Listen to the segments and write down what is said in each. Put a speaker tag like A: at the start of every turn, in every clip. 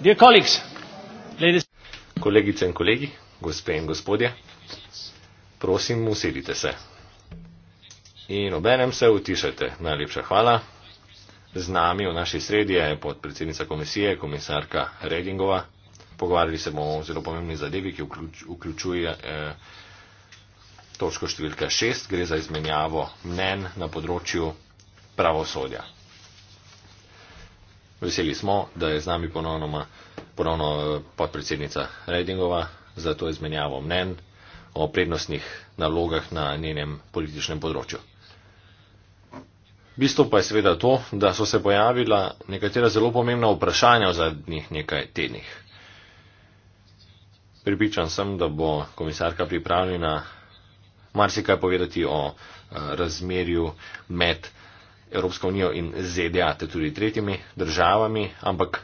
A: Dear colleagues, ladies... Kolegice in kolegi, gospe in gospodje, prosim, usedite se. In obenem se utišajte. Najlepša hvala. Z nami v naši sredi je podpredsednica komisije, komisarka Redingova. Pogovarjali se bomo o zelo pomembni zadevi, ki vključ, vključuje eh, točko številka 6. Gre za izmenjavo mnen na področju pravosodja. Veseli smo, da je z nami ponovnoma, ponovno eh, podpredsednica Redingova za to izmenjavo mnen o prednostnih nalogah na njenem političnem področju. Bistvo pa je seveda to, da so se pojavila nekatera zelo pomembna vprašanja v zadnjih nekaj tednih. Pripričan sem, da bo komisarka pripravljena marsikaj povedati o eh, razmerju med Evropsko unijo in ZDA, te tudi tretjimi državami, ampak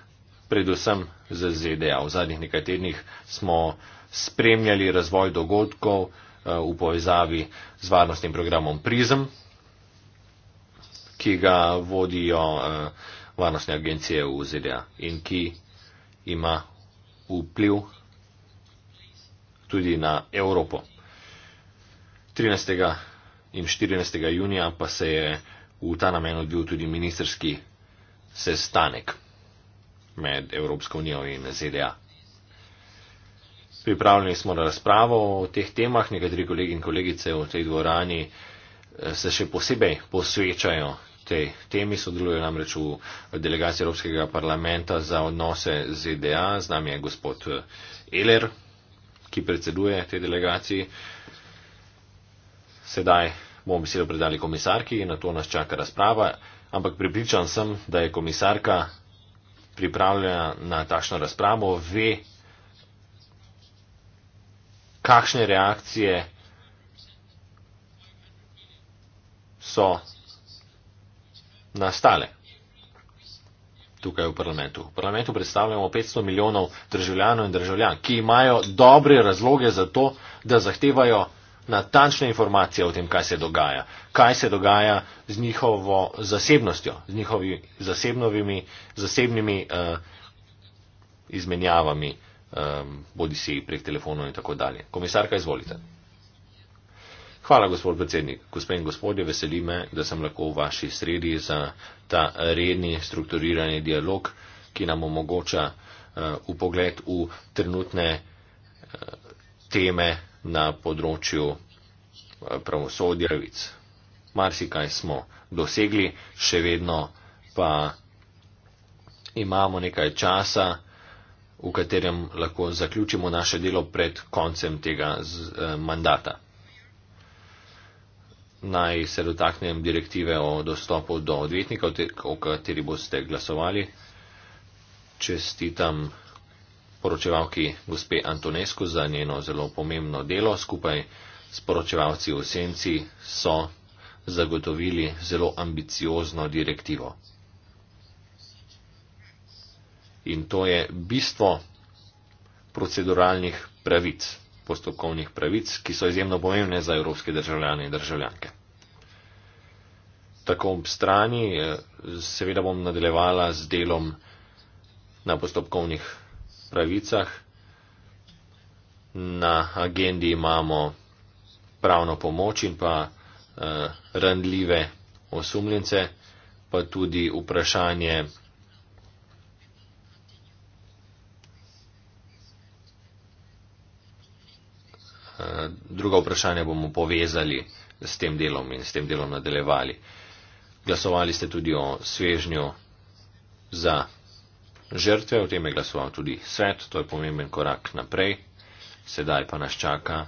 A: predvsem z ZDA. V zadnjih nekaj tednih smo spremljali razvoj dogodkov eh, v povezavi z varnostnim programom PRISM, ki ga vodijo eh, varnostne agencije v ZDA in ki ima vpliv tudi na Evropo. 13. in 14. junija pa se je v ta namen odbil tudi ministerski sestanek med Evropsko unijo in ZDA. Pripravljeni smo na razpravo o teh temah, nekateri kolegi in kolegice v tej dvorani eh, se še posebej posvečajo tej temi, sodelujo namreč v delegaciji Evropskega parlamenta za odnose ZDA, z nami je gospod eh, Eler, ki predseduje tej delegaciji. Sedaj bomo besedo predali komisarki in na to nas čaka razprava, ampak pripričan sem, da je komisarka pripravljena na takšno razpravo, ve, kakšne reakcije so nastale tukaj v parlamentu. V parlamentu predstavljamo 500 milijonov državljanov in državljan, ki imajo dobre razloge za to, da zahtevajo natančne informacije o tem, kaj se dogaja, kaj se dogaja z njihovo zasebnostjo, z njihovimi zasebnimi uh, izmenjavami, um, eh, bodi si prek telefonov in tako dalje. Komisarka, izvolite. Hvala, gospod predsednik. Gospe in gospodje, veseli me, da sem lahko v vaši sredi za ta redni strukturirani dialog, ki nam omogoča uh, eh, upogled v trenutne uh, teme, na področju eh, pravosodja vic. Marsikaj smo dosegli, še vedno pa imamo nekaj časa, v katerem lahko zaključimo naše delo pred koncem tega eh, mandata. Naj se dotaknem direktive o dostopu do odvetnika, o kateri boste glasovali. Čestitam poročevalki gospe Antonesku za njeno zelo pomembno delo skupaj s poročevalci v Senci so zagotovili zelo ambiciozno direktivo. In to je bistvo proceduralnih pravic, postopkovnih pravic, ki so izjemno pomembne za evropske državljane in državljanke. Tako ob strani eh, seveda bom nadaljevala z delom na postopkovnih pravicah pravicah. Na agendi imamo pravno pomoč in pa eh, randljive osumljence, pa tudi vprašanje eh, Druga vprašanja bomo povezali s tem delom in s tem delom nadaljevali. Glasovali ste tudi o svežnju za žrtve, o tem je glasoval tudi svet, to je pomemben korak naprej, sedaj pa nas čaka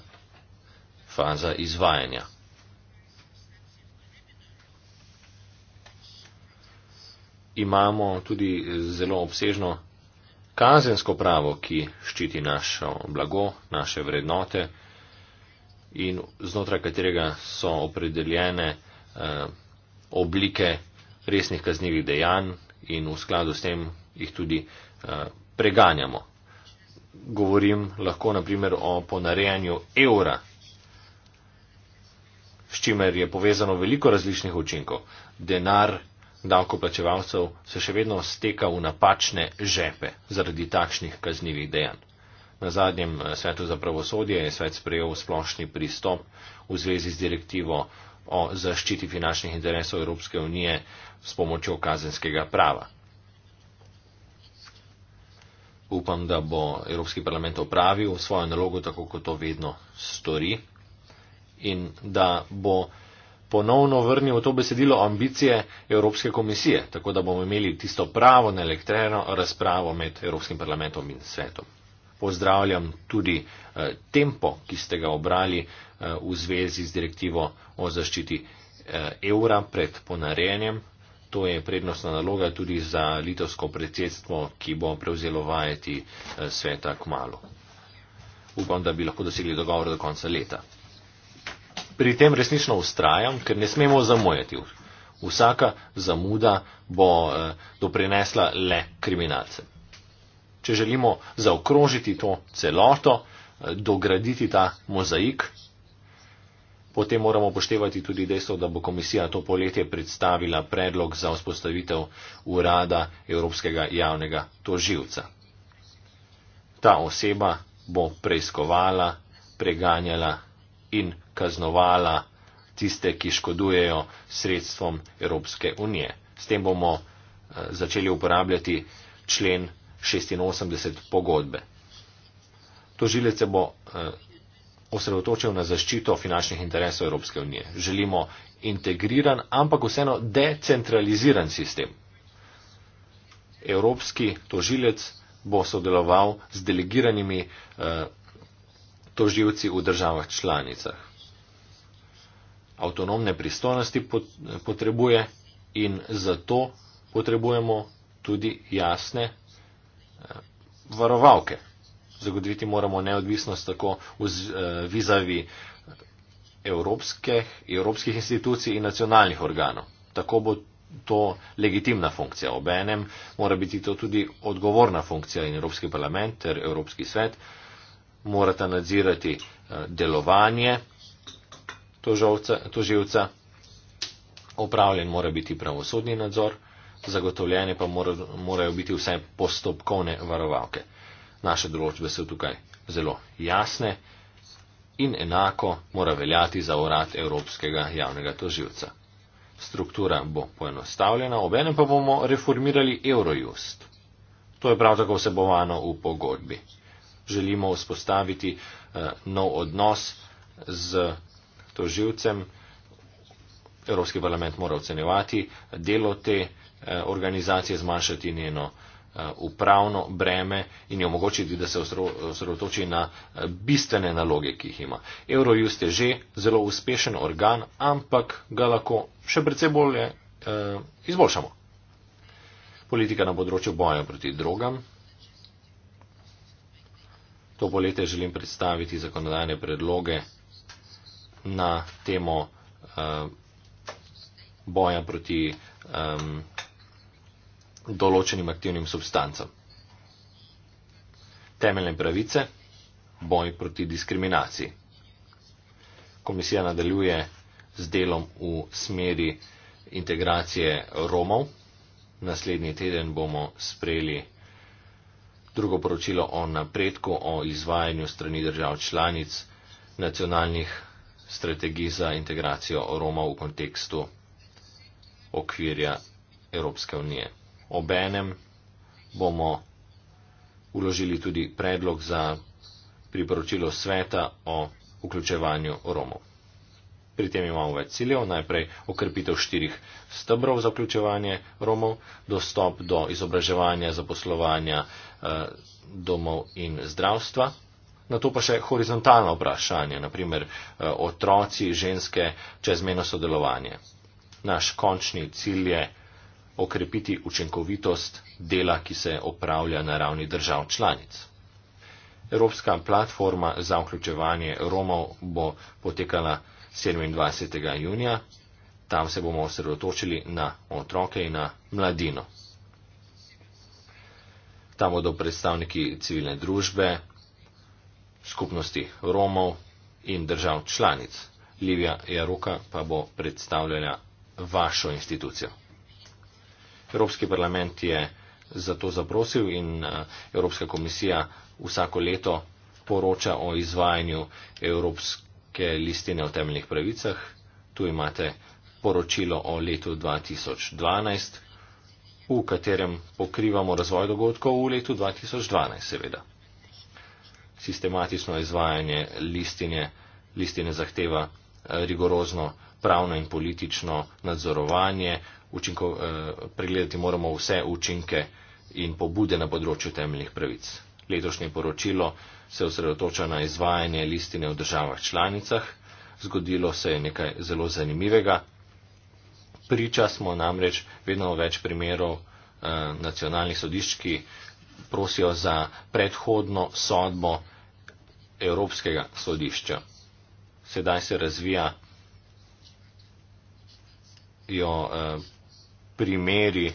A: faza izvajanja. Imamo tudi zelo obsežno kazensko pravo, ki ščiti našo blago, naše vrednote in znotraj katerega so opredeljene eh, oblike resnih kaznjivih dejanj in v skladu s tem, jih tudi eh, preganjamo. Govorim lahko naprimer o ponarejanju evra, s čimer je povezano veliko različnih učinkov. Denar davkoplačevalcev se še vedno steka v napačne žepe zaradi takšnih kaznjivih dejanj. Na zadnjem eh, svetu za pravosodje je svet sprejel splošni pristop v zvezi z direktivo o zaščiti finančnih interesov Evropske unije s pomočjo kazenskega prava upam, da bo Evropski parlament opravil svojo nalogo, tako kot to vedno stori, in da bo ponovno vrnil v to besedilo ambicije Evropske komisije, tako da bomo imeli tisto pravo neelektreno razpravo med Evropskim parlamentom in svetom. Pozdravljam tudi eh, tempo, ki ste ga obrali eh, v zvezi z direktivo o zaščiti eh, evra pred ponarejenjem To je prednostna naloga tudi za litovsko predsedstvo, ki bo prevzelo vajeti eh, sveta k malu. Upam, da bi lahko dosegli dogovor do konca leta. Pri tem resnično ustrajam, ker ne smemo zamujati. Vsaka zamuda bo eh, doprinesla le kriminalce. Če želimo zaokrožiti to celoto, eh, dograditi ta mozaik, Potem moramo poštevati tudi dejstvo, da bo komisija to poletje predstavila predlog za vzpostavitev urada Evropskega javnega toživca. Ta oseba bo preiskovala, preganjala in kaznovala tiste, ki škodujejo sredstvom Evropske unije. S tem bomo eh, začeli uporabljati člen 86 pogodbe. Tožilec se bo eh, osredotočil na zaščito finančnih interesov Evropske unije. Želimo integriran, ampak vseeno decentraliziran sistem. Evropski tožilec bo sodeloval z delegiranimi eh, toživci v državah članicah. Avtonomne pristojnosti potrebuje in zato potrebujemo tudi jasne eh, varovalke zagotoviti moramo neodvisnost tako eh, vizavi evropskih, evropskih institucij in nacionalnih organov. Tako bo to legitimna funkcija. Obenem mora biti to tudi odgovorna funkcija in Evropski parlament ter Evropski svet morata nadzirati eh, delovanje tožavca, toživca. Opravljen mora biti pravosodni nadzor, zagotovljene pa morajo biti vse postopkovne varovalke. Naše določbe so tukaj zelo jasne in enako mora veljati za urad Evropskega javnega toživca. Struktura bo poenostavljena, obenem pa bomo reformirali Eurojust. To je prav tako vsebovano v pogodbi. Želimo vzpostaviti uh, nov odnos z toživcem. Evropski parlament mora ocenjevati delo te uh, organizacije, zmanjšati njeno uh, Eh, upravno breme in jo omogočiti, da se osredotoči na eh, bistvene naloge, ki jih ima. Eurojust je že zelo uspešen organ, ampak ga lahko še precej bolje eh, izboljšamo. Politika na področju boja proti drogam. To poletje želim predstaviti zakonodajne predloge na temo eh, boja proti eh, določenim aktivnim substancam. Temeljne pravice, boj proti diskriminaciji. Komisija nadaljuje z delom v smeri integracije Romov. Naslednji teden bomo sprejeli drugo poročilo o napredku, o izvajanju strani držav članic nacionalnih strategij za integracijo Romov v kontekstu okvirja Evropske unije obenem bomo uložili tudi predlog za priporočilo sveta o vključevanju Romov. Pri tem imamo več ciljev. Najprej okrepitev štirih stebrov za vključevanje Romov, dostop do izobraževanja, zaposlovanja eh, domov in zdravstva. Na to pa še horizontalno vprašanje, naprimer eh, otroci, ženske, čezmeno sodelovanje. Naš končni cilj je okrepiti učinkovitost dela, ki se opravlja na ravni držav članic. Evropska platforma za vključevanje Romov bo potekala 27. junija. Tam se bomo osredotočili na otroke in na mladino. Tam bodo predstavniki civilne družbe, skupnosti Romov in držav članic. Livija Jaruka pa bo predstavljala vašo institucijo. Evropski parlament je za to zaprosil in eh, Evropska komisija vsako leto poroča o izvajanju Evropske listine o temeljnih pravicah. Tu imate poročilo o letu 2012, v katerem pokrivamo razvoj dogodkov v letu 2012, seveda. Sistematično izvajanje listine, listine zahteva rigorozno pravno in politično nadzorovanje, učinko, eh, pregledati moramo vse učinke in pobude na področju temeljnih pravic. Letošnje poročilo se osredotoča na izvajanje listine v državah članicah. Zgodilo se je nekaj zelo zanimivega. Priča smo namreč vedno več primerov eh, nacionalnih sodišč, ki prosijo za predhodno sodbo Evropskega sodišča. Sedaj se razvija jo eh, primeri,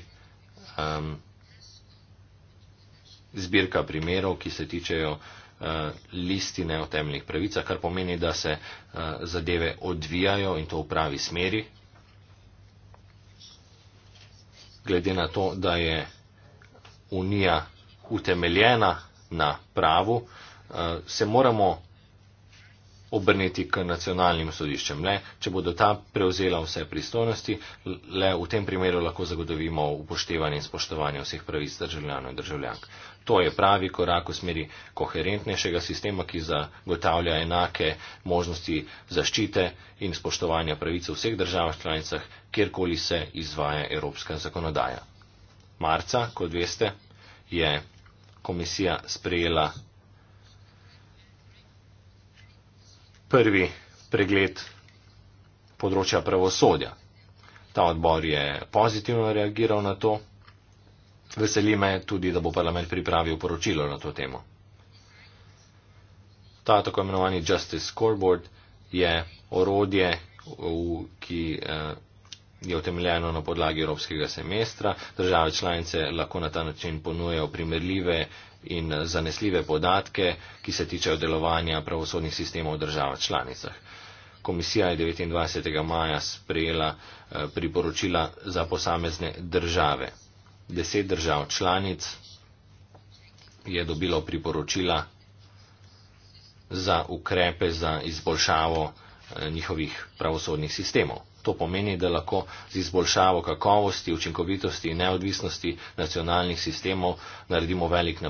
A: zbirka primerov, ki se tičejo eh, listine o temeljnih pravicah, kar pomeni, da se eh, zadeve odvijajo in to v pravi smeri. Glede na to, da je Unija utemeljena na pravu, se moramo obrniti k nacionalnim sodiščem. Le, če bodo ta prevzela vse pristojnosti, le v tem primeru lahko zagotovimo upoštevanje in spoštovanje vseh pravic državljanov in državljank. To je pravi korak v smeri koherentnejšega sistema, ki zagotavlja enake možnosti zaščite in spoštovanja pravice v vseh državah članicah, kjerkoli se izvaja evropska zakonodaja. Marca, kot veste, je komisija sprejela prvi pregled področja pravosodja. Ta odbor je pozitivno reagiral na to. Veseli me tudi, da bo parlament pripravil poročilo na to temo. Ta tako imenovani Justice Scoreboard je orodje, ki eh, je utemeljeno na podlagi evropskega semestra. Države članice lahko na ta način ponujejo primerljive in eh, zanesljive podatke, ki se tičejo delovanja pravosodnih sistemov v državah članicah. Komisija je 29. maja sprejela eh, priporočila za posamezne države. Deset držav članic je dobilo priporočila za ukrepe za izboljšavo eh, njihovih pravosodnih sistemov. To pomeni, da lahko z izboljšavo kakovosti, učinkovitosti in neodvisnosti nacionalnih sistemov naredimo velik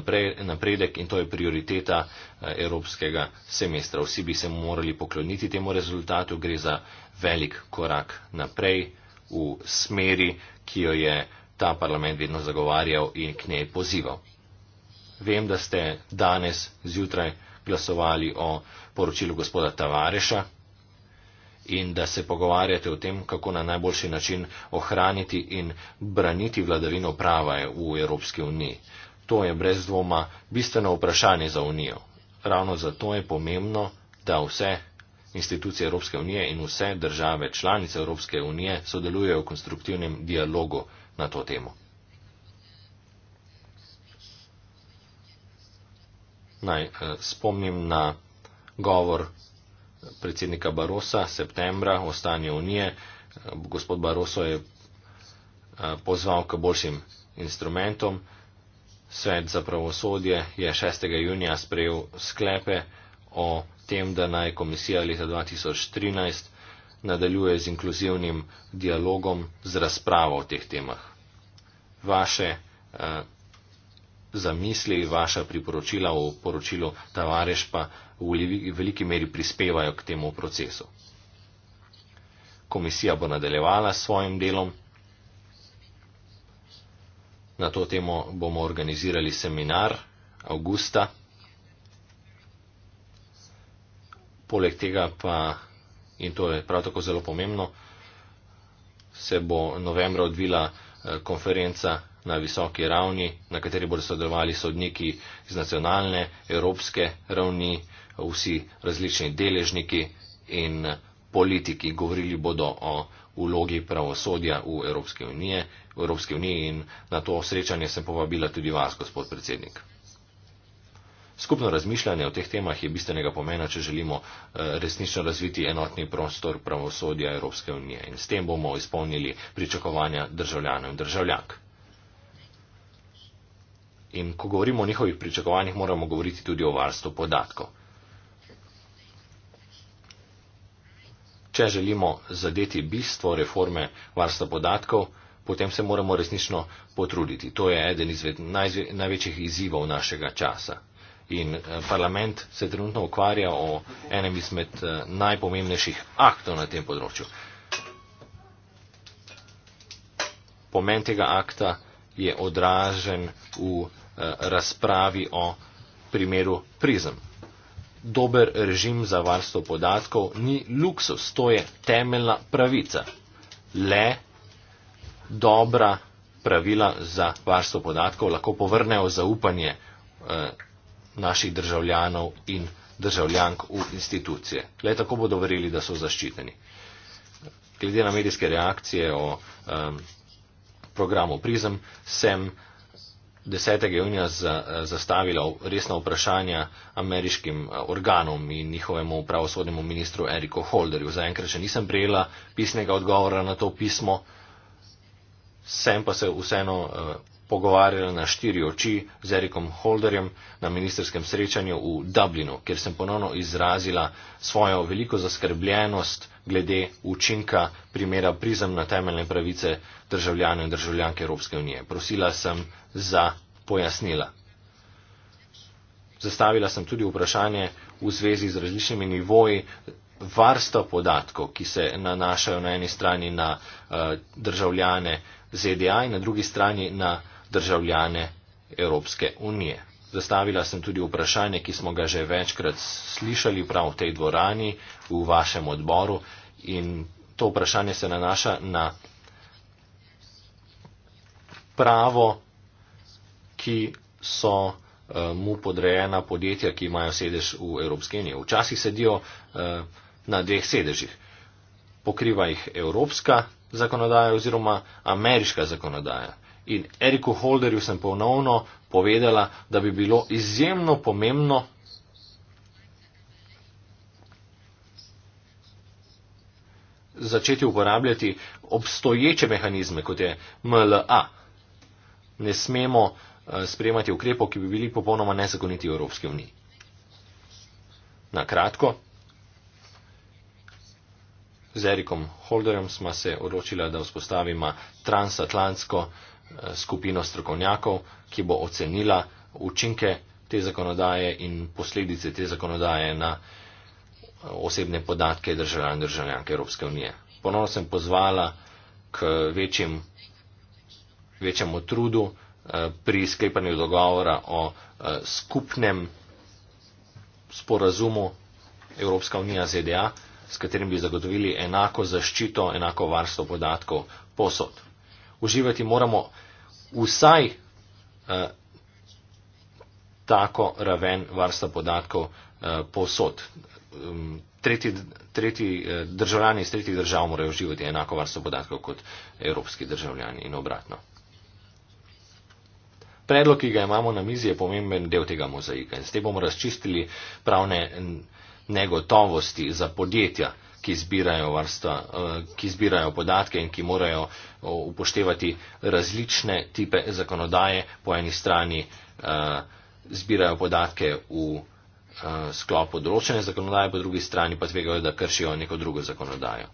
A: napredek in to je prioriteta eh, evropskega semestra. Vsi bi se morali pokloniti temu rezultatu, gre za velik korak naprej v smeri, ki jo je ta parlament vedno zagovarjal in k njej pozival. Vem, da ste danes zjutraj glasovali o poročilu gospoda Tavareša, in da se pogovarjate o tem, kako na najboljši način ohraniti in braniti vladavino prava v Evropski uniji. To je brez dvoma bistveno vprašanje za Unijo. Ravno zato je pomembno, da vse institucije Evropske unije in vse države članice Evropske unije sodelujejo v konstruktivnem dialogu na to temo. Naj eh, spomnim na govor predsednika Barosa septembra o stanju unije. Gospod Baroso je pozval k boljšim instrumentom. Svet za pravosodje je 6. junija sprejel sklepe o tem, da naj komisija leta 2013 nadaljuje z inkluzivnim dialogom z razpravo o teh temah. Vaše zamisli, vaša priporočila v poročilu Tavareš pa v veliki meri prispevajo k temu procesu. Komisija bo nadaljevala s svojim delom. Na to temo bomo organizirali seminar avgusta. Poleg tega pa, in to je prav tako zelo pomembno, se bo novembra odvila eh, konferenca na visoki ravni, na kateri bodo sodelovali sodniki iz nacionalne, evropske ravni, vsi različni deležniki in politiki. Govorili bodo o vlogi pravosodja v Evropski uniji, v Evropski uniji in na to srečanje sem povabila tudi vas, gospod predsednik. Skupno razmišljanje o teh temah je bistvenega pomena, če želimo eh, resnično razviti enotni prostor pravosodja Evropske unije in s tem bomo izpolnili pričakovanja državljanov in državljank. In ko govorimo o njihovih pričakovanjih, moramo govoriti tudi o varstvu podatkov. Če želimo zadeti bistvo reforme varstva podatkov, potem se moramo resnično potruditi. To je eden izved največjih izzivov našega časa. In eh, parlament se trenutno ukvarja o enem izmed eh, najpomembnejših aktov na tem področju. Pomen tega akta je odražen v Eh, razpravi o primeru prizem. Dober režim za varstvo podatkov ni luksus, to je temeljna pravica. Le dobra pravila za varstvo podatkov lahko povrnejo zaupanje eh, naših državljanov in državljank v institucije. Le tako bodo verjeli, da so zaščiteni. Glede na medijske reakcije o um, programu Prizem sem uh, 10. junija eh, zastavila resna vprašanja ameriškim eh, organom in njihovemu pravosodnemu ministru Eriku Holderju. Zaenkrat še nisem prejela pisnega odgovora na to pismo, sem pa se vseeno eh, pogovarjala na štiri oči z Erikom Holderjem na ministerskem srečanju v Dublinu, kjer sem ponovno izrazila svojo veliko zaskrbljenost glede učinka primera prizem na temeljne pravice državljanov in državljanke Evropske unije. Prosila sem za pojasnila. Zastavila sem tudi vprašanje v zvezi z različnimi nivoji varstva podatkov, ki se nanašajo na eni strani na uh, državljane ZDA in na drugi strani na državljane Evropske unije. Zastavila sem tudi vprašanje, ki smo ga že večkrat slišali prav v tej dvorani, v vašem odboru in to vprašanje se nanaša na pravo, ki so eh, mu podrejena podjetja, ki imajo sedež v Evropske unije. Včasih sedijo eh, na dveh sedežih. Pokriva jih evropska zakonodaja oziroma ameriška zakonodaja in Eriku Holderju sem ponovno povedala, da bi bilo izjemno pomembno, začeti uporabljati obstoječe mehanizme, kot je MLA. Ne smemo eh, sprejemati ukrepov, ki bi bili popolnoma nezakoniti v Evropski uniji. Na kratko, z Erikom Holderjem smo se odločila, da vzpostavimo transatlantsko skupino strokovnjakov, ki bo ocenila učinke te zakonodaje in posledice te zakonodaje na osebne podatke državljanov in državljank Evropske unije. Ponovno sem pozvala k večjem, večjemu trudu eh, pri sklepanju dogovora o eh, skupnem sporazumu Evropska unija ZDA, s katerim bi zagotovili enako zaščito, enako varstvo podatkov posod uživati moramo vsaj eh, tako raven varstva podatkov eh, posod. Um, tretji, tretji eh, državljani iz tretjih držav morajo uživati enako varstvo podatkov kot evropski državljani in obratno. Predlog, ki ga imamo na mizi, je pomemben del tega mozaika in s tem bomo razčistili pravne negotovosti za podjetja ki zbirajo, vrsta, eh, ki zbirajo podatke in ki morajo eh, upoštevati različne tipe zakonodaje. Po eni strani eh, zbirajo podatke v sklopu določene zakonodaje, po drugi strani pa tvegajo, da kršijo neko drugo zakonodajo.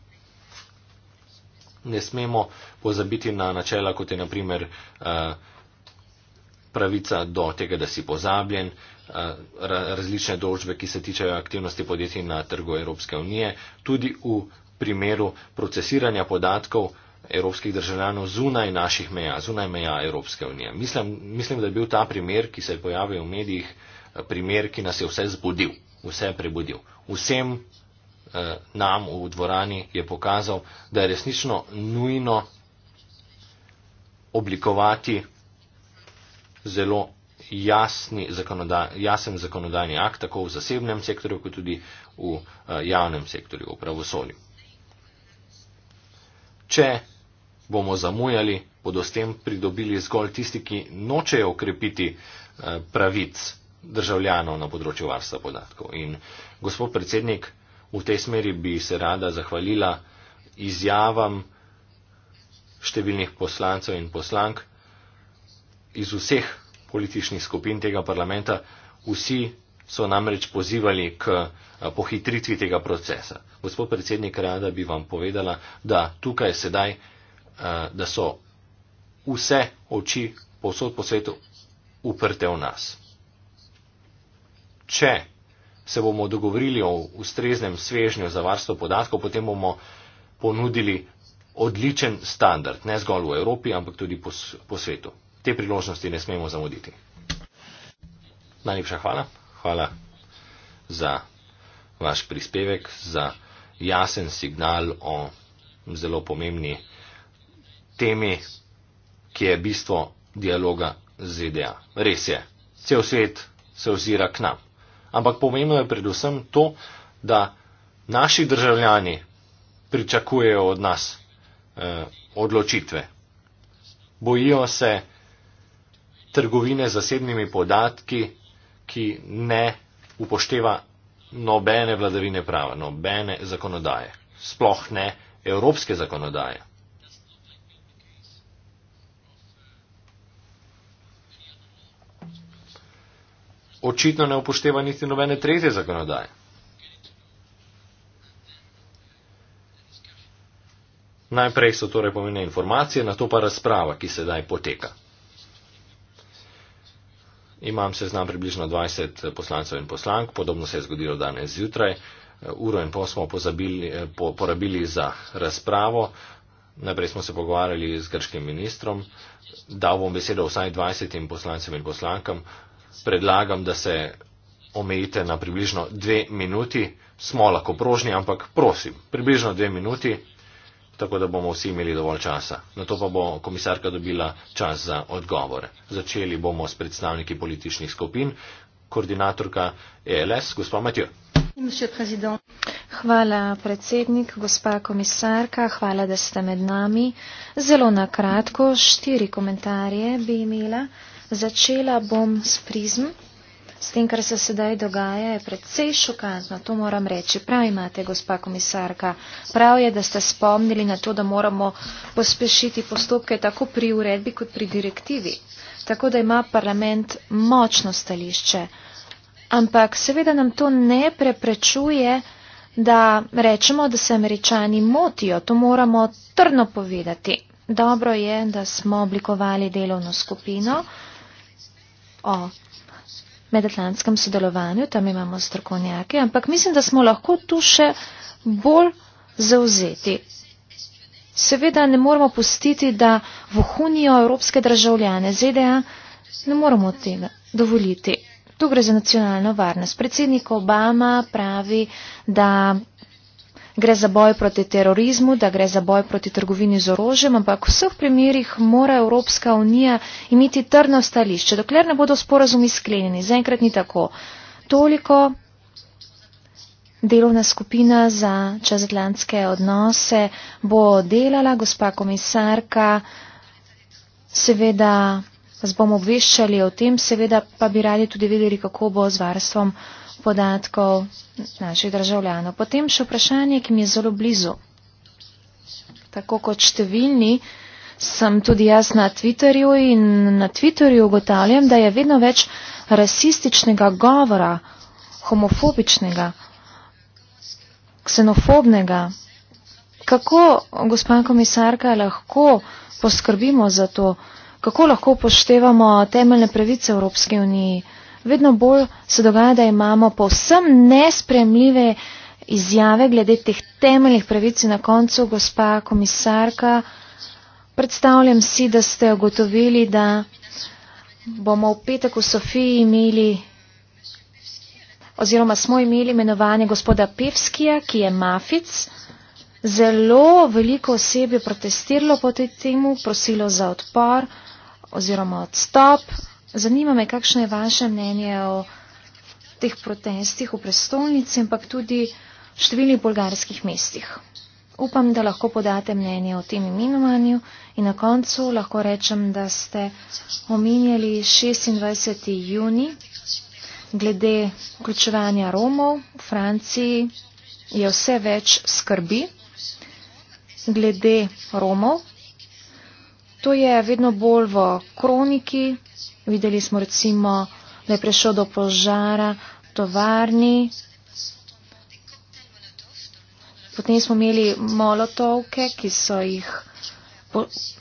A: Ne smemo pozabiti na načela, kot je naprimer pravica do tega, da si pozabljen, eh, različne dožbe, ki se tičejo aktivnosti podjetij na trgu Evropske unije, tudi v primeru procesiranja podatkov evropskih državljanov zunaj naših meja, zunaj meja Evropske unije. Mislim, mislim, da je bil ta primer, ki se je pojavil v medijih, eh, primer, ki nas je vse zbudil, vse prebudil. Vsem eh, nam v dvorani je pokazal, da je resnično nujno oblikovati zelo jasni zakonoda, jasen zakonodajni akt, tako v zasebnem sektorju, kot tudi v eh, javnem sektorju, v pravosodju. Če bomo zamujali, bodo s tem pridobili zgolj tisti, ki nočejo okrepiti eh, pravic državljanov na področju varstva podatkov. In gospod predsednik, v tej smeri bi se rada zahvalila izjavam številnih poslancev in poslank, iz vseh političnih skupin tega parlamenta, vsi so namreč pozivali k eh, pohitritvi tega procesa. Gospod predsednik, rada bi vam povedala, da tukaj sedaj, eh, da so vse oči povsod po svetu uprte v nas. Če se bomo dogovorili o ustreznem svežnju za varstvo podatkov, potem bomo ponudili odličen standard, ne zgolj v Evropi, ampak tudi po, po svetu te priložnosti ne smemo zamuditi. Najlepša hvala. Hvala za vaš prispevek, za jasen signal o zelo pomembni temi, ki je bistvo dialoga z ZDA. Res je, cel svet se ozira k nam. Ampak pomembno je predvsem to, da naši državljani pričakujejo od nas eh, odločitve. Bojijo se, trgovine z zasebnimi podatki, ki ne upošteva nobene vladavine prava, nobene zakonodaje, sploh ne evropske zakonodaje. Očitno ne upošteva niti nobene tretje zakonodaje. Najprej so torej pomene informacije, na to pa razprava, ki sedaj poteka imam seznam približno 20 eh, poslancev in poslank, podobno se je zgodilo danes zjutraj. Eh, uro in pol smo pozabili, eh, po, porabili za razpravo. Najprej smo se pogovarjali z grškim ministrom, dal bom besedo vsaj 20 poslancem in poslankam. Predlagam, da se omejite na približno dve minuti. Smo lahko prožni, ampak prosim, približno dve minuti tako da bomo vsi imeli dovolj časa. Na to pa bo komisarka dobila čas za odgovore. Začeli bomo s predstavniki političnih skupin. Koordinatorka ELS, gospa Matjo.
B: Hvala, predsednik, gospa komisarka, hvala, da ste med nami. Zelo na kratko, štiri komentarje bi imela. Začela bom s prizmom. S tem, kar se sedaj dogaja, je predvsej šokantno, to moram reči. Prav imate, gospa komisarka, prav je, da ste spomnili na to, da moramo pospešiti postopke tako pri uredbi kot pri direktivi. Tako da ima parlament močno stališče. Ampak seveda nam to ne preprečuje, da rečemo, da se američani motijo. To moramo trdno povedati. Dobro je, da smo oblikovali delovno skupino. O, medatlantskem sodelovanju, tam imamo strokovnjake, ampak mislim, da smo lahko tu še bolj zauzeti. Seveda ne moramo pustiti, da vohunijo evropske državljane ZDA, ne moramo tega dovoliti. Tu gre za nacionalno varnost. Predsednik Obama pravi, da gre za boj proti terorizmu, da gre za boj proti trgovini z orožjem, ampak v vseh primerjih mora Evropska unija imeti trdno stališče, dokler ne bodo sporazumi sklenjeni. Zaenkrat ni tako. Toliko delovna skupina za čezatlantske odnose bo delala, gospa komisarka, seveda. Vas bomo obveščali o tem, seveda pa bi radi tudi vedeli, kako bo z varstvom podatkov naših državljanov. Potem še vprašanje, ki mi je zelo blizu. Tako kot številni, sem tudi jaz na Twitterju in na Twitterju ugotavljam, da je vedno več rasističnega govora, homofobičnega, ksenofobnega. Kako, gospa komisarka, lahko poskrbimo za to? Kako lahko poštevamo temeljne pravice Evropske unije? vedno bolj se dogaja, da imamo povsem nespremljive izjave glede teh temeljnih pravici na koncu, gospa komisarka. Predstavljam si, da ste ugotovili, da bomo v petek v Sofiji imeli oziroma smo imeli imenovanje gospoda Pevskija, ki je mafic. Zelo veliko oseb je protestiralo po tej temu, prosilo za odpor oziroma odstop. Zanima me, kakšno je vaše mnenje o teh protestih v prestolnici, ampak tudi v številnih bolgarskih mestih. Upam, da lahko podate mnenje o tem imenovanju in na koncu lahko rečem, da ste omenjali 26. juni glede vključevanja Romov v Franciji je vse več skrbi glede Romov. To je vedno bolj v kroniki Videli smo recimo, da je prišlo do požara tovarni. Potem smo imeli molotovke, ki so jih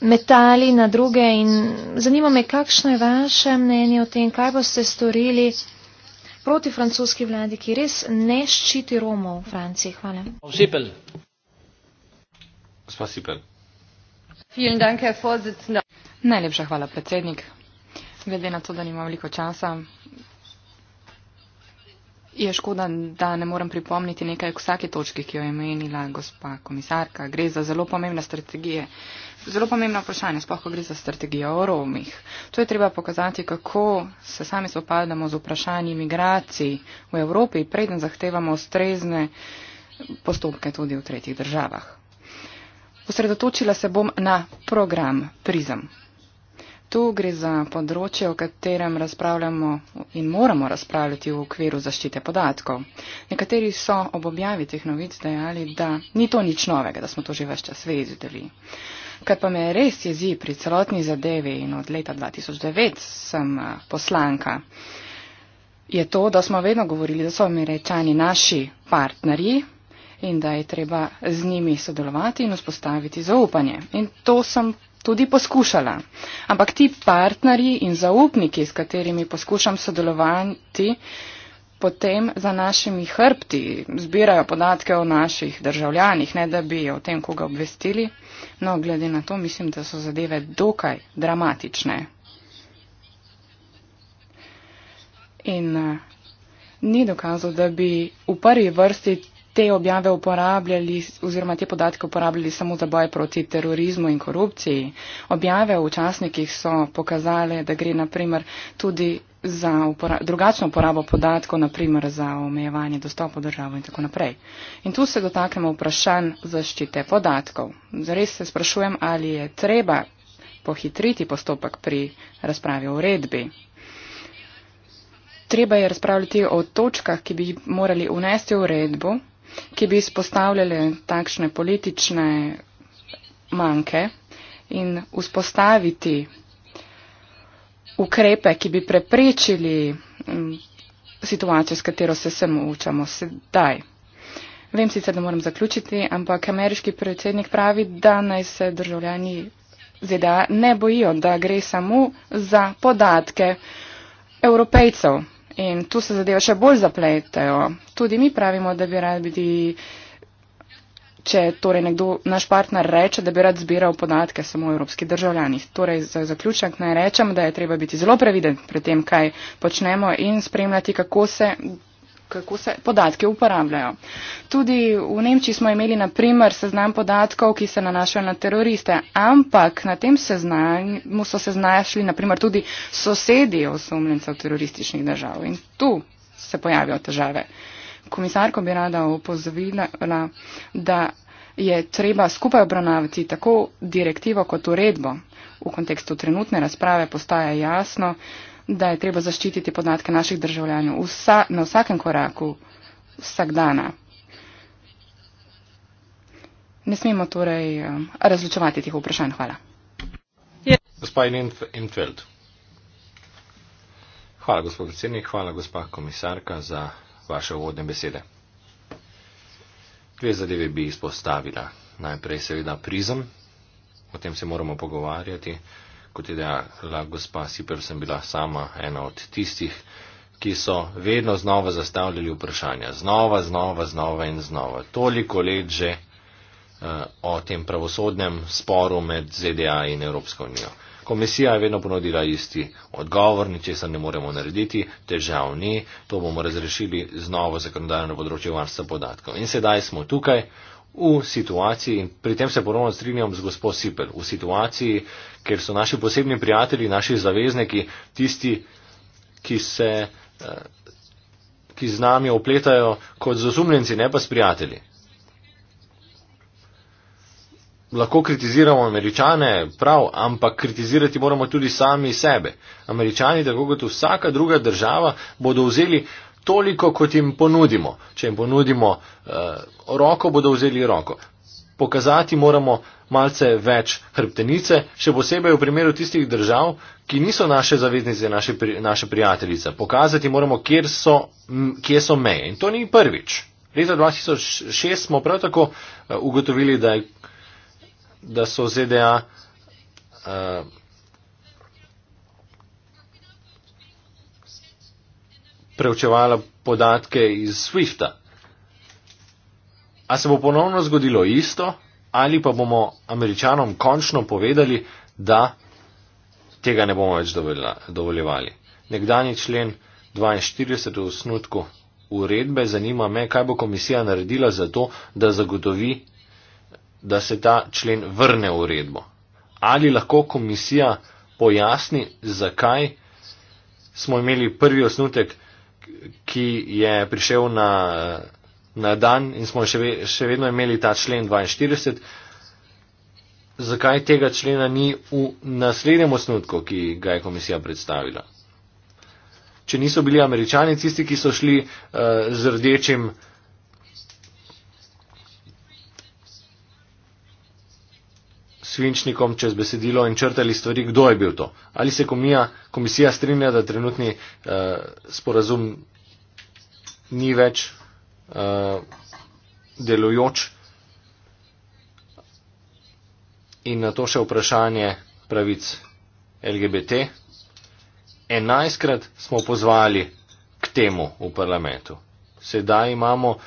B: metali na druge in zanima me, kakšno je vaše mnenje o tem, kaj boste storili proti francoski vladi, ki res ne ščiti Romov
C: v Franciji. Hvala. Najlepša hvala, predsednik glede na to, da nima veliko časa, je škoda, da ne morem pripomniti nekaj k vsake točki, ki jo je menila gospa komisarka. Gre za zelo pomembne strategije, zelo pomembno vprašanje, spoh, ko gre za strategijo o romih. To je treba pokazati, kako se sami spopadamo z vprašanji migracij v Evropi, preden zahtevamo ustrezne postopke tudi v tretjih državah. Osredotočila se bom na program Prizem. Tu gre za področje, o katerem razpravljamo in moramo razpravljati v okviru zaščite podatkov. Nekateri so ob objavi teh novic dejali, da ni to nič novega, da smo to že več čas vedeli. Kar pa me res jezi pri celotni zadevi in od leta 2009 sem eh, poslanka, je to, da smo vedno govorili, da so Američani naši partnerji in da je treba z njimi sodelovati in vzpostaviti zaupanje. In to sem tudi poskušala. Ampak ti partnerji in zaupniki, s katerimi poskušam sodelovati, potem za našimi hrbti zbirajo podatke o naših državljanih, ne da bi o tem koga obvestili. No, glede na to, mislim, da so zadeve dokaj dramatične. In uh, ni dokazov, da bi v prvi vrsti te objave uporabljali oziroma te podatke uporabljali samo za boj proti terorizmu in korupciji. Objave v časnikih so pokazale, da gre naprimer tudi za upora drugačno uporabo podatkov, naprimer za omejevanje dostopa v državo in tako naprej. In tu se dotaknemo vprašanj zaščite podatkov. Zares se sprašujem, ali je treba pohitriti postopek pri razpravi o uredbi. Treba je razpravljati o točkah, ki bi morali unesti v uredbo, ki bi izpostavljali takšne politične manjke in vzpostaviti ukrepe, ki bi preprečili mm, situacijo, s katero se sem učamo sedaj. Vem sicer, da moram zaključiti, ampak ameriški predsednik pravi, da naj se državljani ZDA ne bojijo, da gre samo za podatke evropejcev in tu se zadeve še bolj zapletejo. Tudi mi pravimo, da bi radi, če torej nekdo, naš partner reče, da bi rad zbiral podatke samo o evropskih državljanih. Torej, za zaključek naj rečem, da je treba biti zelo previden pred tem, kaj počnemo in spremljati, kako se kako se podatke uporabljajo. Tudi v Nemčiji smo imeli naprimer seznam podatkov, ki se nanašajo na teroriste, ampak na tem seznamu so se znašli naprimer tudi sosedi osumljencev terorističnih držav in tu se pojavijo težave. Komisarko bi rada opozorila, da je treba skupaj obravnavati tako direktivo kot uredbo. V kontekstu trenutne razprave postaja jasno, da je treba zaščititi podatke naših državljanov vsa, na vsakem koraku vsak dana. Ne smemo torej um, različovati tih vprašanj. Hvala.
A: Ja. Gospa Infeld. Hvala, gospod predsednik, hvala, gospa komisarka, za vaše uvodne besede. Dve zadeve bi izpostavila. Najprej seveda prizem, o tem se moramo pogovarjati kot je dejala gospa Siper, sem bila sama ena od tistih, ki so vedno znova zastavljali vprašanja, znova, znova, znova in znova. Toliko let že eh, o tem pravosodnem sporu med ZDA in Evropsko unijo. Komisija je vedno ponudila isti odgovor, ničesar ne moremo narediti, težav ni, to bomo razrešili z novo zakonodajno področje varstva podatkov. In sedaj smo tukaj, v situaciji, in pri tem se ponovno strinjam z gospod Sipel, v situaciji, ker so naši posebni prijatelji, naši zavezniki, tisti, ki se eh, ki z nami opletajo kot z osumljenci, ne pa s prijatelji. Lahko kritiziramo američane, prav, ampak kritizirati moramo tudi sami sebe. Američani, tako kot vsaka druga država, bodo vzeli toliko, kot jim ponudimo. Če jim ponudimo uh, roko, bodo vzeli roko. Pokazati moramo malce več hrbtenice, še posebej v primeru tistih držav, ki niso naše zaveznice, naše, pri, naše prijateljice. Pokazati moramo, kje so, kje so meje. In to ni prvič. Leta 2006 smo prav tako uh, ugotovili, da, je, da so ZDA. Uh, eh, preučevala podatke iz Swifta. A se bo ponovno zgodilo isto, ali pa bomo američanom končno povedali, da tega ne bomo več dovoljevali. Nekdani člen 42 v snutku uredbe zanima me, kaj bo komisija naredila za to, da zagotovi, da se ta člen vrne v uredbo. Ali lahko komisija pojasni, zakaj smo imeli prvi osnutek ki je prišel na, na dan in smo še, ve, še vedno imeli ta člen 42. Zakaj tega člena ni v naslednjem osnutku, ki ga je komisija predstavila? Če niso bili američani tisti, ki so šli uh, z rdečim svinčnikom čez besedilo in črtali stvari, kdo je bil to. Ali se komija, komisija strinja, da trenutni eh, sporazum ni več eh, delujoč? In na to še vprašanje pravic LGBT. Enajstkrat smo pozvali k temu v parlamentu. Sedaj imamo eh,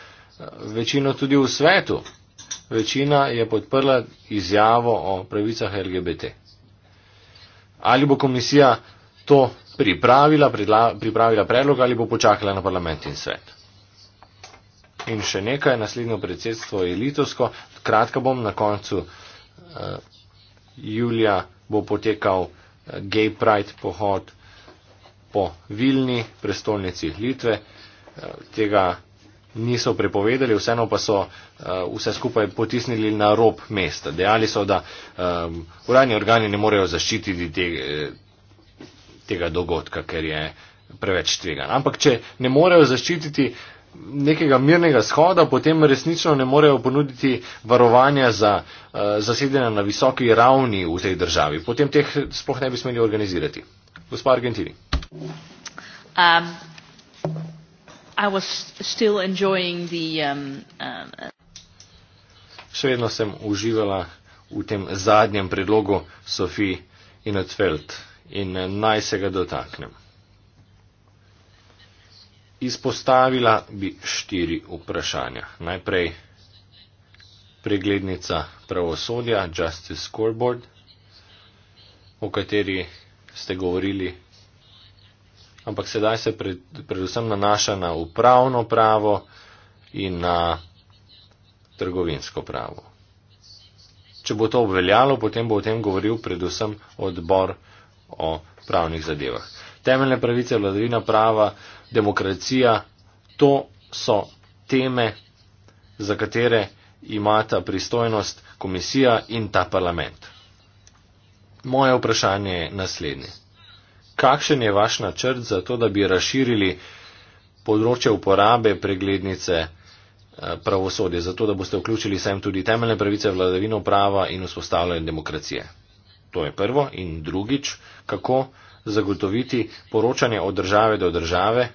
A: večino tudi v svetu večina je podprla izjavo o pravicah LGBT. Ali bo komisija to pripravila, pridla, pripravila predlog ali bo počakala na parlament in svet? In še nekaj, naslednjo predsedstvo je litovsko. Kratka bom na koncu eh, julija bo potekal eh, gay pride pohod po Vilni, prestolnici Litve. Eh, tega niso prepovedali, vseeno pa so uh, vse skupaj potisnili na rob mesta. Dejali so, da um, uradni organi ne morejo zaščititi te, eh, tega dogodka, ker je preveč tvegan. Ampak, če ne morejo zaščititi nekega mirnega shoda, potem resnično ne morejo ponuditi varovanja za uh, eh, zasedene na visoki ravni v tej državi. Potem teh sploh ne bi smeli organizirati. Gospod Argentini.
C: Um. I was still enjoying the. Um, um,
A: Še vedno sem uživala v tem zadnjem predlogu Sofije in Otfeld eh, in naj se ga dotaknem. Izpostavila bi štiri vprašanja. Najprej preglednica pravosodja Justice Scoreboard, o kateri ste govorili ampak sedaj se pred, predvsem nanaša na upravno pravo in na trgovinsko pravo. Če bo to obveljalo, potem bo o tem govoril predvsem odbor o pravnih zadevah. Temeljne pravice, vladavina prava, demokracija, to so teme, za katere imata pristojnost komisija in ta parlament. Moje vprašanje je naslednje kakšen je vaš načrt za to, da bi razširili področje uporabe preglednice eh, pravosodje, zato da boste vključili sem tudi temeljne pravice vladavino prava in vzpostavljanje demokracije. To je prvo. In drugič, kako zagotoviti poročanje od države do države,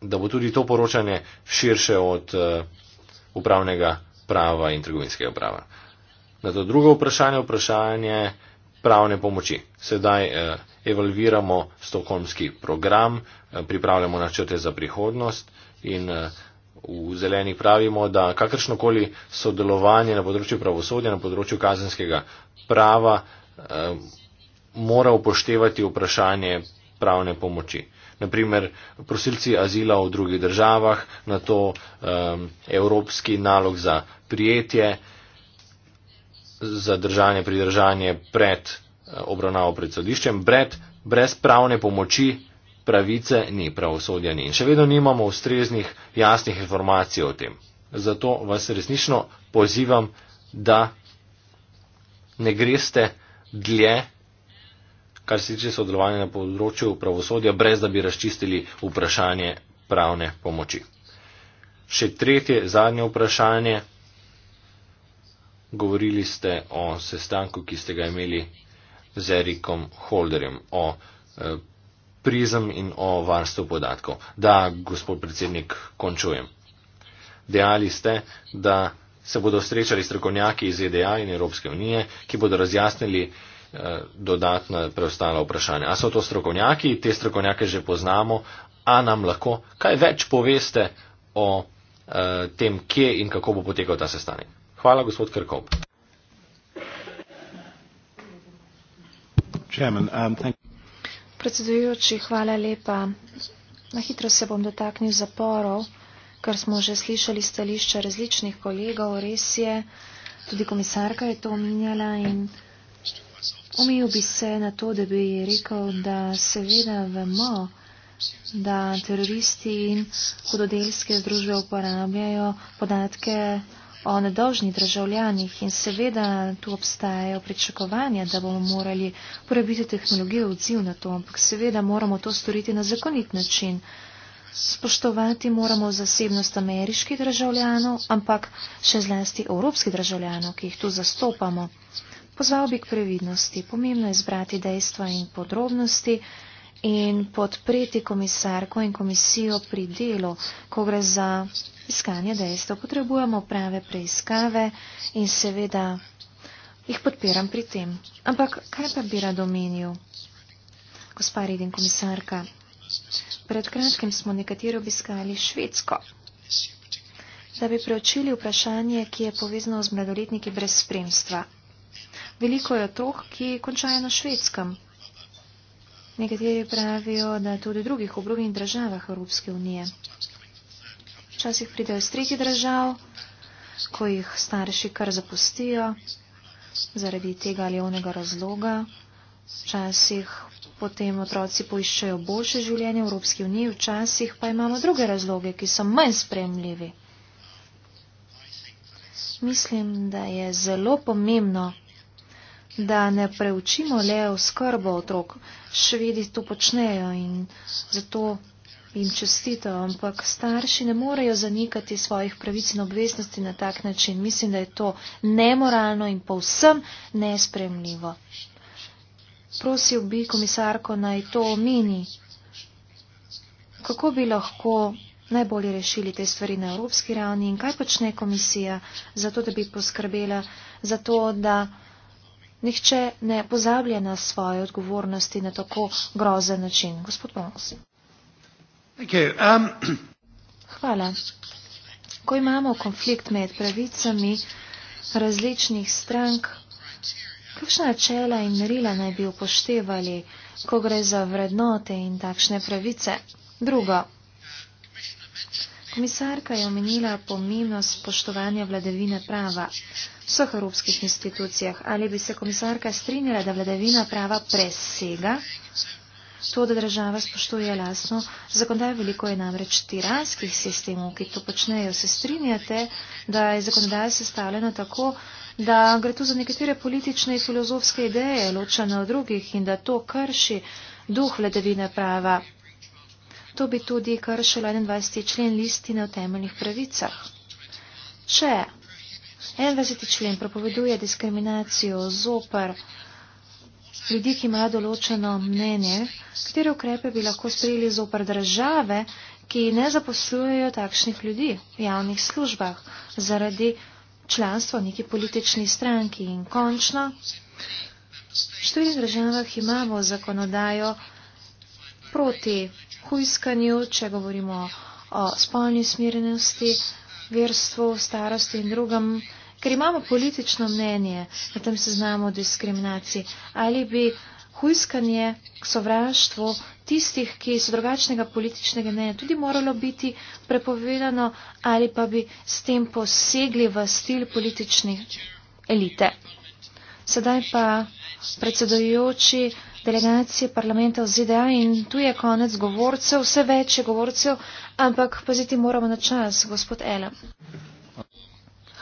A: da bo tudi to poročanje širše od eh, upravnega prava in trgovinskega prava. Na to drugo vprašanje, vprašanje pravne pomoči. Sedaj eh, evalviramo stokholmski program, eh, pripravljamo načrte za prihodnost in eh, v zelenih pravimo, da kakršnokoli sodelovanje na področju pravosodja, na področju kazenskega prava eh, mora upoštevati vprašanje pravne pomoči. Naprimer, prosilci azila v drugih državah, na to eh, evropski nalog za prijetje zadržanje, pridržanje pred eh, obravnavo pred sodiščem, brez, brez pravne pomoči pravice ni pravosodja ni. In še vedno nimamo ustreznih jasnih informacij o tem. Zato vas resnično pozivam, da ne greste dlje, kar se tiče sodelovanja na področju pravosodja, brez da bi razčistili vprašanje pravne pomoči. Še tretje, zadnje vprašanje govorili ste o sestanku, ki ste ga imeli z Erikom Holderjem, o eh, prizem in o varstvu podatkov. Da, gospod predsednik, končujem. Dejali ste, da se bodo srečali strokovnjaki iz EDA in Evropske unije, ki bodo razjasnili eh, dodatna preostala vprašanja. A so to strokovnjaki, te strokovnjake že poznamo, a nam lahko kaj več poveste o eh, tem, kje in kako bo potekal ta sestanek? Hvala, gospod Krkop.
C: Um,
B: Predsedujoči, hvala lepa. Na hitro se bom dotaknil zaporov, ker smo že slišali stališča različnih kolegov. Res je, tudi komisarka je to omenjala in omejil bi se na to, da bi rekel, da seveda vemo, da teroristi in hudodelske združbe uporabljajo podatke o nedožnih državljanih in seveda tu obstajajo pričakovanja, da bomo morali uporabiti tehnologijo odziv na to, ampak seveda moramo to storiti na zakonit način. Spoštovati moramo zasebnost ameriških državljanov, ampak še zlasti evropskih državljanov, ki jih tu zastopamo. Pozval bi k previdnosti. Pomembno je izbrati dejstva in podrobnosti in podpreti komisarko in komisijo pri delu, ko gre za iskanje dejstev. Potrebujemo prave preiskave in seveda jih podpiram pri tem. Ampak kaj pa bi rad omenil, gospa Redin komisarka? Pred kratkim smo nekateri obiskali Švedsko, da bi preučili vprašanje, ki je povezano z mladoletniki brez spremstva. Veliko je otrok, ki končajo na švedskem. Nekateri pravijo, da tudi drugih, v drugih državah Evropske unije včasih pridejo iz tretjih držav, ko jih starši kar zapustijo zaradi tega ali onega razloga. Včasih potem otroci poiščejo boljše življenje v Evropski uniji, včasih pa imamo druge razloge, ki so manj spremljivi. Mislim, da je zelo pomembno, da ne preučimo le oskrbo otrok. Švedi to počnejo in zato in čestito, ampak starši ne morejo zanikati svojih pravic in obveznosti na tak način. Mislim, da je to nemoralno in povsem nespremljivo. Prosil bi komisarko naj to omeni. Kako bi lahko najbolje rešili te stvari na evropski ravni in kaj počne komisija za to, da bi poskrbela za to, da nihče ne pozablja na svoje odgovornosti na tako grozen način. Gospod Ponosi.
A: Um,
B: Hvala. Ko imamo konflikt med pravicami različnih strank, kakšna čela in merila naj bi upoštevali, ko gre za vrednote in takšne pravice? Drugo. Komisarka je omenila pomembnost spoštovanja vladavine prava v vseh evropskih institucijah. Ali bi se komisarka strinjala, da vladavina prava presega To, da država spoštuje lasno zakonodajo, veliko je namreč tiranskih sistemov, ki to počnejo. Se strinjate, da je zakonodaja sestavljena tako, da gre tu za nekatere politične in filozofske ideje, ločene od drugih in da to krši duh vladavine prava. To bi tudi kršilo 21. člen listine o temeljnih pravicah. Če 21. člen prepoveduje diskriminacijo zopr, ljudi, ki imajo določeno mnenje, katere ukrepe bi lahko sprejeli zopr države, ki ne zaposlujejo takšnih ljudi v javnih službah zaradi članstva v neki politični stranki. In končno, v številnih državah imamo zakonodajo proti hujskanju, če govorimo o spolni smirenosti, verstvu, starosti in drugem ker imamo politično mnenje na tem seznamu diskriminacije, ali bi hujskanje k sovraštvu tistih, ki so drugačnega političnega mnenja, tudi moralo biti prepovedano ali pa bi s tem posegli v stil politične elite. Sedaj pa predsedojoči delegacije parlamenta v ZDA in tu je konec govorcev, vse več je govorcev, ampak paziti moramo na čas, gospod Ela.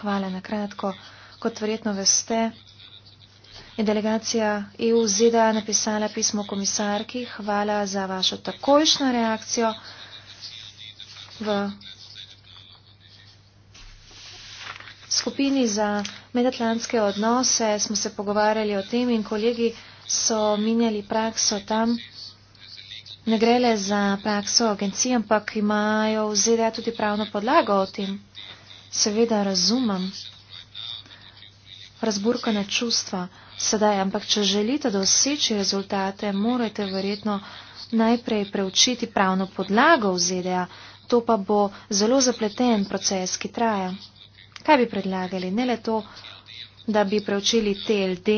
B: Hvala na kratko. Kot verjetno veste, je delegacija EU-ZDA napisala pismo komisarki. Hvala za vašo takojšno reakcijo v skupini za medatlantske odnose. Smo se pogovarjali o tem in kolegi so minjali prakso tam. Ne gre le za prakso agencij, ampak imajo v ZDA tudi pravno podlago o tem seveda razumem razburkane čustva sedaj, ampak če želite doseči rezultate, morate verjetno najprej preučiti pravno podlago v ZDA. To pa bo zelo zapleten proces, ki traja. Kaj bi predlagali? Ne le to, da bi preučili TLD,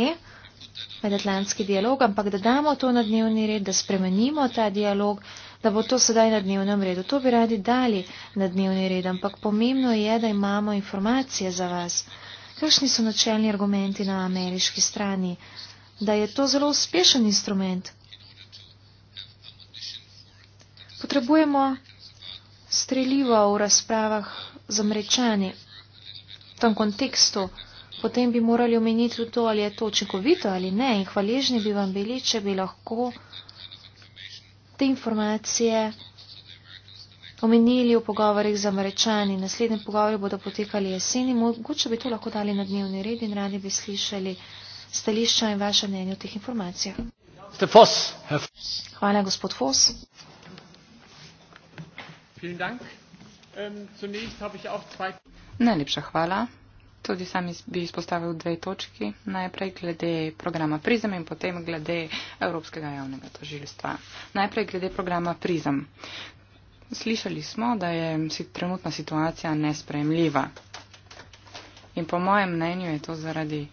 B: medatlantski dialog, ampak da damo to na dnevni red, da spremenimo ta dialog da bo to sedaj na dnevnem redu. To bi radi dali na dnevni red, ampak pomembno je, da imamo informacije za vas. Kakšni so načelni argumenti na ameriški strani, da je to zelo uspešen instrument? Potrebujemo streljivo v razpravah z američani v tem kontekstu. Potem bi morali omeniti to, ali je to učinkovito ali ne. In hvaležni bi vam bili, če bi lahko te informacije omenili v pogovorih z američani. Naslednji pogovori bodo potekali jeseni. Mogoče bi to lahko dali na dnevni red in radi bi slišali stališča in vaše mnenje o teh informacijah.
C: Hvala, gospod Fos. Najlepša hvala. Tudi sami bi izpostavil dve točki. Najprej glede programa Prizem in potem glede Evropskega javnega tožilstva. Najprej glede programa Prizem. Slišali smo, da je trenutna situacija nespremljiva. In po mojem mnenju je to zaradi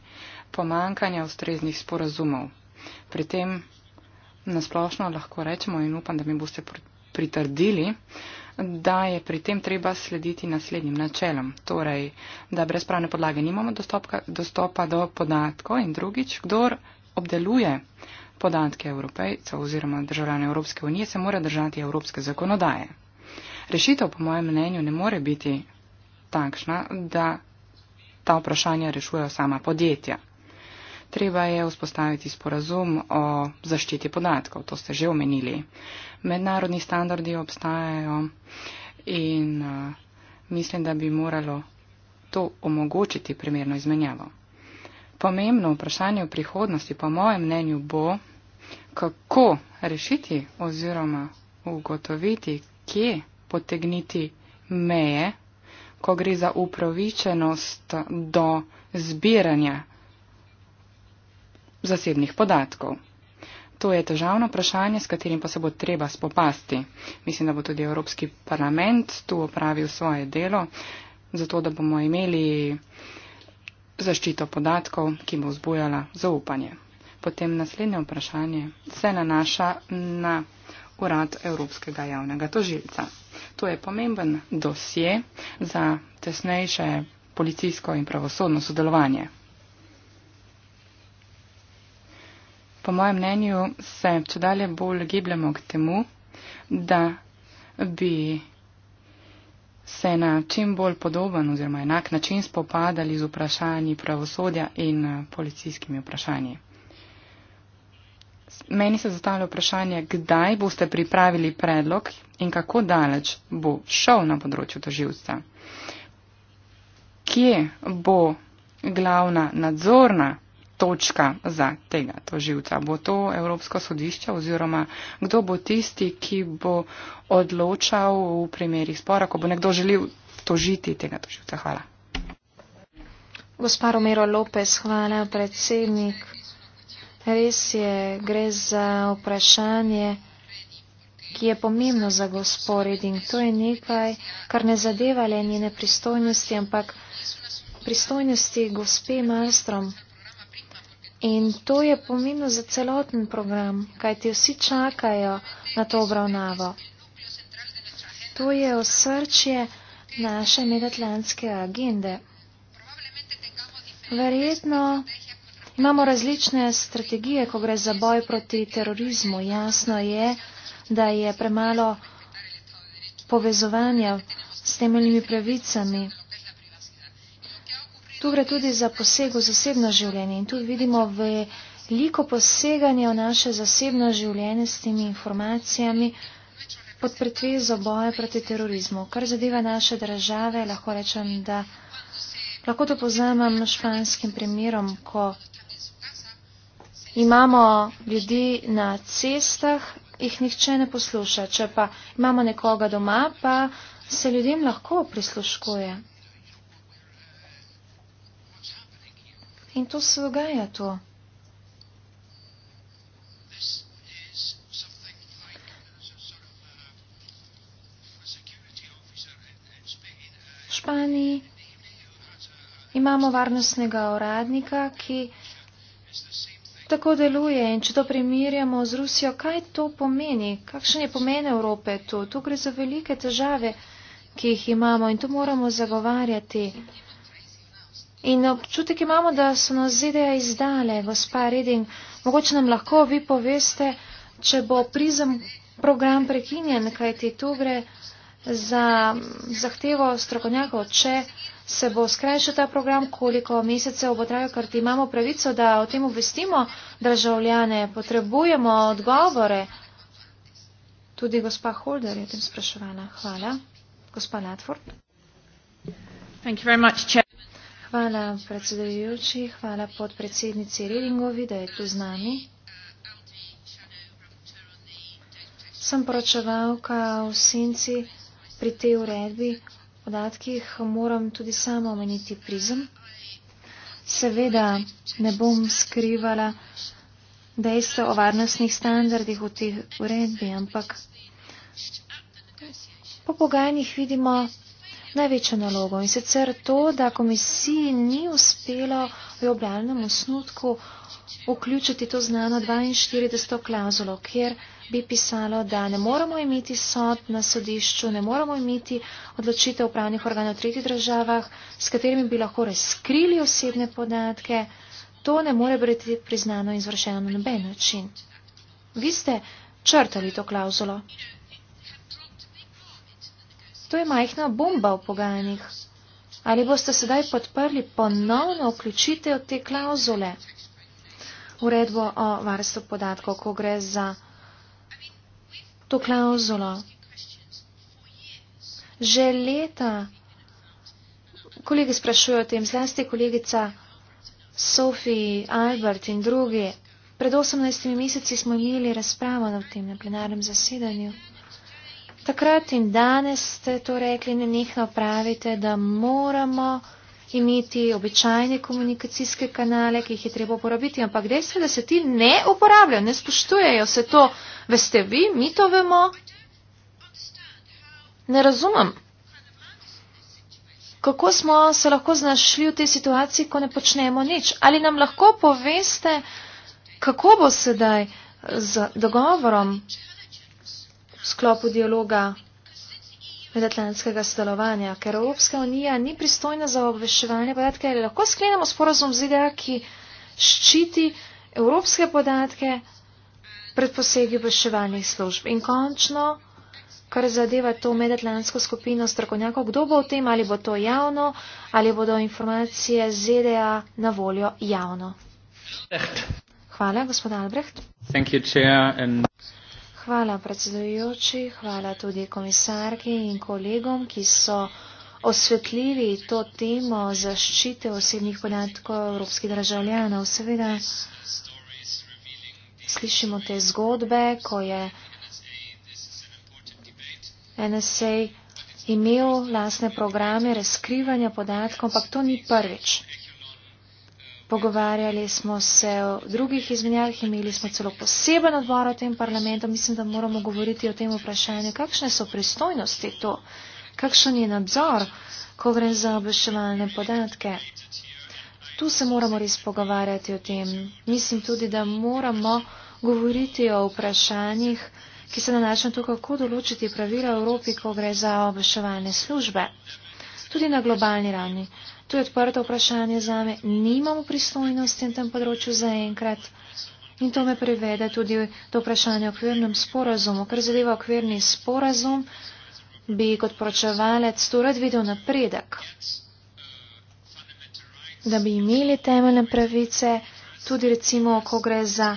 C: pomankanja ustreznih sporazumov. Pri tem nasplošno lahko rečemo in upam, da mi boste pritrdili, da je pri tem treba slediti naslednjim načelom. Torej, da brez pravne podlage nimamo dostopka, dostopa do podatkov in drugič, kdor obdeluje podatke evropejcev oziroma državljane Evropske unije, se mora držati evropske zakonodaje. Rešitev, po mojem mnenju, ne more biti takšna, da ta vprašanja rešujejo sama podjetja. Treba je vzpostaviti sporazum o zaščiti podatkov, to ste že omenili mednarodni standardi obstajajo in eh, mislim, da bi moralo to omogočiti primerno izmenjavo. Pomembno vprašanje v prihodnosti, po mojem mnenju, bo, kako rešiti oziroma ugotoviti, kje potegniti meje, ko gre za upravičenost do zbiranja zasebnih podatkov. To je težavno vprašanje, s katerim pa se bo treba spopasti. Mislim, da bo tudi Evropski parlament tu opravil svoje delo, zato da bomo imeli zaščito podatkov, ki bo vzbujala zaupanje. Potem naslednje vprašanje se nanaša na urad Evropskega javnega tožilca. To je pomemben dosje za tesnejše policijsko in pravosodno sodelovanje. po mojem mnenju se če dalje bolj gibljamo k temu, da bi se na čim bolj podoben oziroma enak način spopadali z vprašanji pravosodja in eh, policijskimi vprašanji. Meni se zastavlja vprašanje, kdaj boste pripravili predlog in kako daleč bo šel na področju toživca. Kje bo glavna nadzorna točka za tega toživca? Bo to Evropsko sodišče oziroma kdo bo tisti, ki bo odločal v primerih spora, ko bo nekdo želel tožiti tega toživca? Hvala.
B: Gospa Romero Lopez, hvala, predsednik. Res je, gre za vprašanje, ki je pomembno za gospod Reding. To je nekaj, kar ne zadeva le njene pristojnosti, ampak pristojnosti gospe Malstrom, In to je pomembno za celoten program, kajti vsi čakajo na to obravnavo. To je osrčje naše medatlantske agende. Verjetno imamo različne strategije, ko gre za boj proti terorizmu. Jasno je, da je premalo povezovanja s temeljnimi pravicami Tu gre tudi za poseg v zasebno življenje in tu vidimo veliko poseganje v naše zasebno življenje s temi informacijami pod pretvezo boja proti terorizmu. Kar zadeva naše države, lahko rečem, da lahko to poznamem španskim primerom, ko imamo ljudi na cestah, jih nihče ne posluša. Če pa imamo nekoga doma, pa se ljudem lahko prisluškuje. in to se dogaja to. V Španiji imamo varnostnega uradnika, ki tako deluje in če to primirjamo z Rusijo, kaj to pomeni, kakšen je pomen Evrope tu, tu gre za velike težave, ki jih imamo in to moramo zagovarjati. In občutek imamo, da so nas ZDA izdale, gospa Reding. Mogoče nam lahko vi poveste, če bo prizem program prekinjen, kaj ti tu gre za zahtevo strokovnjakov, če se bo skrajšal ta program, koliko mesecev bo trajal, ker ti imamo pravico, da o tem obvestimo državljane, potrebujemo odgovore. Tudi gospa Holder je tem spraševala. Hvala. Gospa Latford. Thank you very much, Chair. Hvala predsedujoči, hvala podpredsednici Redingovi, da je tu z nami. Sem poročevalka v senci pri tej uredbi podatkih, moram tudi sama omeniti prizem. Seveda ne bom skrivala dejstva o varnostnih standardih v tej uredbi, ampak po pogajanjih vidimo, največjo nalogo in sicer to, da komisiji ni uspelo v objavljenem osnutku vključiti to znano 42. klauzulo, kjer bi pisalo, da ne moramo imeti sod na sodišču, ne moramo imeti odločitev upravnih organov v tretjih državah, s katerimi bi lahko razkrili osebne podatke. To ne more biti priznano in izvršeno na noben način. Vi ste črtali to klauzulo. To je majhna bomba v pogajanjih. Ali boste sedaj podprli ponovno vključitev te klauzule? Uredbo o varstvu podatkov, ko gre za to klauzulo. Že leta kolegi sprašujejo o tem, zlasti kolegica Sofiji, Albert in drugi. Pred 18 meseci smo imeli razpravo na tem na plenarnem zasedanju takrat in danes ste to rekli, ne njihno pravite, da moramo imeti običajne komunikacijske kanale, ki jih je treba uporabiti, ampak dejstvo je, da se ti ne uporabljajo, ne spoštujejo se to. Veste vi, mi to vemo. Ne razumem. Kako smo se lahko znašli v tej situaciji, ko ne počnemo nič? Ali nam lahko poveste, kako bo sedaj z dogovorom sklopu dialoga medatlantskega sodelovanja, ker Evropska unija ni pristojna za obveščevanje podatke, ali lahko sklenemo sporozum z IDA, ki ščiti evropske podatke pred posegi obveščevalnih služb. In končno, kar zadeva to medatlantsko skupino strokovnjakov, kdo bo o tem, ali bo to javno, ali bodo informacije z IDA na voljo javno. Hvala, gospod Albrecht.
A: Thank you, chair, and...
B: Hvala predsedujoči, hvala tudi komisarki in kolegom, ki so osvetljivi to temo zaščite osebnih podatkov evropskih državljanov. Seveda slišimo te zgodbe, ko je NSA imel lasne programe razkrivanja podatkov, ampak to ni prvič pogovarjali smo se o drugih izmenjavah, imeli smo celo poseben odbor v tem parlamentu. Mislim, da moramo govoriti o tem vprašanju, kakšne so pristojnosti to, kakšen je nadzor, ko gre za obveščevalne podatke. Tu se moramo res pogovarjati o tem. Mislim tudi, da moramo govoriti o vprašanjih, ki se nanašajo tu, kako določiti pravila Evropi, ko gre za obveščevalne službe. Tudi na globalni ravni. To je odprto vprašanje za me. Nimamo pristojnosti na tem področju zaenkrat. In to me privede tudi do vprašanja o okvirnem sporazumu. Kar zadeva okvirni sporazum, bi kot poročevalec tu rad videl napredek, da bi imeli temeljne pravice, tudi recimo, ko gre za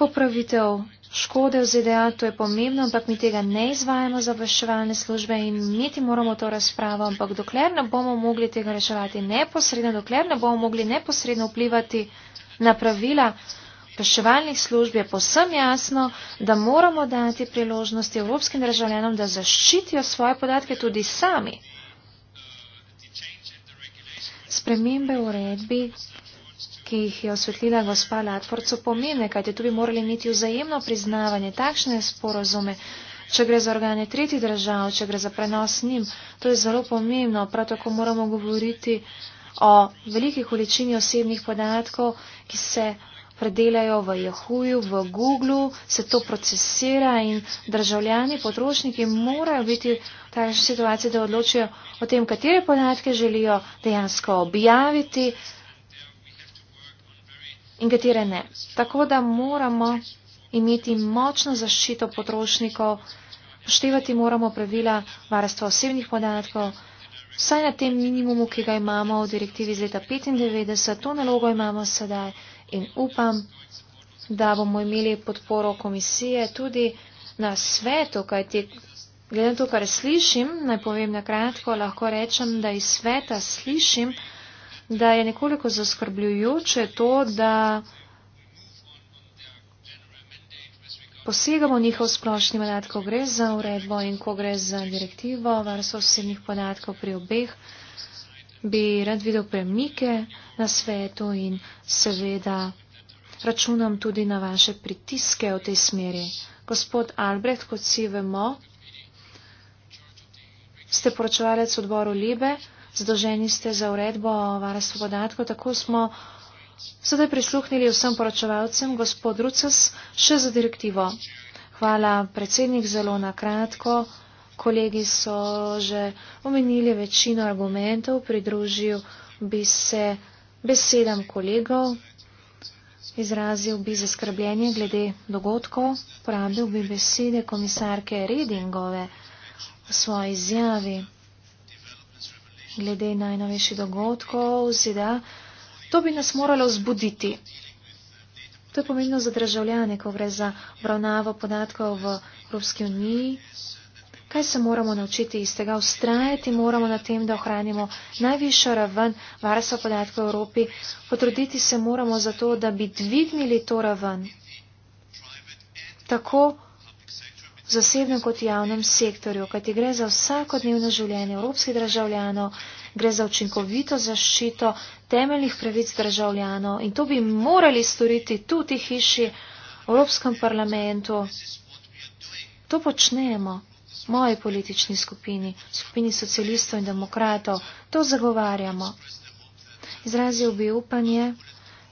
B: popravitev škode v ZDA, to je pomembno, ampak mi tega ne izvajamo za obveščevalne službe in imeti moramo to razpravo, ampak dokler ne bomo mogli tega reševati neposredno, dokler ne bomo mogli neposredno vplivati na pravila obveščevalnih služb, je posem jasno, da moramo dati priložnosti evropskim državljanom, da zaščitijo svoje podatke tudi sami. Spremembe v redbi ki jih je osvetlila gospa Latford, so pomembne, kajte tu bi morali imeti vzajemno priznavanje takšne sporozume, če gre za organe tretjih držav, če gre za prenos njim. To je zelo pomembno. Prav tako moramo govoriti o veliki količini osebnih podatkov, ki se predelajo v Yahoo, v Google, se to procesira in državljani, potrošniki morajo biti v takšni situaciji, da odločijo o tem, katere podatke želijo dejansko objaviti in katere ne. Tako da moramo imeti močno zaščito potrošnikov, poštevati moramo pravila varstva osebnih podatkov, vsaj na tem minimumu, ki ga imamo v direktivi iz leta 1995, to nalogo imamo sedaj in upam, da bomo imeli podporo komisije tudi na svetu, kaj te. Glede na to, kar slišim, naj povem na kratko, lahko rečem, da iz sveta slišim, da je nekoliko zaskrbljujoče to, da posegamo v njihov splošni mandat, ko gre za uredbo in ko gre za direktivo varstva osebnih podatkov pri obeh, bi rad videl premike na svetu in seveda računam tudi na vaše pritiske v tej smeri. Gospod Albrecht, kot si vemo, ste poročevalec odboru Libe. Zadolženi ste za uredbo o varstvu podatkov, tako smo sedaj prisluhnili vsem poročevalcem, gospod Rucas, še za direktivo. Hvala, predsednik, zelo na kratko. Kolegi so že omenili večino argumentov, pridružil bi se besedam kolegov, izrazil bi zaskrbljenje glede dogodkov, pravil bi besede komisarke Redingove v svoji izjavi glede najnovejših dogodkov, ZDA, to bi nas moralo zbuditi. To je pomembno za državljane, ko gre za obravnavo podatkov v Evropski uniji. Kaj se moramo naučiti iz tega? Ustrajati moramo na tem, da ohranimo najvišjo raven varstva podatkov v Evropi. Potruditi se moramo za to, da bi dvignili to raven. Tako v zasebnem kot javnem sektorju, kajti gre za vsakodnevno življenje evropskih državljanov, gre za učinkovito zaščito temeljnih pravic državljanov in to bi morali storiti tudi v hiši v Evropskem parlamentu. To počnemo moji politični skupini, skupini socialistov in demokratov, to zagovarjamo. Izrazil bi upanje,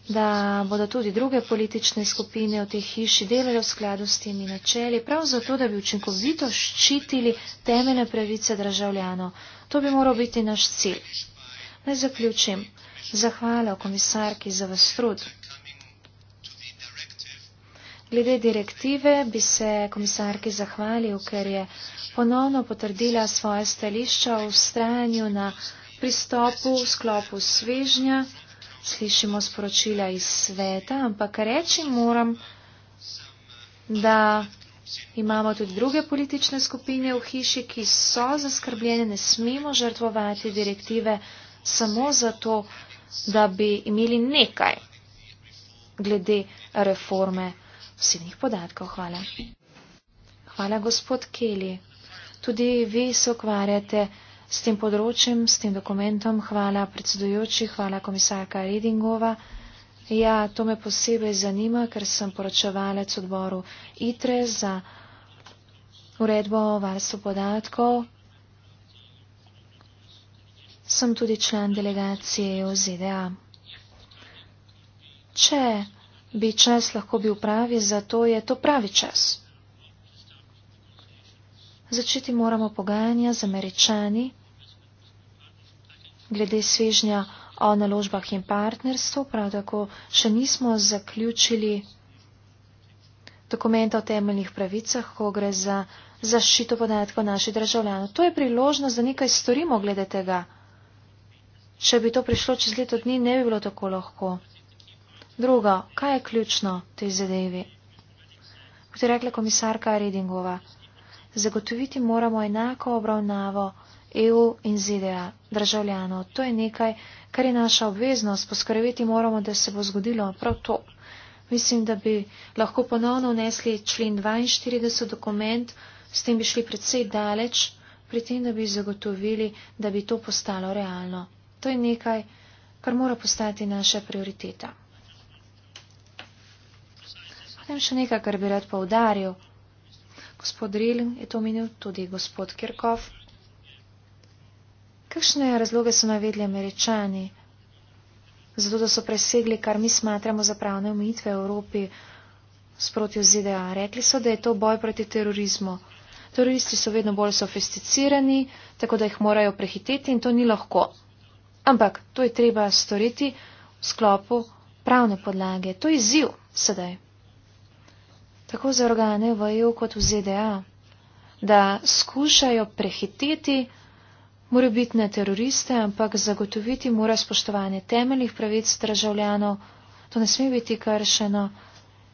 B: da bodo tudi druge politične skupine v tej hiši delali v skladu s temi načeli, prav zato, da bi učinkovito ščitili temeljne pravice državljanov. To bi moral biti naš cilj. Naj zaključim. Zahvala komisarki za vas trud. Glede direktive bi se komisarki zahvalil, ker je ponovno potrdila svoje stališča v stranju na pristopu v sklopu svežnja slišimo sporočila iz sveta, ampak reči moram, da imamo tudi druge politične skupine v hiši, ki so zaskrbljene, ne smemo žrtvovati direktive samo zato, da bi imeli nekaj glede reforme vsebnih podatkov. Hvala. Hvala, gospod Keli. Tudi vi se ukvarjate s tem področjem, s tem dokumentom. Hvala predsedujoči, hvala komisarka Redingova. Ja, to me posebej zanima, ker sem poročevalec odboru ITRE za uredbo o varstvu podatkov. Sem tudi član delegacije EU ZDA. Če bi čas lahko bil pravi, zato je to pravi čas. Začeti moramo pogajanja z američani glede svežnja o naložbah in partnerstvu, prav tako še nismo zaključili dokumenta o temeljnih pravicah, ko gre za zaščito podatkov naših državljanov. To je priložnost, da nekaj storimo glede tega. Če bi to prišlo čez leto dni, ne bi bilo tako lahko. Drugo, kaj je ključno v tej zadevi? Kot je rekla komisarka Redingova, zagotoviti moramo enako obravnavo EU in ZDA državljanov. To je nekaj, kar je naša obveznost. Poskrbeti moramo, da se bo zgodilo prav to. Mislim, da bi lahko ponovno vnesli člen 42 dokument, s tem bi šli predvsej daleč, pri tem, da bi zagotovili, da bi to postalo realno. To je nekaj, kar mora postati naša prioriteta. Potem še nekaj, kar bi rad poudaril gospod Rilj, je to omenil tudi gospod Kirkov. Kakšne razloge so navedli američani? Zato, da so presegli, kar mi smatramo za pravne omejitve v Evropi sproti v ZDA. Rekli so, da je to boj proti terorizmu. Teroristi so vedno bolj sofisticirani, tako da jih morajo prehiteti in to ni lahko. Ampak to je treba storiti v sklopu pravne podlage. To je ziv sedaj tako za organe v EU kot v ZDA, da skušajo prehiteti morebitne teroriste, ampak zagotoviti mora spoštovanje temeljnih pravic državljanov, to ne sme biti kršeno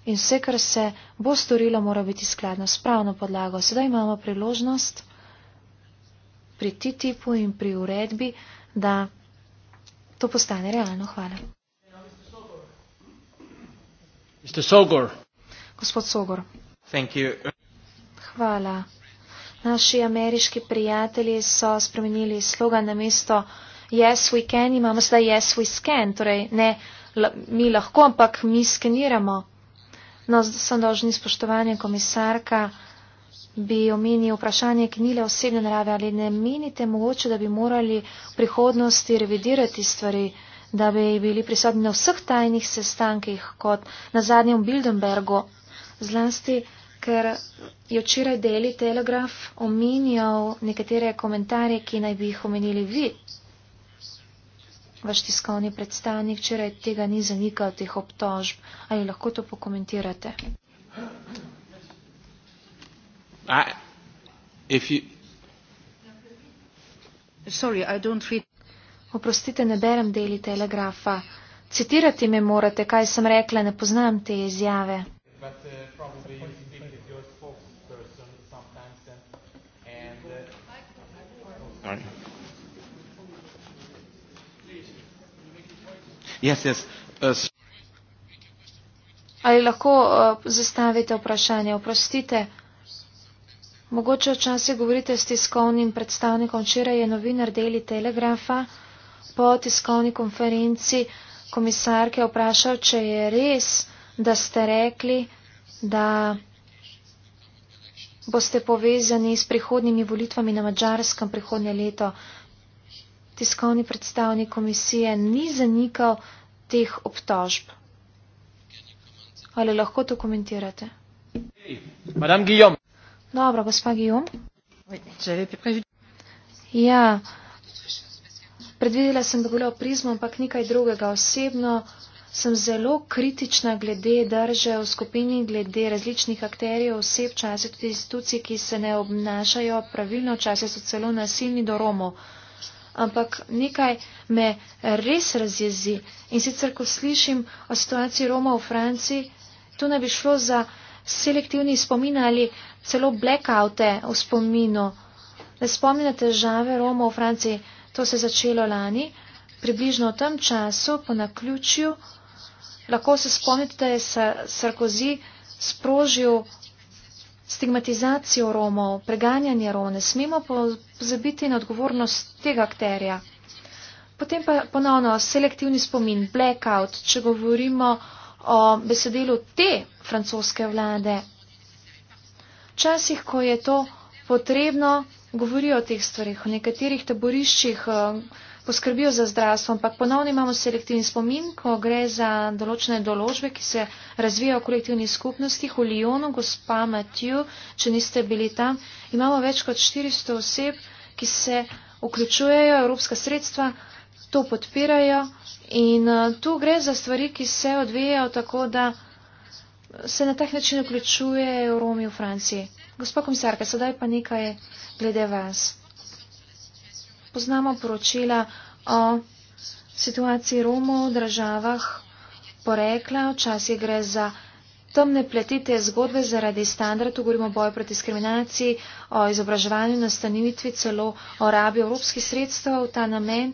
B: in vse, kar se bo storilo, mora biti skladno s pravno podlago. Sedaj imamo priložnost pri ti tipu in pri uredbi, da to postane realno. Hvala.
A: Mr. Sogor.
B: Gospod Sogor. Hvala. Naši ameriški prijatelji so spremenili slogan na mesto Yes, we can, imamo sedaj Yes, we scan, torej ne mi lahko, ampak mi skeniramo. No, sem dolžni spoštovanje komisarka, bi omenil vprašanje, ki ni le osebne narave, ali ne menite mogoče, da bi morali v prihodnosti revidirati stvari, da bi bili prisotni na vseh tajnih sestankih, kot na zadnjem Bildenbergu, zlasti, ker je včeraj Daily Telegraph omenjal nekatere komentarje, ki naj bi jih omenili vi. Vaš tiskovni predstavnik včeraj tega ni zanikal, teh obtožb. Ali lahko to pokomentirate?
A: I, you...
B: Sorry, read... Oprostite, ne berem deli telegrafa. Citirati me morate, kaj sem rekla, ne poznam te izjave
A: but uh, probably you speak with your spokesperson sometimes. And, uh, and uh,
B: yes, yes. Uh, so Ali lahko uh, zastavite vprašanje? Oprostite, mogoče včasih govorite s tiskovnim predstavnikom. Včeraj je novinar Deli Telegrafa po tiskovni konferenci komisarke vprašal, če je res, da ste rekli, da boste povezani s prihodnimi volitvami na Mačarskem prihodnje leto. Tiskovni predstavnik komisije ni zanikal teh obtožb. Ali lahko to komentirate?
A: Hey,
B: Dobro, gospa Gijom. Ja, predvidela sem, da bo le o prizmu, ampak nekaj drugega osebno sem zelo kritična glede drže v skupini, glede različnih akterjev, oseb, čase tudi institucij, ki se ne obnašajo pravilno, čase so celo nasilni do Romo. Ampak nekaj me res razjezi in sicer, ko slišim o situaciji Roma v Franciji, tu ne bi šlo za selektivni spomin ali celo blackoute v spominu. Ne spomnite težave Roma v Franciji, to se je začelo lani, približno v tem času po naključju. Lahko se spomnite, da je Sarkozy sprožil stigmatizacijo Romov, preganjanje Romov. Ne smemo pozabiti na odgovornost tega akterja. Potem pa ponovno selektivni spomin, blackout, če govorimo o besedelu te francoske vlade. Včasih, ko je to potrebno, govorijo o teh stvarih, o nekaterih taboriščih. Uh, poskrbijo za zdravstvo, ampak ponovno imamo selektivni spomin, ko gre za določene določbe, ki se razvijajo v kolektivnih skupnostih. V Lijonu, gospa Matju, če niste bili tam, imamo več kot 400 oseb, ki se vključujejo, evropska sredstva to podpirajo in eh, tu gre za stvari, ki se odvijajo tako, da se na tak način vključujejo Romi v Franciji. Gospod komisarka, sedaj pa nekaj glede vas poznamo poročila o situaciji Romov v državah porekla. Včasih gre za temne pletite zgodbe zaradi standardov, govorimo o boju proti diskriminaciji, o izobraževanju, nastanitvi, celo o rabi evropskih sredstev v ta namen.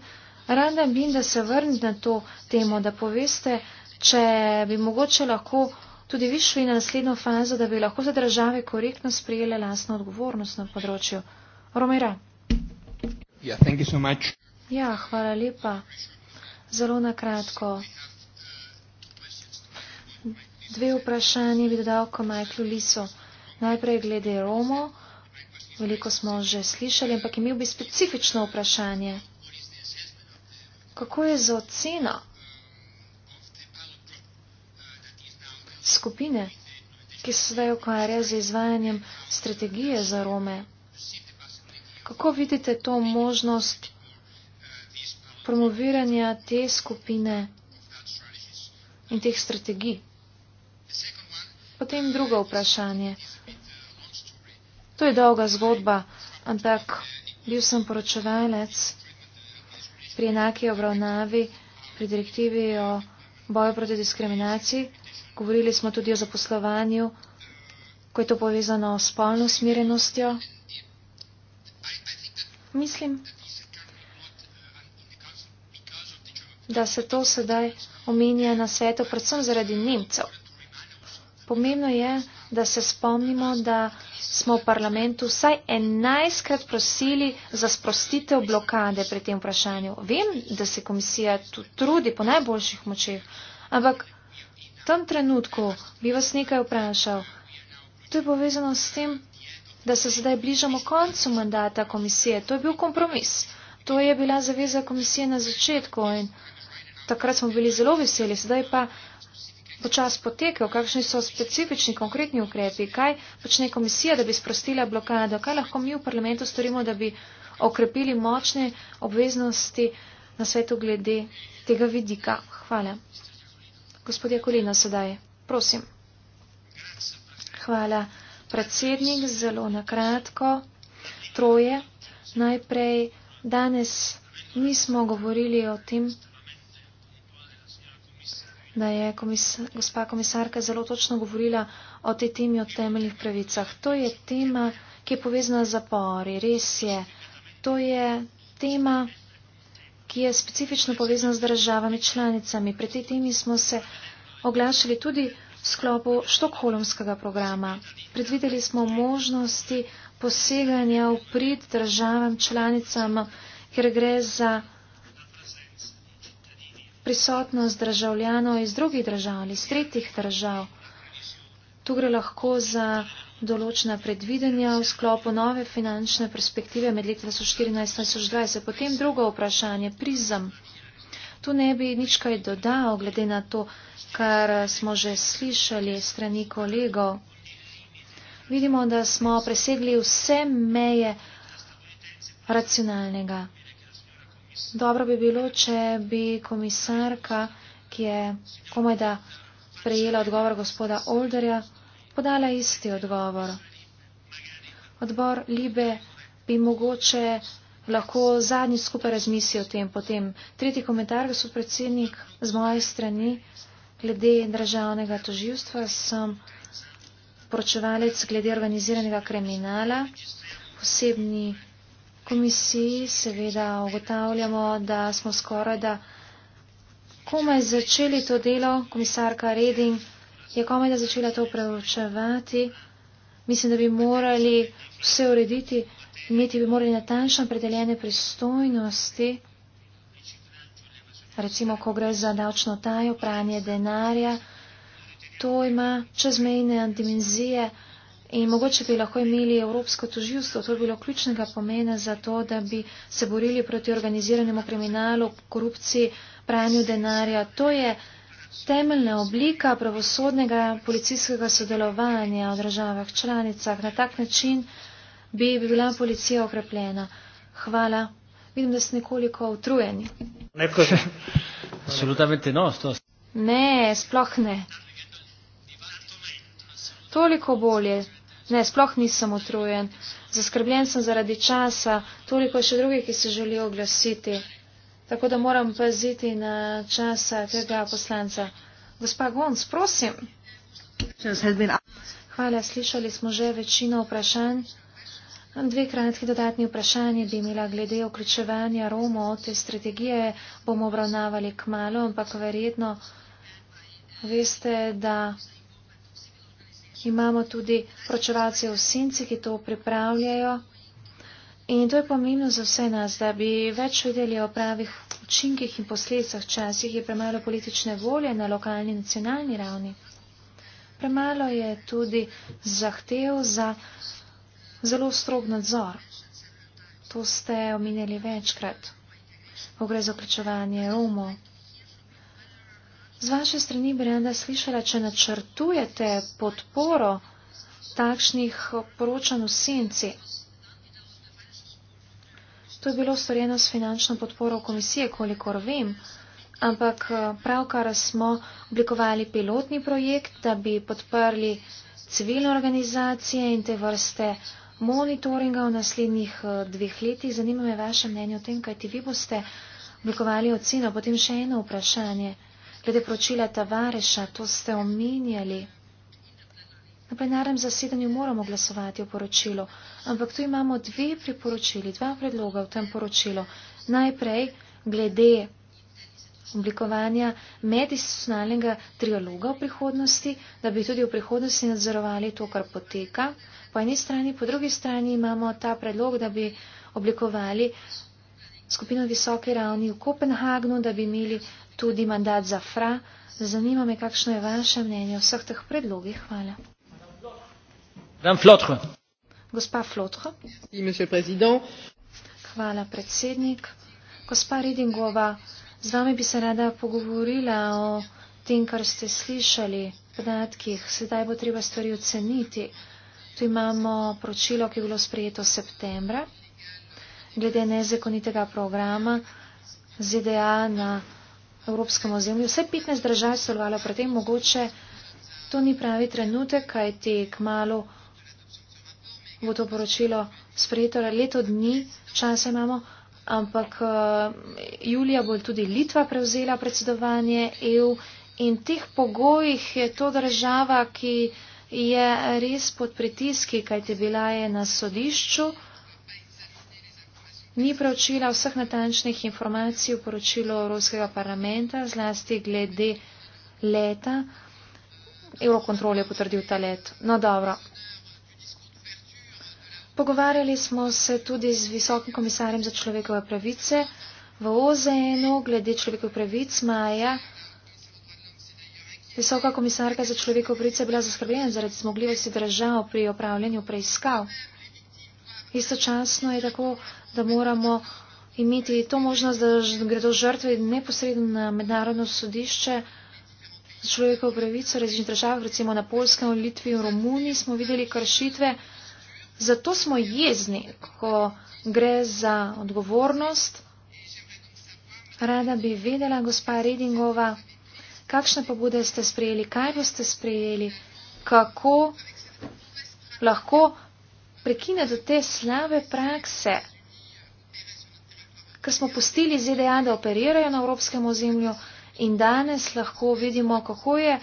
B: Rada bi, da se vrnite na to temo, da poveste, če bi mogoče lahko tudi vi šli na naslednjo fazo, da bi lahko za države korektno sprejele lastno odgovornost na področju Romera.
A: Yeah, thank you so much.
B: Ja, hvala lepa. Zelo na kratko. Dve vprašanje bi dodal ko Michaelu Liso. Najprej glede Romo. Veliko smo že slišali, ampak imel bi specifično vprašanje. Kako je za oceno skupine, ki se zdaj ukvarja z izvajanjem strategije za Rome? Kako vidite to možnost promoviranja te skupine in teh strategij? Potem drugo vprašanje. To je dolga zgodba, ampak bil sem poročevalec pri enaki obravnavi, pri direktivi o boju proti diskriminaciji. Govorili smo tudi o zaposlovanju, ko je to povezano s spolno smirenostjo mislim, da se to sedaj omenja na svetu, predvsem zaradi Nemcev. Pomembno je, da se spomnimo, da smo v parlamentu vsaj enajstkrat prosili za sprostitev blokade pri tem vprašanju. Vem, da se komisija tu trudi po najboljših močeh, ampak v tem trenutku bi vas nekaj vprašal. To je povezano s tem, da se zdaj bližamo koncu mandata komisije. To je bil kompromis. To je bila zaveza komisije na začetku in takrat smo bili zelo veseli. Zdaj pa bo čas potekel, kakšni so specifični, konkretni ukrepi, kaj počne komisija, da bi sprostila blokado, kaj lahko mi v parlamentu storimo, da bi okrepili močne obveznosti na svetu glede tega vidika. Hvala. Gospod Jakolina, sedaj, prosim. Hvala predsednik, zelo nakratko, troje. Najprej danes nismo govorili o tem, da je komisar, gospa komisarka zelo točno govorila o tej temi o temeljnih pravicah. To je tema, ki je povezana z zapori, res je. To je tema, ki je specifično povezana z državami članicami. Pri tej temi smo se oglašali tudi v sklopu štokholmskega programa. Predvideli smo možnosti poseganja v prid državam članicam, ker gre za prisotnost državljanov iz drugih držav ali iz tretjih držav. Tu gre lahko za določena predvidenja v sklopu nove finančne perspektive med leti 2014-2020. Potem drugo vprašanje, prizem tu ne bi nič kaj dodal, glede na to, kar smo že slišali strani kolegov. Vidimo, da smo presegli vse meje racionalnega. Dobro bi bilo, če bi komisarka, ki je komaj da prejela odgovor gospoda Olderja, podala isti odgovor. Odbor Libe bi mogoče lahko zadnji skupaj razmisli o tem. Potem tretji komentar, gospod predsednik, z moje strani, glede državnega toživstva, sem poročevalec glede organiziranega kriminala. V posebni komisiji seveda ugotavljamo, da smo skoraj da komaj začeli to delo. Komisarka Reding je komaj da začela to preučevati. Mislim, da bi morali vse urediti. Imeti bi morali natančno predeljene pristojnosti, recimo, ko gre za davčno tajo, pranje denarja, to ima čezmejne dimenzije in mogoče bi lahko imeli Evropsko toživstvo, to bi bilo ključnega pomena za to, da bi se borili proti organiziranemu kriminalu, korupciji, pranju denarja. To je temeljna oblika pravosodnega policijskega sodelovanja v državah članicah. Na tak način bi bila policija okrepljena. Hvala. Vidim, da ste nekoliko utrujeni.
A: Absolutamente no.
B: Ne, sploh ne. Toliko bolje. Ne, sploh nisem utrujen. Zaskrbljen sem zaradi časa. Toliko je še drugih, ki se želijo oglasiti. Tako da moram paziti na časa tega poslanca. Gospa Gons, prosim. Hvala, slišali smo že večino vprašanj. Dve kratki dodatni vprašanje bi imela glede vključevanja Romo od te strategije. Bomo obravnavali k malo, ampak verjetno veste, da imamo tudi pročevalce v Sinci, ki to pripravljajo. In to je pomembno za vse nas, da bi več vedeli o pravih učinkih in posledicah časih, je premalo politične volje na lokalni in nacionalni ravni. Premalo je tudi zahtev za zelo strog nadzor. To ste omenjali večkrat, ko gre za vključevanje Romo. Z vaše strani bi rada slišala, če načrtujete podporo takšnih poročanj v senci. To je bilo storjeno s finančno podporo komisije, kolikor vem, ampak pravkar smo oblikovali pilotni projekt, da bi podprli civilne organizacije in te vrste monitoringa v naslednjih eh, dveh letih. Zanima me vaše mnenje o tem, kaj ti vi boste oblikovali oceno. Potem še eno vprašanje. Glede pročila Tavareša, to ste omenjali. Na plenarnem zasedanju moramo glasovati o poročilu, ampak tu imamo dve priporočili, dva predloga v tem poročilu. Najprej glede oblikovanja medinstitucionalnega trialoga v prihodnosti, da bi tudi v prihodnosti nadzorovali to, kar poteka. Po eni strani, po drugi strani imamo ta predlog, da bi oblikovali skupino visoke ravni v Kopenhagnu, da bi imeli tudi mandat za FRA. Zanima me, kakšno je vaše mnenje o vseh teh predlogih. Hvala. Flotre. Gospa Flotro. Hvala, predsednik. Gospa Ridingova. Z vami bi se rada pogovorila o tem, kar ste slišali, podatkih. Sedaj bo treba stvari oceniti. Tu imamo pročilo, ki je bilo sprejeto septembra, glede nezakonitega programa ZDA na evropskem ozemlju. Vse 15 držav je sodelovalo pri tem, mogoče to ni pravi trenutek, kaj te kmalo bo to poročilo sprejeto, leto dni časa imamo ampak eh, julija bo tudi Litva prevzela predsedovanje EU in teh pogojih je to država, ki je res pod pritiski, kajte bila je na sodišču, ni preučila vseh natančnih informacij v poročilu Evropskega parlamenta, zlasti glede leta. Eurokontrol je potrdil ta let. No dobro, Pogovarjali smo se tudi z visokim komisarjem za človekove pravice v OZN-u glede človekove pravic Maja. Visoka komisarka za človekove pravice je bila zaskrbljena zaradi zmogljivosti držav pri opravljanju preiskav. Istočasno je tako, da moramo imeti to možnost, da gredo žrtve neposredno na mednarodno sodišče za človekove pravice v različnih državah, recimo na Polskem, v Litvi, v Romuniji smo videli kršitve. Zato smo jezni, ko gre za odgovornost. Rada bi vedela, gospa Redingova, kakšne pobude ste sprejeli, kaj boste sprejeli, kako lahko prekinete te slabe prakse, ker smo pustili ZDA, da operirajo na evropskem ozemlju in danes lahko vidimo, kako je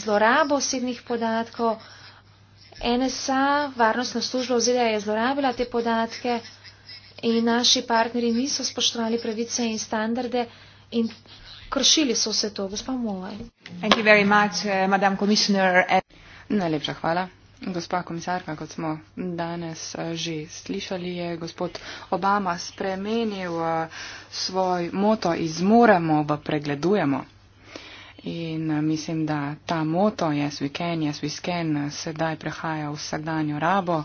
B: zloraba osebnih podatkov NSA, varnostna služba ozirja je zlorabila te podatke in naši partnerji niso spoštovali pravice in standarde in kršili so vse to. Gospa Mulaj.
C: Eh, Najlepša hvala. Gospa komisarka, kot smo danes eh, že slišali, je gospod Obama spremenil eh, svoj moto iz moramo v pregledujemo. In eh, mislim, da ta moto Yes We Can, Yes We Scan sedaj prehaja v vsakdanjo rabo.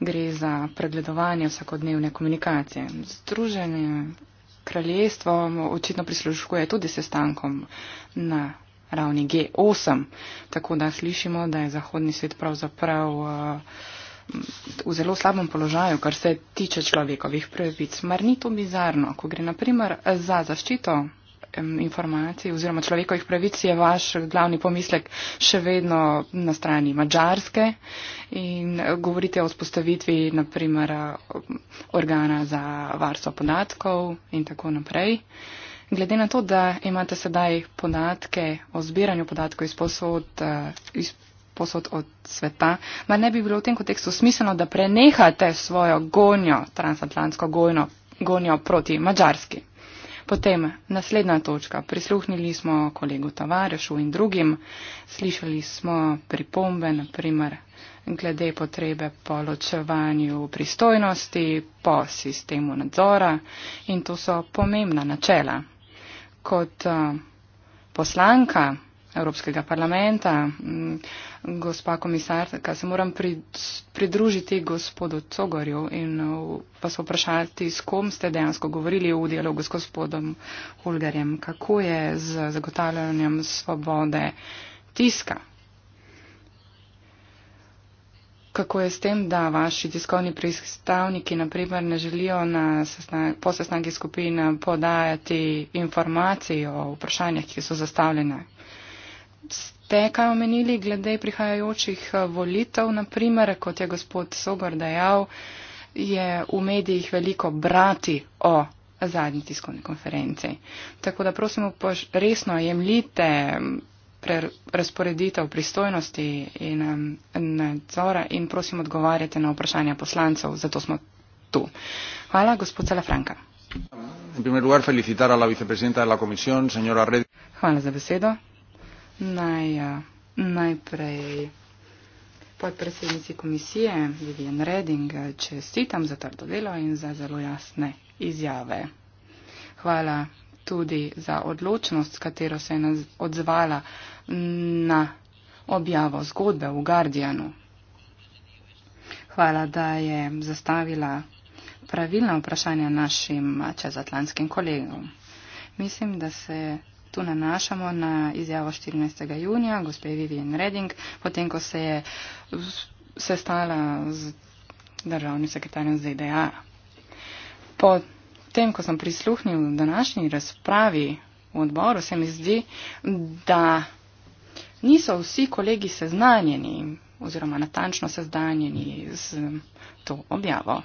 C: Gre za pregledovanje vsakodnevne komunikacije. Združenje kraljestvo očitno prisluškuje tudi sestankom na ravni G8, tako da slišimo, da je zahodni svet pravzaprav eh, v zelo slabem položaju, kar se tiče človekovih pravic. Mar ni to bizarno, ko gre naprimer za zaščito informacij oziroma človekovih pravic je vaš glavni pomislek še vedno na strani Mačarske in eh, govorite o spostavitvi naprimer eh, organa za varstvo podatkov in tako naprej. Glede na to, da imate sedaj podatke o zbiranju podatkov iz posod, eh, iz posod od sveta, ma ne bi bilo v tem kontekstu smiselno, da prenehate svojo gonjo, transatlantsko gonjo, gonjo proti Mačarski. Potem naslednja točka. Prisluhnili smo kolegu Tavarešu in drugim, slišali smo pripombe, naprimer glede potrebe po ločevanju pristojnosti, po sistemu nadzora in to so pomembna načela. Kot eh, poslanka Evropskega parlamenta. Mm, gospa komisarka, se moram pridružiti gospodu Cogorju in pa uh, se vprašati, s kom ste dejansko govorili v dialogu s gospodom Holgerjem, kako je z zagotavljanjem svobode tiska. Kako je s tem, da vaši tiskovni predstavniki, naprimer, ne želijo na sesna po sestanki skupine podajati informacij o vprašanjih, ki so zastavljene ste kaj omenili glede prihajajočih eh, volitev, naprimer, kot je gospod Sogor dejal, je v medijih veliko brati o zadnji tiskovni konferenci. Tako da prosim, resno jemljite razporeditev pristojnosti in nadzora in prosim odgovarjate na vprašanja poslancev, zato smo tu. Hvala, gospod Salafranka. Hvala za besedo. Naj, uh, najprej podpredsednici komisije Vivian Redding eh, čestitam za trdo delo in za zelo jasne izjave. Hvala tudi za odločnost, s katero se je odzvala na objavo zgodbe v Guardianu. Hvala, da je zastavila pravilna vprašanja našim eh, čezatlantskim kolegom. Mislim, da se tu nanašamo na izjavo 14. junija gospe Vivian Redding, potem ko se je sestala z državnim sekretarjem ZDA. Po tem, ko sem prisluhnil v današnji razpravi v odboru, se mi zdi, da niso vsi kolegi seznanjeni oziroma natančno seznanjeni z to objavo.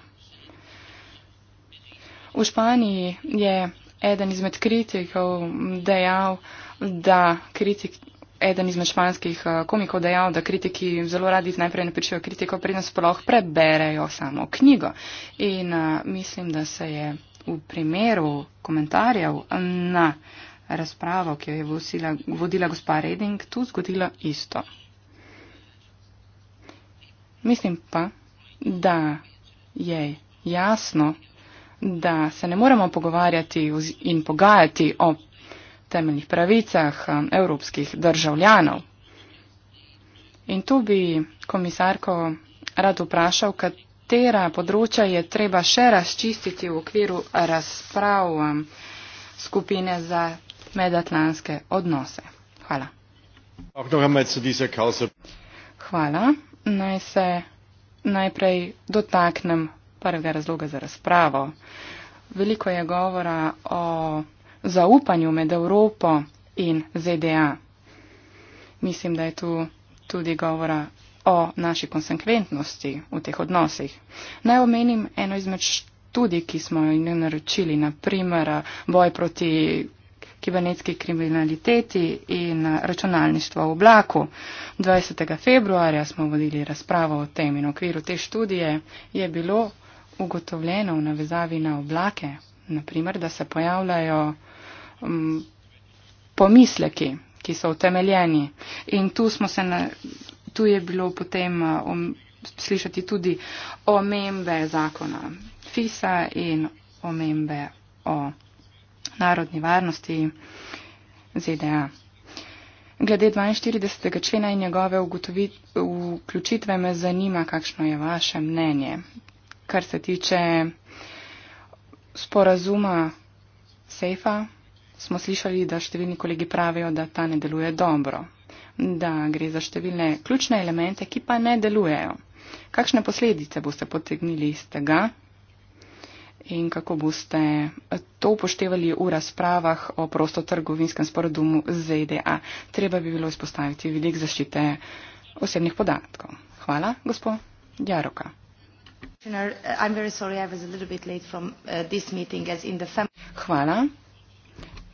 C: V Španiji je eden izmed kritikov dejal, da kritik, eden izmed španskih eh, komikov dejal, da kritiki zelo radi najprej napišejo kritiko, preden sploh preberejo samo knjigo. In eh, mislim, da se je v primeru komentarjev na razpravo, ki jo je vosila, vodila gospa Reding, tu zgodilo isto. Mislim pa, da je jasno, da se ne moremo pogovarjati in pogajati o temeljnih pravicah um, evropskih državljanov. In tu bi komisarko rad vprašal, katera področja je treba še razčistiti v okviru razprav um, skupine za medatlanske odnose. Hvala. Hvala. Naj se najprej dotaknem prvega razloga za razpravo. Veliko je govora o zaupanju med Evropo in ZDA. Mislim, da je tu tudi govora o naši konsekventnosti v teh odnosih. Naj omenim eno izmed študij, ki smo jo naročili, naprimer boj proti kibernetski kriminaliteti in računalništvo v oblaku. 20. februarja smo vodili razpravo o tem in v okviru te študije je bilo ugotovljeno v navezavi na oblake, naprimer, da se pojavljajo um, pomisleki, ki so utemeljeni. In tu, se na, tu je bilo potem eh, um, slišati tudi omembe zakona FISA in omembe o narodni varnosti ZDA. Glede 42. člena in njegove vključitve me zanima, kakšno je vaše mnenje kar se tiče sporazuma Sejfa, smo slišali, da številni kolegi pravijo, da ta ne deluje dobro, da gre za številne ključne elemente, ki pa ne delujejo. Kakšne posledice boste potegnili iz tega in kako boste to upoštevali v razpravah o prostotrgovinskem sporazumu z ZDA? Treba bi bilo izpostaviti vidik zaščite osebnih podatkov. Hvala, gospod Jaroka. Uh, uh, Hvala.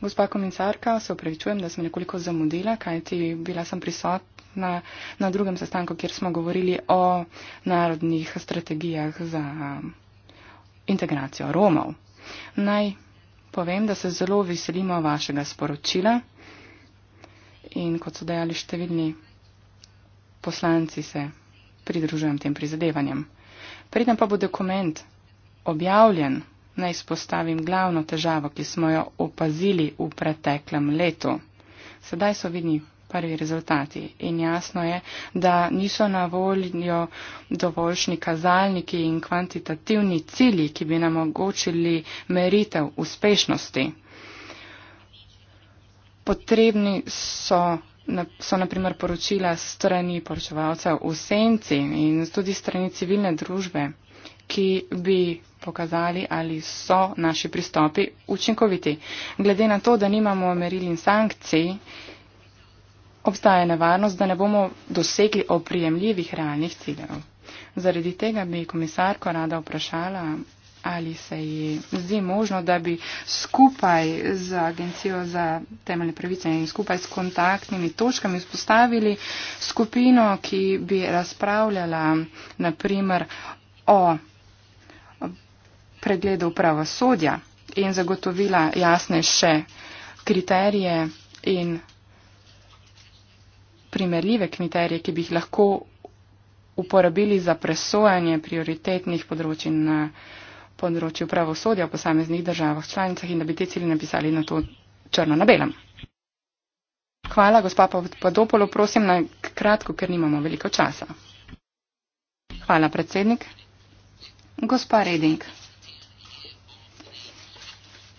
C: Gospa komisarka, se upravičujem, da sem nekoliko zamudila, kajti bila sem prisotna na drugem sestanku, kjer smo govorili o narodnih strategijah za um, integracijo Romov. Naj povem, da se zelo veselimo vašega sporočila in kot so dejali številni poslanci, se pridružujem tem prizadevanjem. Preden pa bo dokument objavljen, naj izpostavim glavno težavo, ki smo jo opazili v preteklem letu. Sedaj so vidni prvi rezultati in jasno je, da niso na voljo dovoljšni kazalniki in kvantitativni cilji, ki bi nam omogočili meritev uspešnosti. Potrebni so so naprimer poročila strani poročevalcev v senci in tudi strani civilne družbe, ki bi pokazali, ali so naši pristopi učinkoviti. Glede na to, da nimamo meril in sankcij, obstaja nevarnost, da ne bomo dosegli oprijemljivih realnih ciljev. Zaradi tega bi komisarko rada vprašala, ali se ji zdi možno, da bi skupaj z Agencijo za temeljne pravice in skupaj s kontaktnimi točkami vzpostavili skupino, ki bi razpravljala naprimer o pregledu pravosodja in zagotovila jasne še kriterije in primerljive kriterije, ki bi jih lahko uporabili za presojanje prioritetnih področji na področju pravosodja v posameznih državah članicah in da bi te cilje napisali na to črno na belem. Hvala, gospa Padopolo, prosim naj kratko, ker nimamo veliko časa. Hvala, predsednik. Gospa Reding.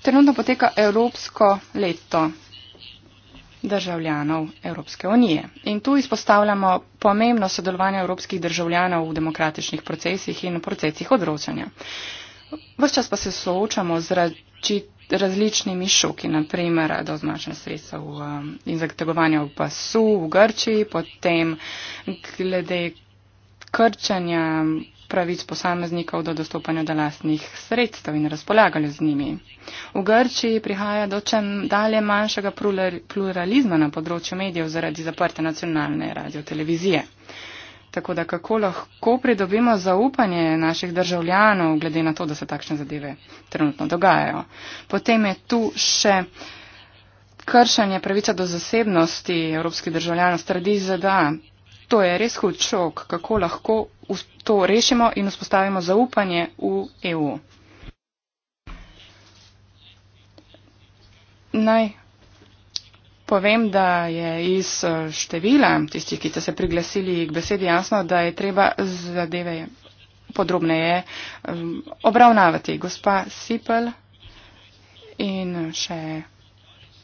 C: Trenutno poteka Evropsko leto državljanov Evropske unije. In tu izpostavljamo pomembno sodelovanje evropskih državljanov v demokratičnih procesih in procesih odročanja. Vse čas pa se soočamo z različnimi šoki, naprimer do značne sredstva v, in zategovanja v pasu v Grčiji, potem glede krčanja pravic posameznikov do dostopanja do lastnih sredstev in razpolagali z njimi. V Grčiji prihaja do čem dalje manjšega pluralizma na področju medijev zaradi zaprte nacionalne radio televizije. Tako da kako lahko pridobimo zaupanje naših državljanov, glede na to, da se takšne zadeve trenutno dogajajo. Potem je tu še kršanje pravica do zasebnosti evropskih državljanov stradi ZDA. To je res hud šok, kako lahko to rešimo in vzpostavimo zaupanje v EU. Naj povem, da je iz eh, števila tistih, ki ste se priglasili k besedi, jasno, da je treba zadeve podrobneje ehm, obravnavati. Gospa Sipel in še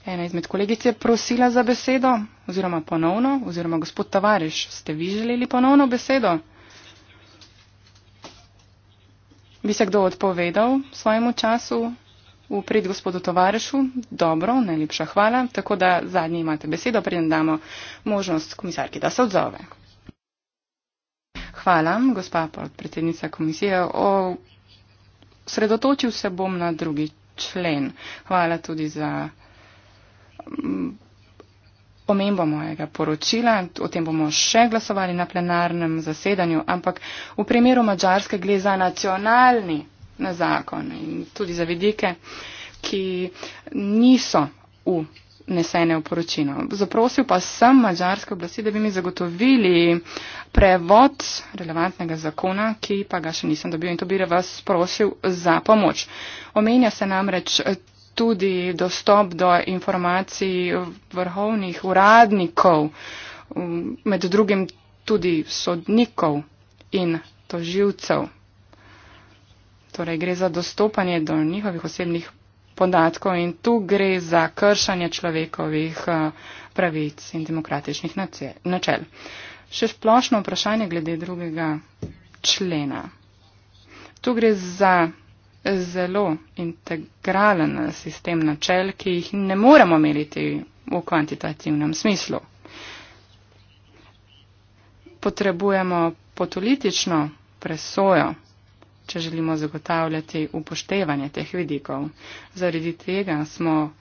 C: ena izmed kolegic je prosila za besedo, oziroma ponovno, oziroma gospod Tavariš, ste vi želeli ponovno besedo? Bi se kdo odpovedal svojemu času? V prid gospodu Tovarešu, dobro, najlepša hvala, tako da zadnji imate besedo, preden damo možnost komisarki, da se odzove. Hvala, gospa podpredsednica komisije. Sredotočil se bom na drugi člen. Hvala tudi za mm, omembo mojega poročila. O tem bomo še glasovali na plenarnem zasedanju, ampak v primeru Mačarske gre za nacionalni na zakon in tudi za vidike, ki niso unesene v poročino. Zaprosil pa sem mađarske oblasti, da bi mi zagotovili prevod relevantnega zakona, ki pa ga še nisem dobil in to bi vas prosil za pomoč. Omenja se namreč tudi dostop do informacij vrhovnih uradnikov, um, med drugim tudi sodnikov in toživcev Torej gre za dostopanje do njihovih osebnih podatkov in tu gre za kršanje človekovih eh, pravic in demokratičnih načel. Še splošno vprašanje glede drugega člena. Tu gre za zelo integralen sistem načel, ki jih ne moremo meriti v kvantitativnem smislu. Potrebujemo politično presojo če želimo zagotavljati upoštevanje teh vidikov. Zaradi tega smo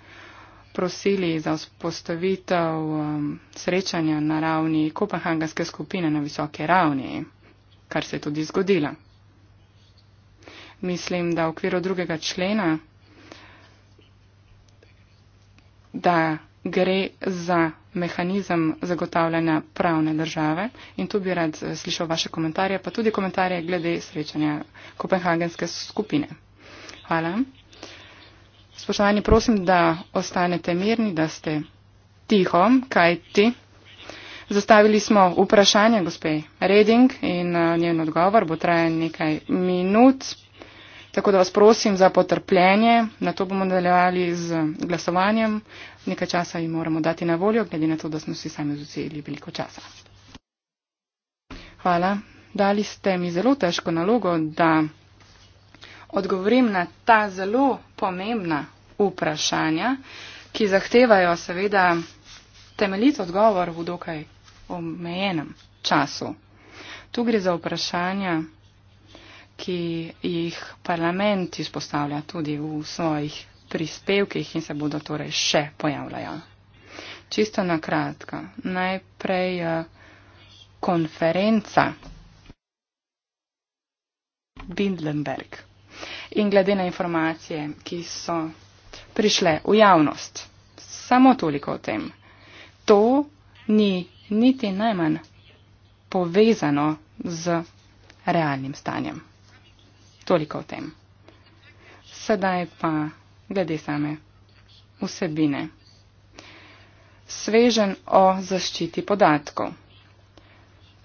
C: prosili za vzpostavitev um, srečanja na ravni Kopenhagenske skupine na visoke ravni, kar se je tudi zgodilo. Mislim, da v okviru drugega člena, da gre za mehanizem zagotavljanja pravne države in tu bi rad eh, slišal vaše komentarje, pa tudi komentarje glede srečanja Kopenhagenske skupine. Hvala. Spoštovani, prosim, da ostanete mirni, da ste tiho, kaj ti. Zastavili smo vprašanje gospej Reding in eh, njen odgovor bo trajal nekaj minut, Tako da vas prosim za potrpljenje, na to bomo nadaljevali z glasovanjem. Nekaj časa jim moramo dati na voljo, glede na to, da smo si sami vzeli veliko časa. Hvala. Dali ste mi zelo težko nalogo, da odgovorim na ta zelo pomembna vprašanja, ki zahtevajo seveda temeljit odgovor v dokaj omejenem času. Tu gre za vprašanja ki jih parlament izpostavlja tudi v svojih prispevkih in se bodo torej še pojavljajo. Čisto na kratko. Najprej eh, konferenca Bindlenberg. In glede na informacije, ki so prišle v javnost, samo toliko o tem. To ni niti najmanj povezano z realnim stanjem. Toliko o tem. Sedaj pa glede same vsebine. Svežen o zaščiti podatkov.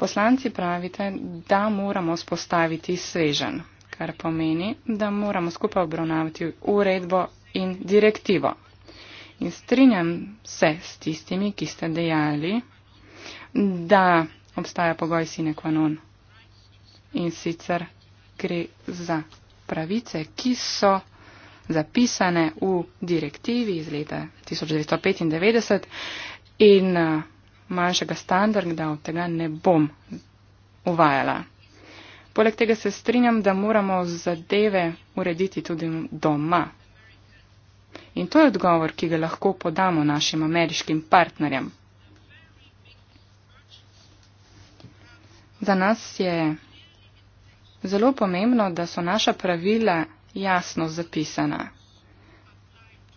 C: Poslanci pravite, da moramo spostaviti svežen, kar pomeni, da moramo skupaj obravnavati uredbo in direktivo. In strinjam se s tistimi, ki ste dejali, da obstaja pogoj sine qua non. In sicer gre za pravice, ki so zapisane v direktivi iz leta 1995 in eh, manjšega standarda od tega ne bom uvajala. Poleg tega se strinjam, da moramo zadeve urediti tudi doma. In to je odgovor, ki ga lahko podamo našim ameriškim partnerjem. Za nas je zelo pomembno, da so naša pravila jasno zapisana.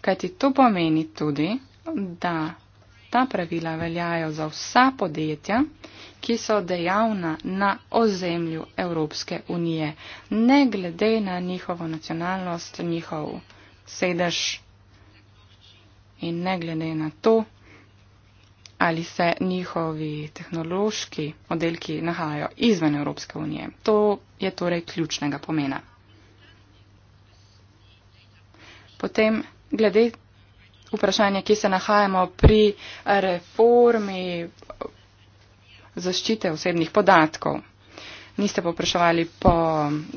C: Kajti to pomeni tudi, da ta pravila veljajo za vsa podjetja, ki so dejavna na ozemlju Evropske unije, ne glede na njihovo nacionalnost, njihov sedež in ne glede na to, ali se njihovi tehnološki oddelki nahajajo izven Evropske unije. To je torej ključnega pomena. Potem glede vprašanja, ki se nahajamo pri reformi zaščite osebnih podatkov niste popraševali po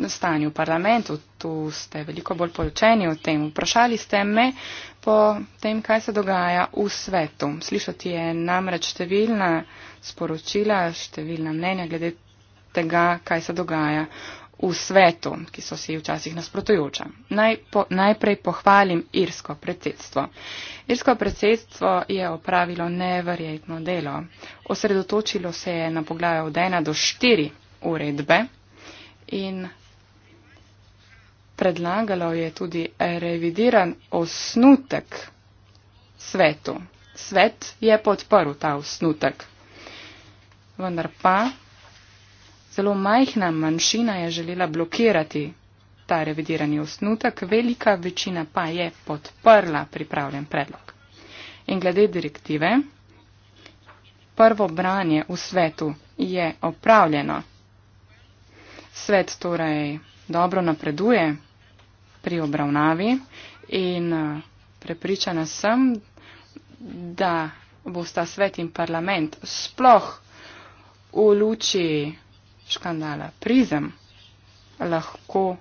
C: stanju v parlamentu, tu ste veliko bolj poročeni o tem. Vprašali ste me po tem, kaj se dogaja v svetu. Slišati je namreč številna sporočila, številna mnenja glede tega, kaj se dogaja v svetu, ki so si včasih nasprotujoča. Naj po, najprej pohvalim irsko predsedstvo. Irsko predsedstvo je opravilo neverjetno delo. Osredotočilo se je na poglavje od 1 do 4 uredbe in predlagalo je tudi revidiran osnutek svetu. Svet je podprl ta osnutek. Vendar pa zelo majhna manjšina je želela blokirati ta revidirani osnutek, velika večina pa je podprla pripravljen predlog. In glede direktive, prvo branje v svetu je opravljeno svet torej dobro napreduje pri obravnavi in eh, prepričana sem, da bosta svet in parlament sploh v luči škandala prizem lahko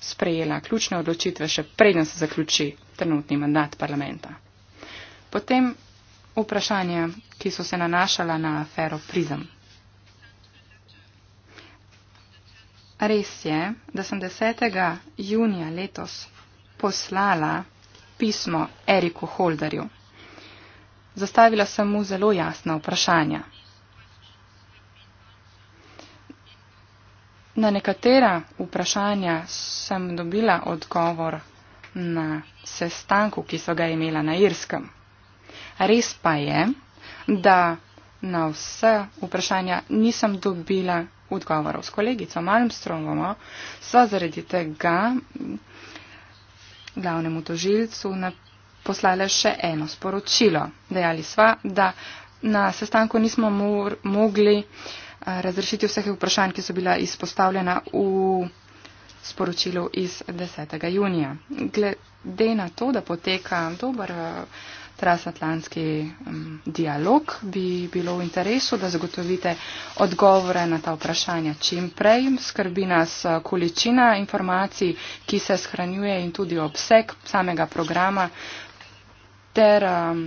C: sprejela ključne odločitve, še preden se zaključi trenutni mandat parlamenta. Potem vprašanje, ki so se nanašala na afero prizem. Res je, da sem 10. junija letos poslala pismo Eriku Holderju. Zastavila sem mu zelo jasna vprašanja. Na nekatera vprašanja sem dobila odgovor na sestanku, ki so ga imela na Irskem. Res pa je, da na vse vprašanja nisem dobila odgovorov s kolegico Malmstrovomo, so zaradi tega glavnemu tožilcu poslale še eno sporočilo. Dejali sva, da na sestanku nismo mogli eh, razrešiti vseh vprašanj, ki so bila izpostavljena v sporočilu iz 10. junija. Glede na to, da poteka dober. Eh, transatlantski um, dialog, bi bilo v interesu, da zagotovite odgovore na ta vprašanja čim prej. Skrbi nas eh, količina informacij, ki se shranjuje in tudi obseg samega programa ter um,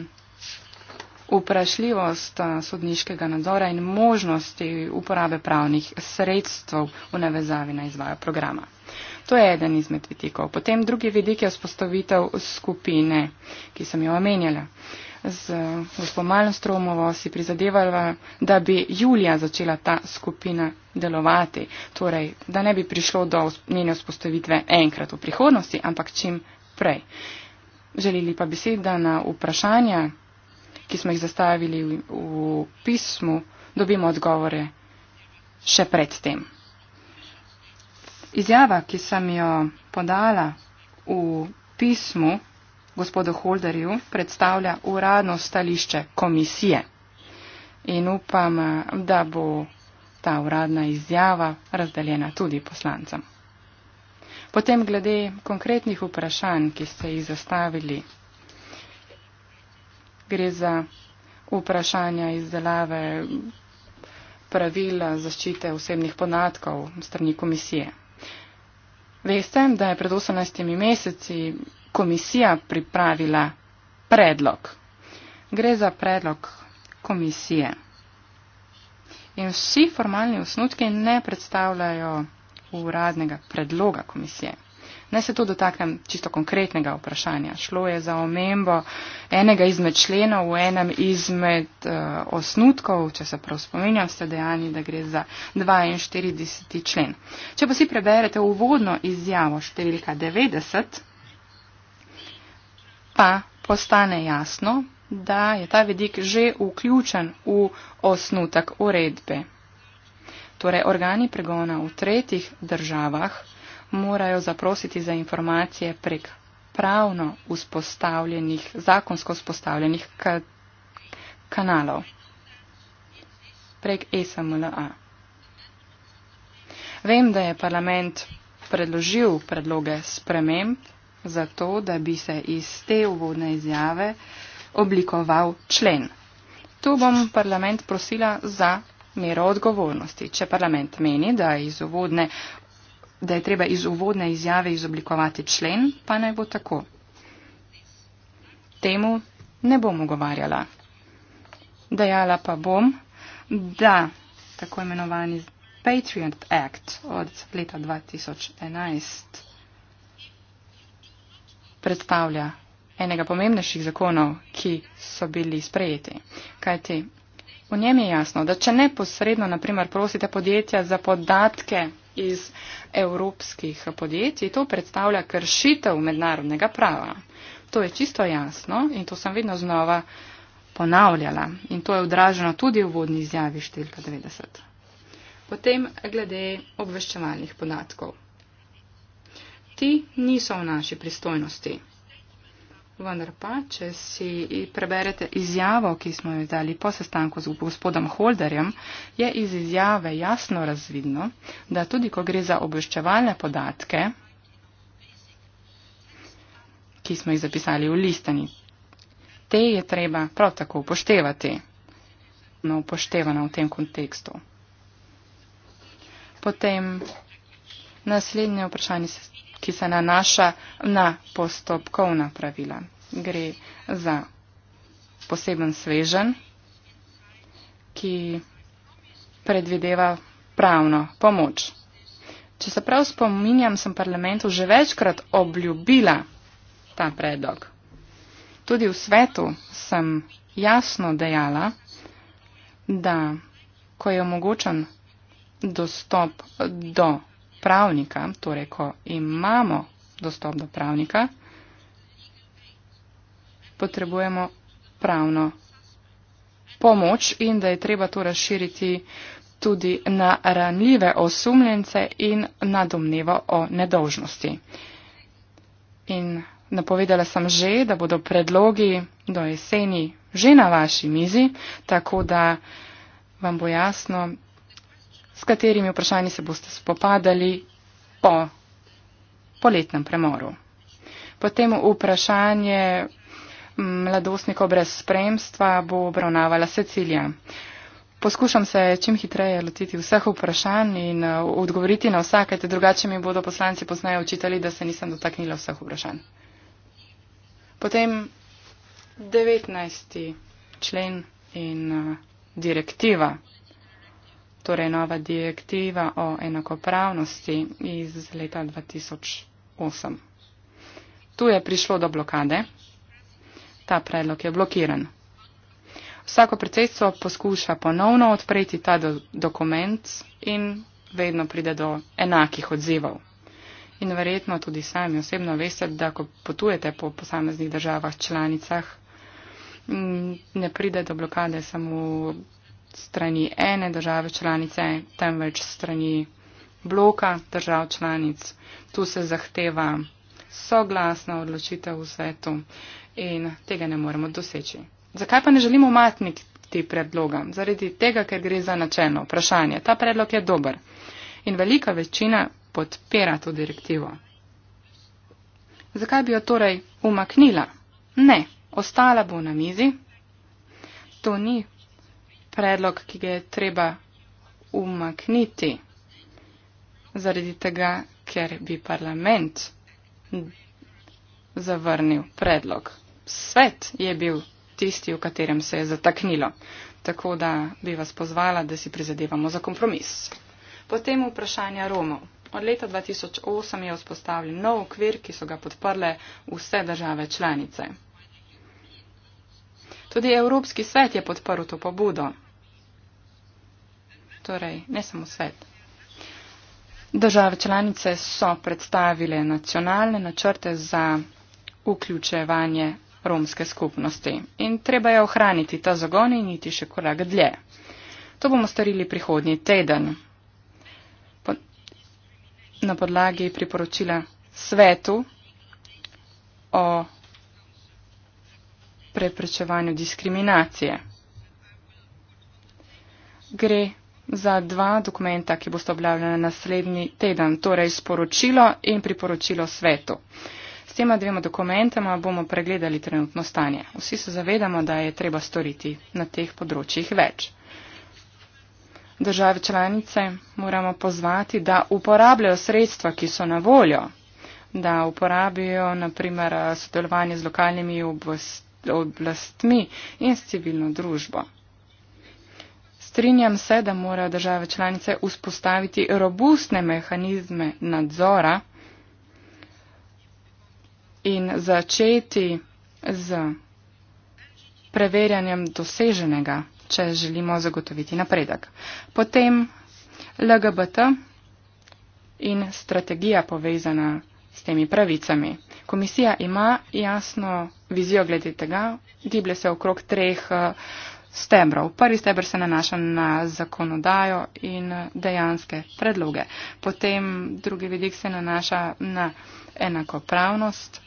C: Vprašljivost eh, sodniškega nadzora in možnosti uporabe pravnih sredstev v navezavi na izvajo programa. To je eden izmed vidikov. Potem drugi vidik je vzpostavitev skupine, ki sem jo omenjala. Z gospod Malmstromovo si prizadevala, da bi julija začela ta skupina delovati, torej, da ne bi prišlo do njene vzpostavitve enkrat v prihodnosti, ampak čim prej. Želeli pa bi si, da na vprašanja, ki smo jih zastavili v pismu, dobimo odgovore še pred tem. Izjava, ki sem jo podala v pismu gospodu Holderju, predstavlja uradno stališče komisije. In upam, da bo ta uradna izjava razdeljena tudi poslancem. Potem glede konkretnih vprašanj, ki ste jih zastavili, gre za vprašanja izdelave pravila zaščite osebnih podatkov strani komisije. Veste, da je pred 18 meseci komisija pripravila predlog. Gre za predlog komisije. In vsi formalni osnutki ne predstavljajo uradnega predloga komisije. Ne se tu dotaknem čisto konkretnega vprašanja. Šlo je za omembo enega izmed členov v enem izmed uh, osnutkov, če se prav spominjam, ste dejani, da gre za 42. člen. Če pa si preberete uvodno izjavo številka 90, pa postane jasno, da je ta vedik že vključen v osnutek uredbe. Torej, organi pregona v tretjih državah morajo zaprositi za informacije prek pravno vzpostavljenih, zakonsko vzpostavljenih ka kanalov, prek e SMLA. Vem, da je parlament predložil predloge sprememb zato, da bi se iz te uvodne izjave oblikoval člen. Tu bom parlament prosila za mero odgovornosti. Če parlament meni, da iz uvodne da je treba iz uvodne izjave izoblikovati člen, pa naj bo tako. Temu ne bom ugovarjala. Dejala pa bom, da tako imenovani Patriot Act od leta 2011 predstavlja enega pomembnejših zakonov, ki so bili sprejeti. Kajti, v njem je jasno, da če neposredno, naprimer, prosite podjetja za podatke iz evropskih podjetij, to predstavlja kršitev mednarodnega prava. To je čisto jasno in to sem vedno znova ponavljala in to je odraženo tudi v vodni izjavi številka 90. Potem glede obveščevalnih podatkov. Ti niso v naši pristojnosti, Vendar pa, če si preberete izjavo, ki smo jo dali po sestanku z gospodom Holderjem, je iz izjave jasno razvidno, da tudi ko gre za obveščevalne podatke, ki smo jih zapisali v listani, te je treba prav tako upoštevati, no upoštevano v tem kontekstu. Potem naslednje vprašanje se ki se nanaša na postopkovna pravila. Gre za poseben svežen, ki predvideva pravno pomoč. Če se prav spominjam, sem parlamentu že večkrat obljubila ta predlog. Tudi v svetu sem jasno dejala, da ko je omogočen dostop do pravnika, torej ko imamo dostop do pravnika, potrebujemo pravno pomoč in da je treba to razširiti tudi na ranljive osumljence in na domnevo o nedolžnosti. In napovedala sem že, da bodo predlogi do jeseni že na vaši mizi, tako da vam bo jasno, s katerimi vprašanji se boste spopadali po poletnem premoru. Potem vprašanje mm, mladostnikov brez spremstva bo obravnavala Cecilija. Poskušam se čim hitreje lotiti vseh vprašanj in eh, odgovoriti na vsa, kajte drugače mi bodo poslanci poznaje učitali, da se nisem dotaknila vseh vprašanj. Potem 19. člen in eh, direktiva torej nova direktiva o enakopravnosti iz leta 2008. Tu je prišlo do blokade. Ta predlog je blokiran. Vsako predsedstvo poskuša ponovno odpreti ta do dokument in vedno pride do enakih odzivov. In verjetno tudi sami osebno veste, da ko potujete po posameznih državah članicah, ne pride do blokade samo strani ene države članice, temveč strani bloka držav članic. Tu se zahteva soglasna odločitev v svetu in tega ne moremo doseči. Zakaj pa ne želimo umatniti predloga? Zaradi tega, ker gre za načelno vprašanje. Ta predlog je dober in velika večina podpira to direktivo. Zakaj bi jo torej umaknila? Ne, ostala bo na mizi. To ni predlog, ki ga je treba umakniti, zaradi tega, ker bi parlament zavrnil predlog. Svet je bil tisti, v katerem se je zataknilo. Tako da bi vas pozvala, da si prizadevamo za kompromis. Potem vprašanja Romov. Od leta 2008 je vzpostavljen nov okvir, ki so ga podprle vse države članice. Tudi Evropski svet je podprl to pobudo torej ne samo svet. Države članice so predstavile nacionalne načrte za vključevanje romske skupnosti in treba je ohraniti ta zagon in iti še korak dlje. To bomo storili prihodnji teden na podlagi priporočila svetu o preprečevanju diskriminacije. Gre za dva dokumenta, ki bosta objavljena naslednji teden, torej sporočilo in priporočilo svetu. S tema dvema dokumentama bomo pregledali trenutno stanje. Vsi se zavedamo, da je treba storiti na teh področjih več. Države članice moramo pozvati, da uporabljajo sredstva, ki so na voljo, da uporabijo naprimer sodelovanje z lokalnimi oblastmi in s civilno družbo strinjam se, da morajo države članice vzpostaviti robustne mehanizme nadzora in začeti z preverjanjem doseženega, če želimo zagotoviti napredek. Potem LGBT in strategija povezana s temi pravicami. Komisija ima jasno vizijo glede tega, gible se okrog treh uh, stebrov. Prvi stebr se nanaša na zakonodajo in dejanske predloge. Potem drugi vidik se nanaša na enakopravnost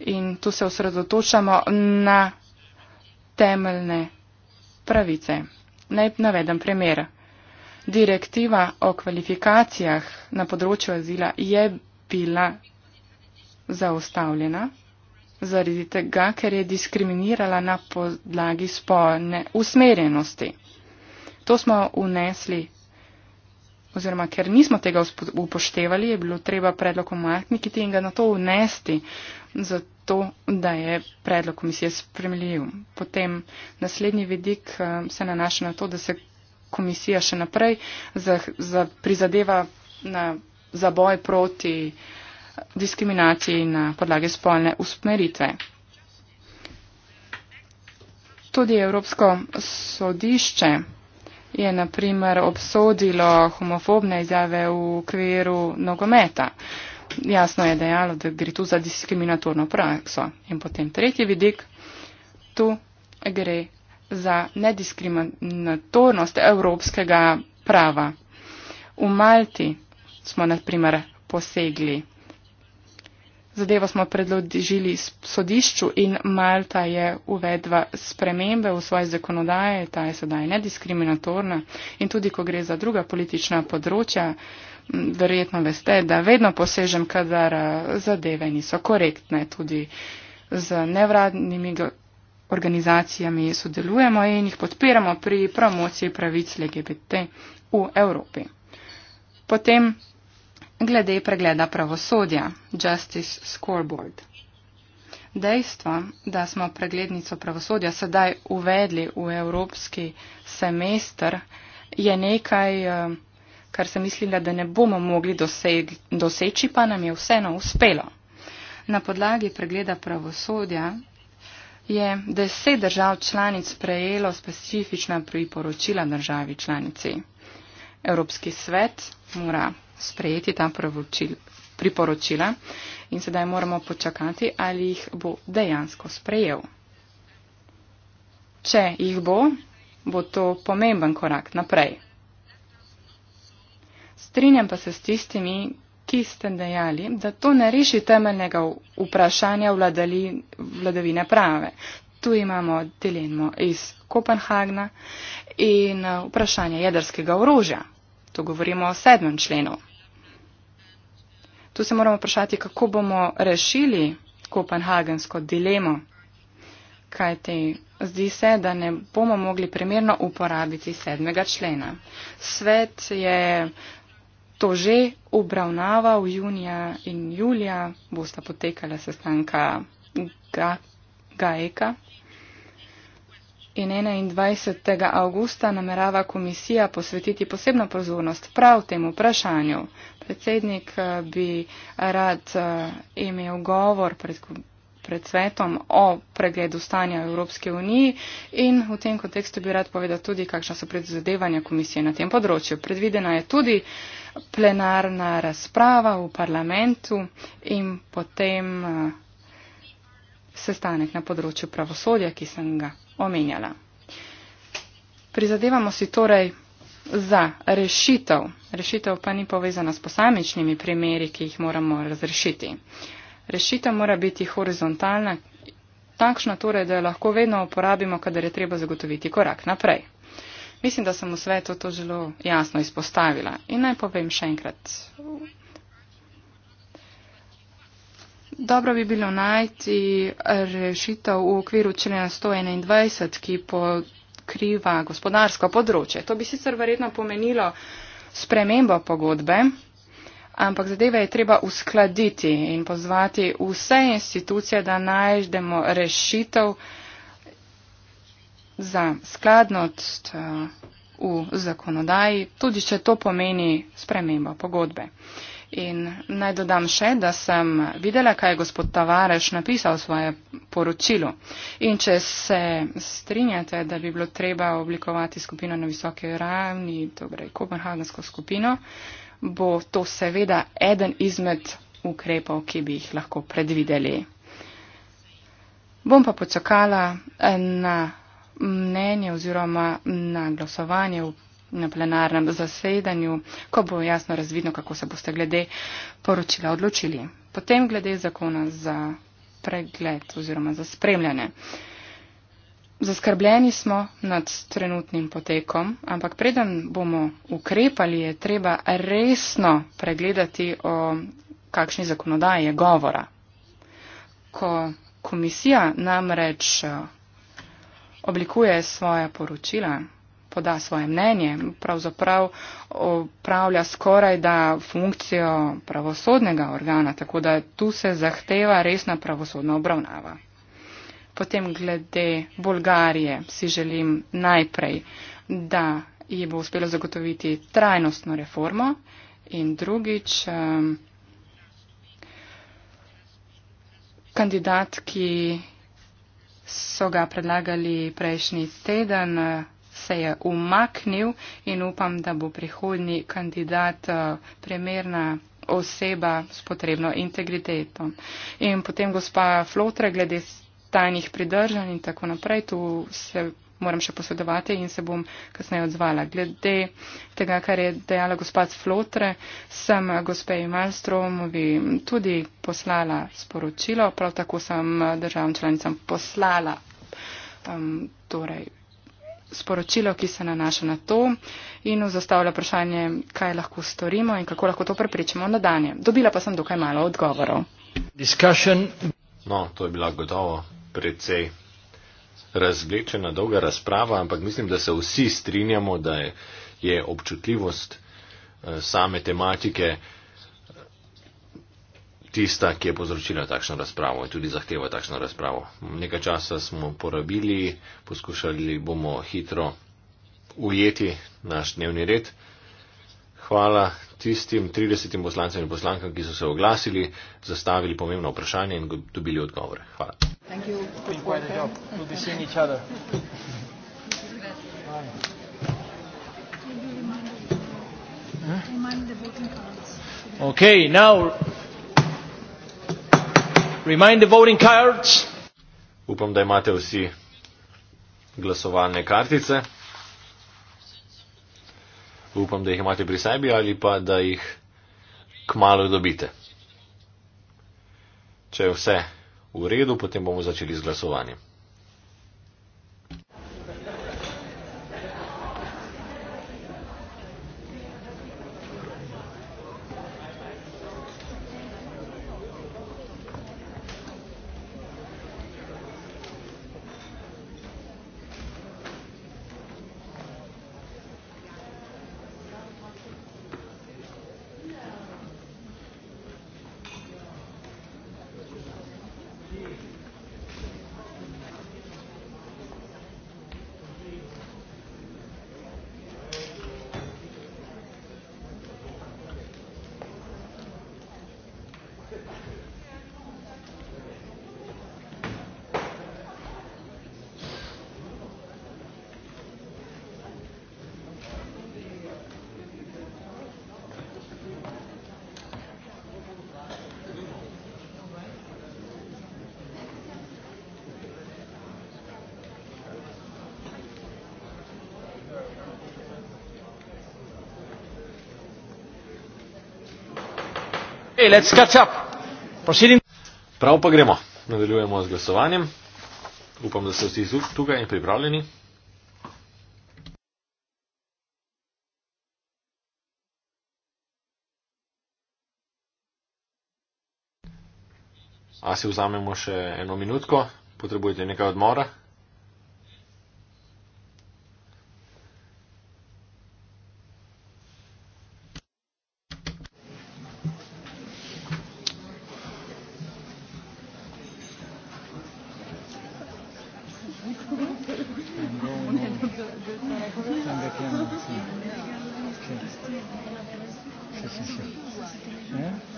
C: in tu se osredotočamo na temeljne pravice. Naj navedem primer. Direktiva o kvalifikacijah na področju azila je bila zaustavljena zaradi tega, ker je diskriminirala na podlagi spolne usmerjenosti. To smo unesli oziroma ker nismo tega upoštevali, je bilo treba predlog omakniti in ga na to unesti, zato da je predlog komisije spremljiv. Potem naslednji vidik eh, se nanaša na to, da se komisija še naprej za, za prizadeva na, za boj proti uh, diskriminaciji na podlagi spolne usmeritve. Tudi Evropsko sodišče je naprimer obsodilo homofobne izjave v okviru nogometa. Jasno je dejalo, da gre tu za diskriminatorno prakso. In potem tretji vidik, tu gre za nediskriminatornost evropskega prava. V Malti smo naprimer posegli Zadevo smo predložili sodišču in Malta je uvedla spremembe v svoje zakonodaje, ta je sedaj nediskriminatorna in tudi, ko gre za druga politična področja, verjetno veste, da vedno posežem, kadar zadeve niso korektne. Tudi z nevradnimi organizacijami sodelujemo in jih podpiramo pri promociji pravic LGBT v Evropi. Potem glede pregleda pravosodja Justice Scoreboard. Dejstvo, da smo preglednico pravosodja sedaj uvedli v evropski semester, je nekaj, eh, kar se mislim, da ne bomo mogli doseči, pa nam je vseeno uspelo. Na podlagi pregleda pravosodja je deset držav članic prejelo specifična priporočila državi članici. Evropski svet mora sprejeti ta pravočil, priporočila in sedaj moramo počakati, ali jih bo dejansko sprejel. Če jih bo, bo to pomemben korak naprej. Strinjam pa se s tistimi, ki ste dejali, da to ne reši temeljnega vprašanja vladali, vladavine prave. Tu imamo delenmo iz Kopenhagna in uh, vprašanje jedrskega orožja. Tu govorimo o sedmem členu. Tu se moramo vprašati, kako bomo rešili kopenhagensko dilemo, kajti zdi se, da ne bomo mogli primerno uporabiti sedmega člena. Svet je to že obravnaval junija in julija, bosta potekala sestanka GAEKA in 21. avgusta namerava komisija posvetiti posebno pozornost prav temu vprašanju. Predsednik eh, bi eh, rad eh, imel govor pred, pred svetom o pregledu stanja v Evropske uniji in v tem kontekstu bi rad povedal tudi, kakšna so predzadevanja komisije na tem področju. Predvidena je tudi plenarna razprava v parlamentu in potem sestanek na področju pravosodja, ki sem ga omenjala. Prizadevamo si torej za rešitev. Rešitev pa ni povezana s posamičnimi primeri, ki jih moramo razrešiti. Rešitev mora biti horizontalna, takšna torej, da jo lahko vedno uporabimo, kadar je treba zagotoviti korak naprej. Mislim, da sem v svetu to zelo jasno izpostavila. In naj povem še enkrat, Dobro bi bilo najti rešitev v okviru člena 121, ki pokriva gospodarsko področje. To bi sicer verjetno pomenilo spremembo pogodbe, ampak zadeve je treba uskladiti in pozvati vse institucije, da najdemo rešitev za skladnost eh, v zakonodaji, tudi če to pomeni spremembo pogodbe. In naj dodam še, da sem videla, kaj je gospod Tavareš napisal v svoje poročilo. In če se strinjate, da bi bilo treba oblikovati skupino na visoke ravni, torej Kopenhagensko skupino, bo to seveda eden izmed ukrepov, ki bi jih lahko predvideli. Bom pa počakala na mnenje oziroma na glasovanje v na plenarnem zasedanju, ko bo jasno razvidno, kako se boste glede poročila odločili. Potem glede zakona za pregled oziroma za spremljanje. Zaskrbljeni smo nad trenutnim potekom, ampak preden bomo ukrepali, je treba resno pregledati, o kakšni zakonodaji je govora. Ko komisija namreč oblikuje svoja poročila, poda svoje mnenje, pravzaprav opravlja skoraj da funkcijo pravosodnega organa, tako da tu se zahteva resna pravosodna obravnava. Potem glede Bolgarije si želim najprej, da ji bo uspelo zagotoviti trajnostno reformo in drugič kandidat, ki so ga predlagali prejšnji teden, se je umaknil in upam, da bo prihodnji kandidat eh, primerna oseba s potrebno integriteto. In potem gospa Flotre, glede tajnih pridržanj in tako naprej, tu se moram še posvedovati in se bom kasneje odzvala. Glede tega, kar je dejala gospod Flotre, sem gospej Malstromovi tudi poslala sporočilo, prav tako sem državam članicam poslala um, torej, sporočilo, ki se nanaša na to in zastavlja vprašanje, kaj lahko storimo in kako lahko to prepričamo na danje. Dobila pa sem dokaj malo odgovorov.
A: No, to je bila gotovo precej razvlečena, dolga razprava, ampak mislim, da se vsi strinjamo, da je občutljivost eh, same tematike tista, ki je povzročila takšno razpravo in tudi zahteva takšno razpravo. Nekaj časa smo porabili, poskušali bomo hitro ujeti naš dnevni red. Hvala tistim 30 poslancem in poslankam, ki so se oglasili, zastavili pomembno vprašanje in dobili odgovore. Hvala.
B: Hm?
A: Okay, now... Upam, da imate vsi glasovalne kartice. Upam, da jih imate pri sebi ali pa da jih kmalo dobite. Če je vse v redu, potem bomo začeli z glasovanjem. Hey, let's catch up. Proceeding. Prav pa gremo. Nadaljujemo z glasovanjem. Upam, da ste vsi tukaj in pripravljeni. A si vzamemo še eno minutko, potrebujete nekaj odmora?
C: sì, sì.
B: Eh?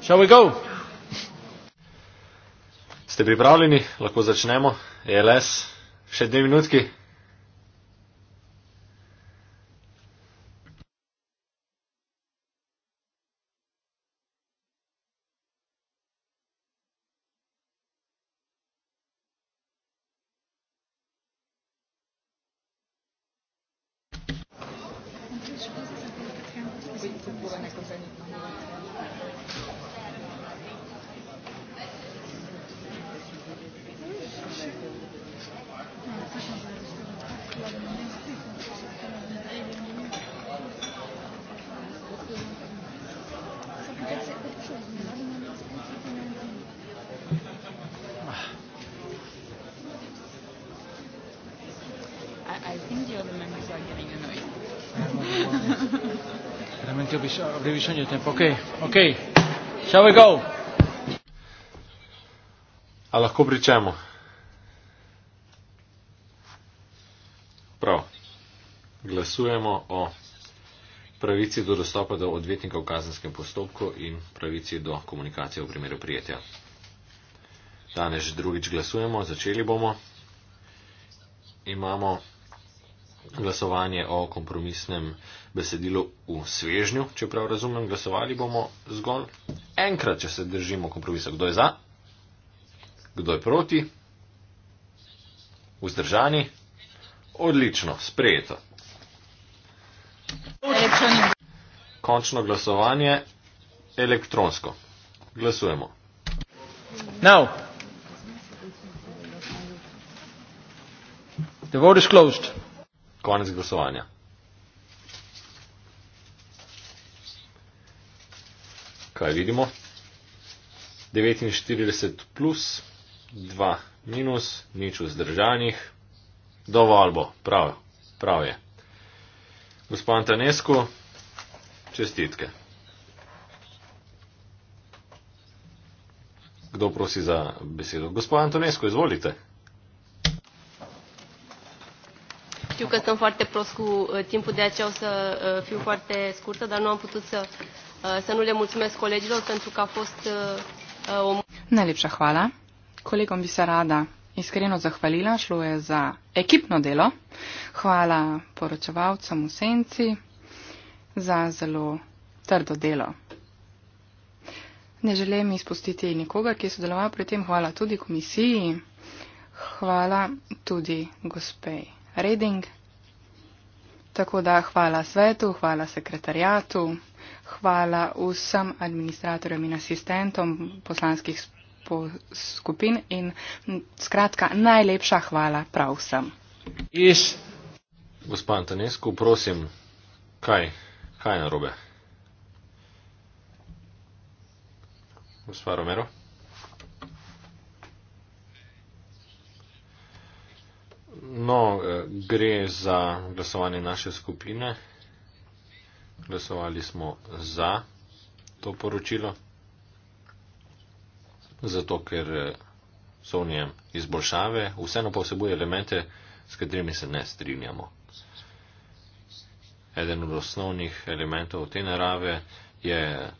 A: Shall we go? Ste pripravljeni, lahko začnemo. ELS, še dve minutki.
B: tempo. Okay, okay. Shall we go?
A: A lahko pričemo. Prav. Glasujemo o pravici do dostopa do odvetnika v kazenskem postopku in pravici do komunikacije v primeru prijetja. Danes drugič glasujemo, začeli bomo. Imamo glasovanje o kompromisnem besedilu v svežnju, če prav razumem, glasovali bomo zgolj enkrat, če se držimo kompromisa. Kdo je za? Kdo je proti? Vzdržani? Odlično, sprejeto. Končno glasovanje elektronsko. Glasujemo. Now. The vote is closed konec glasovanja. Kaj vidimo? 49 plus, 2 minus, nič vzdržanih, dovolj bo, prav, prav je. Gospod Antanesku, čestitke. Kdo prosi za besedo? Gospod Antonesko, izvolite.
C: știu că sunt foarte prost cu uh, timpul, de aceea o să uh, fiu foarte scurtă, dar nu am putut să, uh, să nu le mulțumesc colegilor pentru că a fost o... Najlepša hvala. Kolegom bi se rada iskreno zahvalila, šlo je za ekipno delo. Hvala poročevalcem v senci za zelo trdo delo. Ne želim izpustiti nikoga, ki je sodeloval pri tem. Hvala tudi komisiji. Hvala tudi gospej. Reding. Tako da hvala svetu, hvala sekretarjatu, hvala vsem administratorjem in asistentom poslanskih skupin in skratka najlepša hvala prav vsem.
A: Iš, gospod Antonesku, prosim, kaj, kaj narobe? Gospod Romero. No, eh, gre za glasovanje naše skupine. Glasovali smo za to poročilo, zato ker eh, so v njem izboljšave, vseeno pa vsebuje elemente, s katerimi se ne strinjamo. Eden od osnovnih elementov te narave je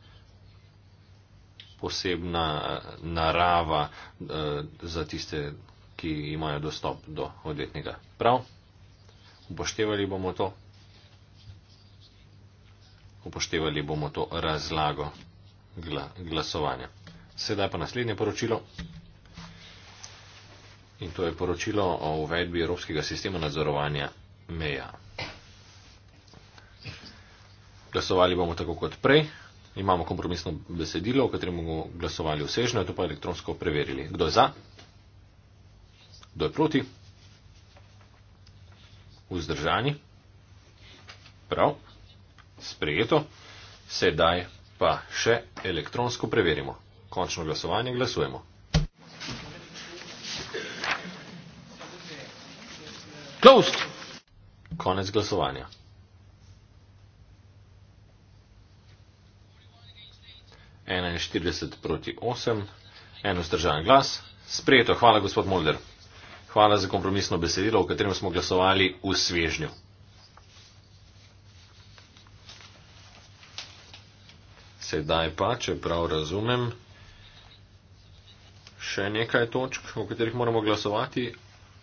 A: posebna eh, narava za tiste ki imajo dostop do odvetnika. Prav, upoštevali bomo to, upoštevali bomo to razlago gla, glasovanja. Sedaj pa naslednje poročilo. In to je poročilo o uvedbi Evropskega sistema nadzorovanja meja. Glasovali bomo tako kot prej. Imamo kompromisno besedilo, v katerem bomo glasovali vsežno, to pa elektronsko preverili. Kdo je za? kdo je proti? Vzdržani. Prav, sprejeto. Sedaj pa še elektronsko preverimo. Končno glasovanje glasujemo. Closed. Konec glasovanja. Enajst štirideset proti osem, en vzdržan glas, sprejeto, hvala gospod Mulder. Hvala za kompromisno besedilo, o katerem smo glasovali v svežnju. Sedaj pa, če prav razumem, še nekaj točk, o katerih moramo glasovati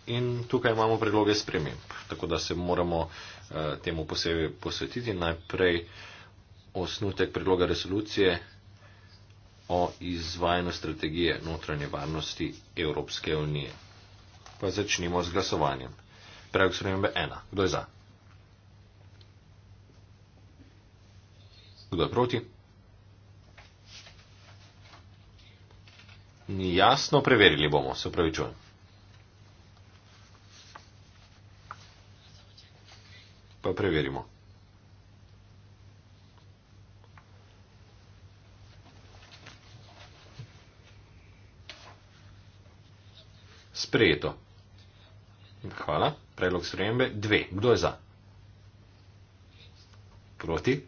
A: in tukaj imamo predloge sprememb. Tako da se moramo eh, temu posebej posvetiti. Najprej osnutek predloga resolucije o izvajanju strategije notranje varnosti Evropske unije pa začnimo z glasovanjem. Predlog spremembe ena. Kdo je za? Kdo je proti? Jasno, preverili bomo, se pravi čujem. Pa preverimo. Sprejeto. Hvala. Predlog spremembe dve. Kdo je za? Proti?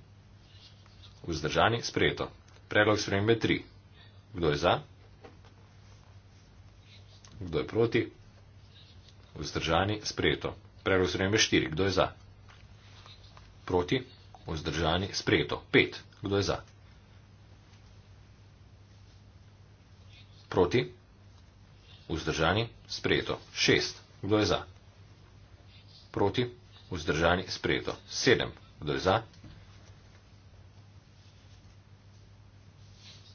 A: Vzdržani? Sprejeto. Predlog spremembe tri. Kdo je za? Kdo je proti? Vzdržani? Sprejeto. Predlog spremembe štiri. Kdo je za? Proti? Vzdržani? Sprejeto. Pet. Kdo je za? Proti? Vzdržani? Sprejeto. Šest. Kdo je za? Proti? Vzdržani? Sprejeto. Sedem. Kdo je za?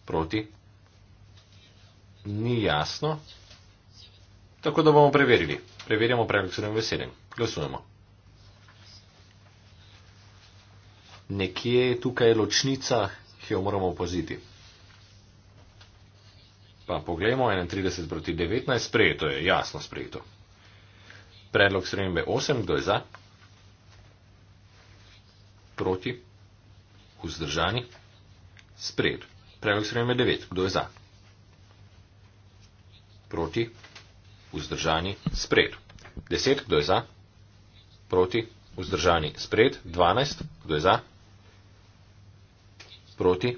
A: Proti? Ni jasno. Tako da bomo preverili. Preverjamo predlog 77. Glasujemo. Nekje tukaj je ločnica, ki jo moramo opaziti. Pa poglejmo, 31 proti 19, sprejeto je, jasno sprejeto. Predlog spremembe 8, kdo je za? Proti? Vzdržani? Sprejet. Predlog spremembe 9, kdo je za? Proti? Vzdržani? Sprejet. 10, kdo je za? Proti? Vzdržani? Sprejet. 12, kdo je za? Proti?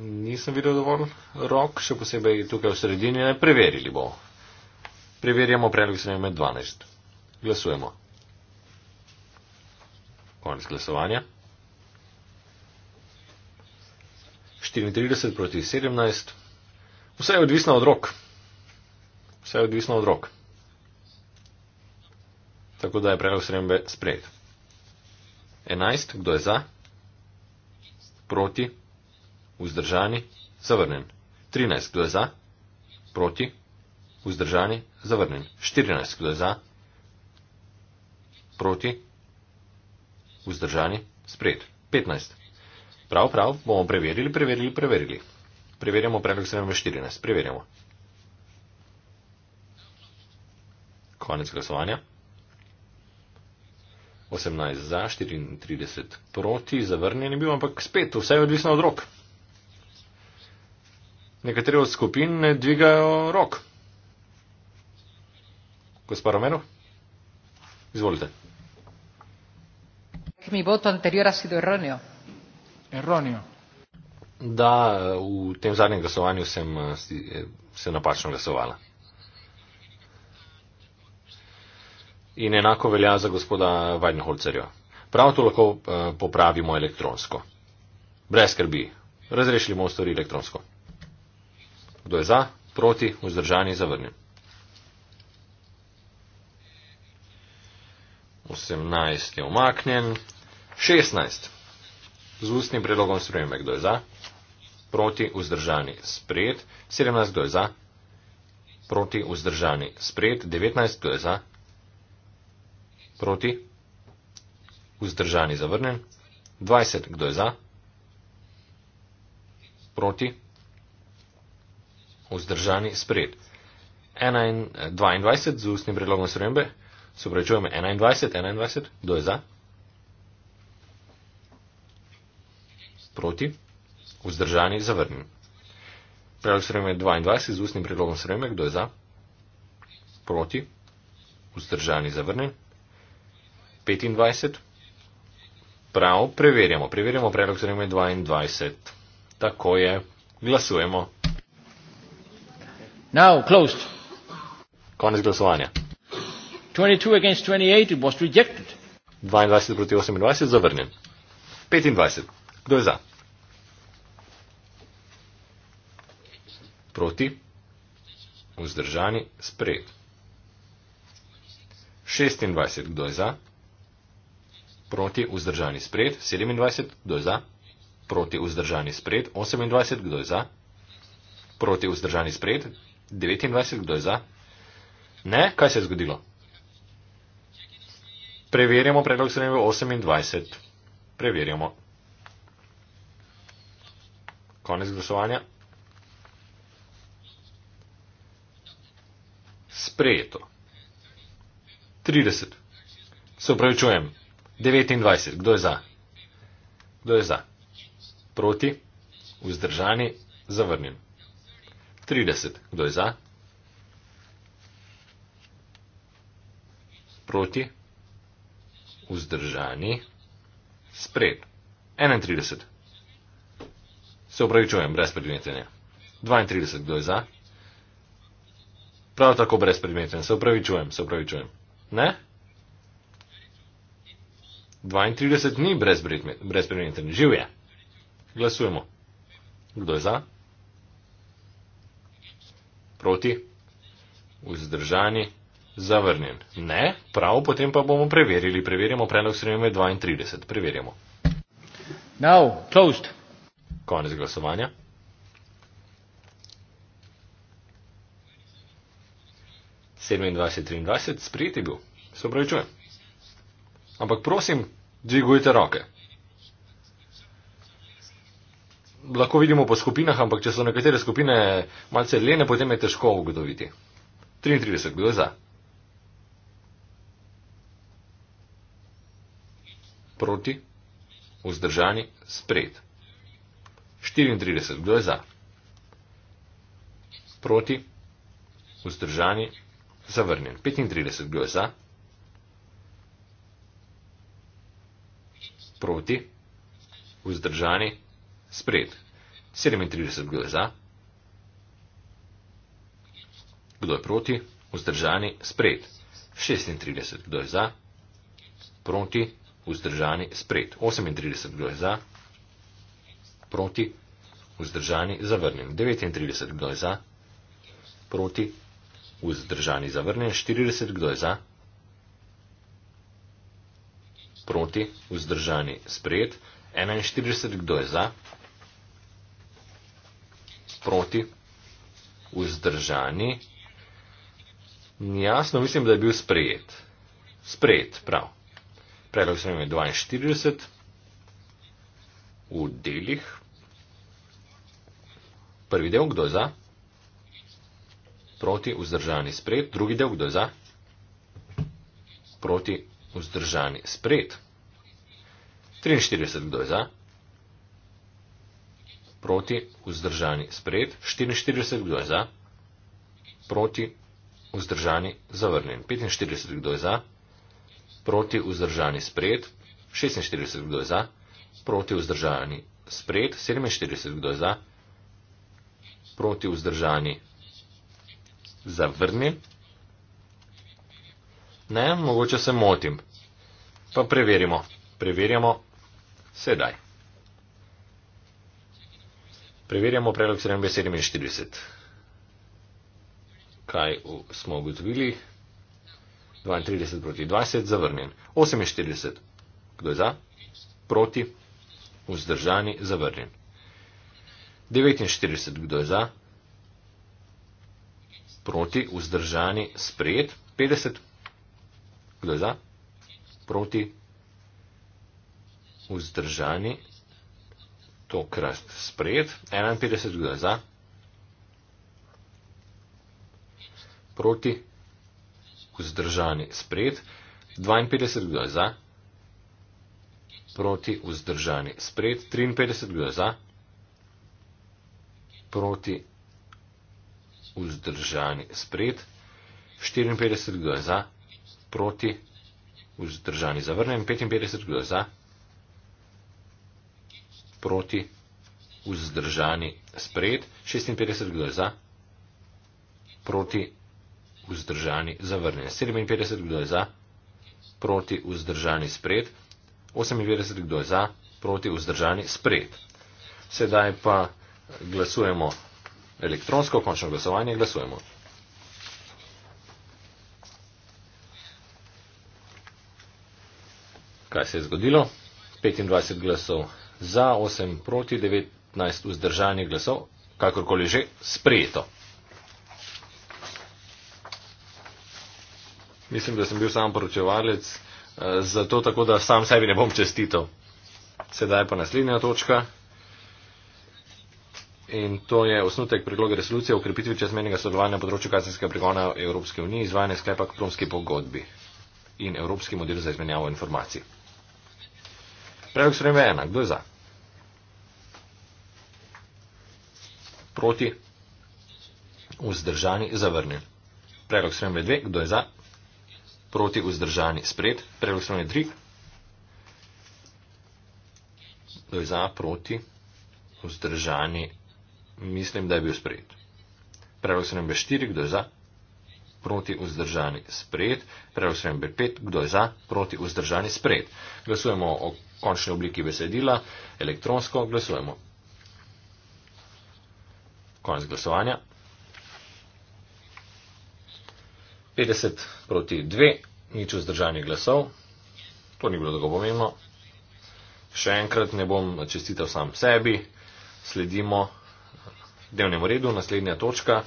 A: nisem videl dovolj rok, še posebej tukaj v sredini, ne preverili bo. Preverjamo predlog sprememb 12. Glasujemo. Konec glasovanja. 34 proti 17. Vse je odvisno od rok. Vse je odvisno od rok. Tako da je predlog sprememb sprejet. 11. Kdo je za? Proti vzdržani, zavrnjen. 13, kdo je za? Proti, vzdržani, zavrnjen. 14, kdo je za? Proti, vzdržani, sprejet. 15. Prav, prav, bomo preverili, preverili, preverili. Preverjamo predlog 714, preverjamo. Konec glasovanja. 18 za, 34 proti, zavrnjen je bil, ampak spet, vse je odvisno od rok nekateri od skupin ne dvigajo rok. Gospod Romenov, izvolite.
C: Mi voto anterior ha sido erróneo.
A: Erróneo. Da, v tem zadnjem glasovanju sem eh, eh, se napačno glasovala. In enako velja za gospoda Weidenholzerja. Prav to lahko eh, popravimo elektronsko. Brez skrbi. Razrešili bomo stvari elektronsko. Kdo je za, proti, vzdržani, zavrnjen. 18 je omaknjen. 16. Z ustnim predlogom spremembe. Kdo je za, proti, vzdržani, sprejet. 17. Kdo je za, proti, vzdržani, sprejet. 19. Kdo je za, proti, vzdržani, zavrnjen. 20. Kdo je za, proti, vzdržani, sprejet vzdržani spred. 22 z ustnim predlogom srembe, se upravičujemo 21, 21, kdo je za? Proti, vzdržani, zavrnjen. Predlog srembe 22 z ustnim predlogom srembe, kdo je za? Proti, vzdržani, zavrnjen. 25, prav, preverjamo, preverjamo predlog srembe 22. Tako je, glasujemo. Now closed. Konec glasovanja. 22 proti 28 zavrnjen. 25. Kdo je za? Proti. Vzdržani. Sprejet. 26. Kdo je za? Proti. Vzdržani. Sprejet. 27. Kdo je za? Proti. Vzdržani. Sprejet. 28. Kdo je za? Proti. Vzdržani. Sprejet. 29, kdo je za? Ne, kaj se je zgodilo? Preverjamo predlog sprememb 28. Preverjamo. Konec glasovanja. Sprejeto. 30. Se upravičujem. 29. Kdo je za? Kdo je za? Proti? Vzdržani? Zavrnjen. 30. Kdo je za? Proti? Vzdržani? Spred. 31. Se upravičujem, brez predmetenja. 32. Kdo je za? Prav tako brez predmetenja. Se upravičujem, se upravičujem. Ne? 32 ni brez predmetenja. Živ je. Glasujemo. Kdo je za? proti, vzdržani, zavrnjen. Ne, prav, potem pa bomo preverili. Preverjamo predlog sprememe 32. Preverjamo. Now, closed. Konec glasovanja. sedemindvajset trinajst sprejeti bil se opravičujem ampak prosim dvigujte roke lahko vidimo po skupinah, ampak če so nekatere skupine malce lene, potem je težko ugotoviti. 33, kdo je za? Proti, vzdržani, sprejet. 34, kdo je za? Proti, vzdržani, zavrnjen. 35, kdo je za? Proti, vzdržani, zavrnjen. Sprejet. 37 glasov za. Kdo je proti? Vzdržani. Sprejet. 36 glasov za. Proti. Vzdržani. Sprejet. 38 glasov za. Proti. Vzdržani. Zavrnjen. 39 glasov za. Proti. Vzdržani. Zavrnjen. 40 glasov za. Proti, vzdržani, sprejet, 41, kdo je za? sproti, vzdržani. Jasno, mislim, da je bil sprejet. Sprejet, prav. Predlog sem imel 42 v delih. Prvi del, kdo je za? Proti, vzdržani, sprejet. Drugi del, kdo je za? Proti, vzdržani, sprejet. 43, kdo je za? proti, vzdržani, sprejet, 44 kdo je za, proti, vzdržani, zavrnjen, 45 kdo je za, proti, vzdržani, sprejet, 46 kdo je za, proti, vzdržani, sprejet, 47 kdo je za, proti, vzdržani, zavrnjen. Ne, mogoče se motim. Pa preverimo. Preverjamo sedaj. Preverjamo predlog 47. Kaj smo ugotovili? 32 proti 20, zavrnjen. 48. Kdo je za? Proti. Vzdržani, zavrnjen. 49. Kdo je za? Proti. Vzdržani, sprejet. 50. Kdo je za? Proti. Vzdržani, sprejet tokrat sprejet. 51 je za, proti, vzdržani sprejet. 52 je za, proti, vzdržani sprejet. 53 je za, proti, vzdržani sprejet. 54 je za, proti, vzdržani zavrnjen. 55 je za proti, vzdržani, sprejet, 56 kdo je za, proti, vzdržani, zavrnjen, 57 kdo je za, proti, vzdržani, sprejet, 58 kdo je za, proti, vzdržani, sprejet. Sedaj pa glasujemo elektronsko, končno glasovanje glasujemo. Kaj se je zgodilo? 25 glasov za 8 proti 19 vzdržanih glasov, kakorkoli že, sprejeto. Mislim, da sem bil sam poročevalec, eh, zato tako, da sam sebi ne bom čestitev. Sedaj pa naslednja točka. In to je osnutek predloga resolucije o krepitvi čezmenjega sodelovanja na področju kazenskega pregona Evropske unije, izvajanje sklepa k promski pogodbi in evropski model za izmenjavo informacij. Predlog sprejme ena. Kdo je za? Proti? Vzdržani? Zavrnjen. Predlog sprejme dve. Kdo je za? Proti? Vzdržani? Spred. Predlog sprejme tri. Kdo je za? Proti? Vzdržani? Mislim, da je bil sprejet. Predlog sprejme štiri. Kdo je za? Proti? proti vzdržani spred, preusrem B5, kdo je za, proti vzdržani spred. Glasujemo o končni obliki besedila, elektronsko glasujemo. Konec glasovanja. 50 proti 2, nič vzdržanih glasov, to ni bilo tako pomembno. Še enkrat ne bom čestital sam sebi, sledimo dnevnemu redu, naslednja točka,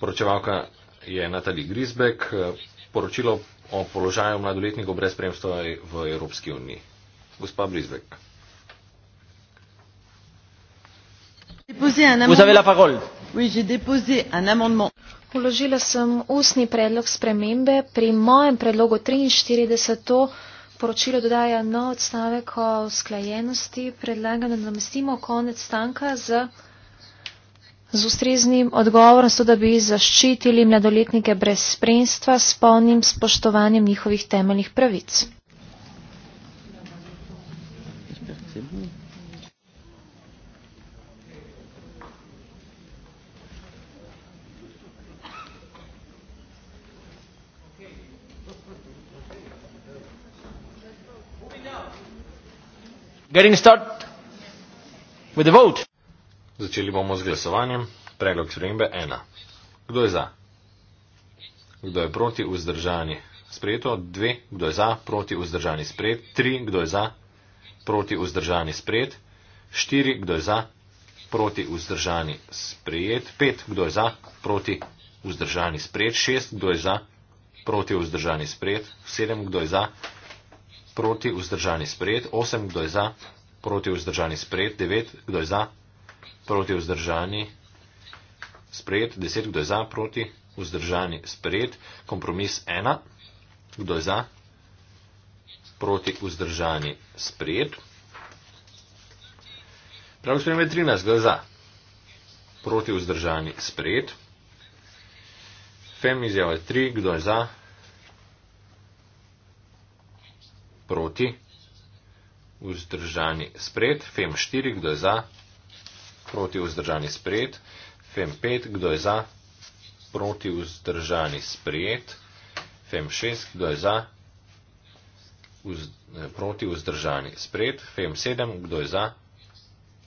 A: poročevalka je Natalie Grisbeck, eh, poročilo o položaju mladoletnikov brez spremstva v Evropski uniji. Gospa Grisbeck.
B: Položila sem ustni predlog spremembe. Pri mojem predlogu 43 to poročilo dodaja nov odstavek o usklajenosti. Predlagam, da namestimo konec stanka z z ustreznim odgovorom, so da bi zaščitili mladoletnike brez spremstva s polnim spoštovanjem njihovih temeljnih pravic.
A: Getting start with the vote. Začeli bomo z glasovanjem. Predlog spremembe 1. Kdo je za? Kdo je proti vzdržani? Sprejeto. 2. Kdo je za? Proti vzdržani sprejet. 3. Kdo je za? Proti vzdržani sprejet. 4. Kdo je za? Proti vzdržani sprejet. 5. Kdo je za? Proti vzdržani sprejet. 6. Kdo je za? Proti vzdržani sprejet. 7. Kdo je za? Proti vzdržani sprejet. 8. Kdo je za? Proti vzdržani sprejet. 9. Kdo je za? proti vzdržani, sprejet, deset, kdo je za, proti, vzdržani, sprejet, kompromis ena, kdo je za, proti, vzdržani, sprejet. Pravi sprejem je 13, kdo je za, proti, vzdržani, sprejet. Fem izjava je 3, kdo je za, proti, vzdržani, sprejet. Fem 4, kdo je za, proti vzdržani sprejet, fem pet, kdo je za, proti vzdržani sprejet, fem šest, kdo je za, vz, eh, proti vzdržani sprejet, fem sedem, kdo je za,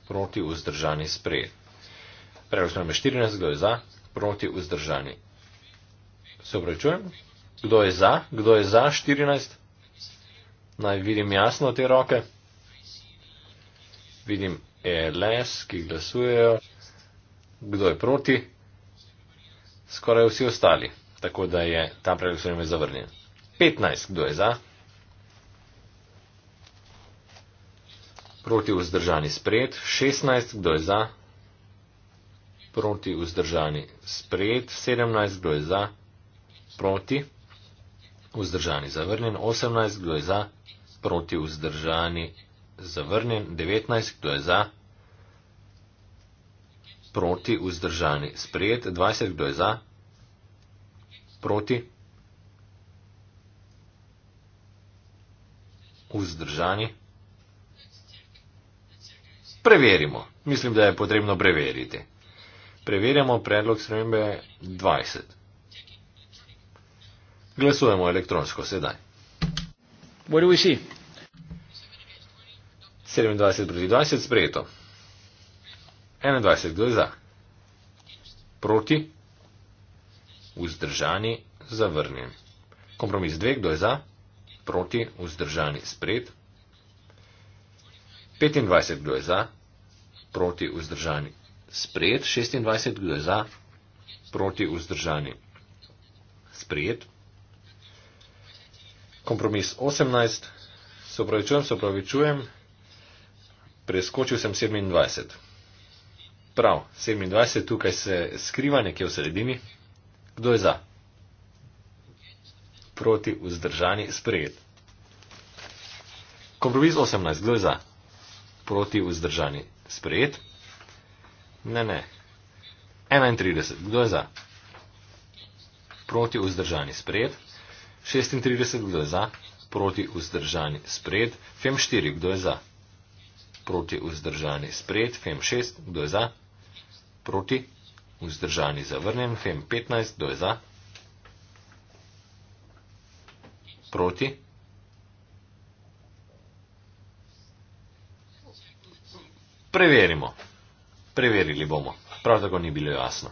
A: proti vzdržani sprejet. Prej smo imeli 14, kdo je za, proti vzdržani. Se obračujem? Kdo je za? Kdo je za 14? Naj vidim jasno te roke. Vidim E LS, ki glasujejo, kdo je proti, skoraj vsi ostali. Tako da je ta predlog sprememe zavrnjen. 15, kdo je za? Proti vzdržani spred. 16, kdo je za? Proti vzdržani spred. 17, kdo je za? Proti vzdržani zavrnjen. 18, kdo je za? Proti vzdržani spred zavrnjen, 19, kdo je za, proti, vzdržani, sprejet, 20, kdo je za, proti, vzdržani. Preverimo, mislim, da je potrebno preveriti. Preverjamo predlog spremembe 20. Glasujemo elektronsko sedaj. What do we see? 27 proti 20 sprejeto. 21 glede za. Proti. Vzdržani zavrnjen. Kompromis 2, kdo je za? Proti, vzdržani spred. 25, kdo je za? Proti, vzdržani spred. 26, kdo je za? Proti, vzdržani spred. Kompromis 18, se upravičujem, se upravičujem preskočil sem 27. Prav, 27, tukaj se skriva nekje v sredini. Kdo je za? Proti vzdržani sprejet. Kompromis 18, kdo je za? Proti vzdržani sprejet. Ne, ne. 31, kdo je za? Proti vzdržani sprejet. 36, kdo je za? Proti vzdržani sprejet. FEM 4, kdo je za? proti vzdržani sprejet, fem 6, kdo je za, proti vzdržani zavrnjen, fem 15, kdo je za, proti. Preverimo, preverili bomo, prav tako ni bilo jasno.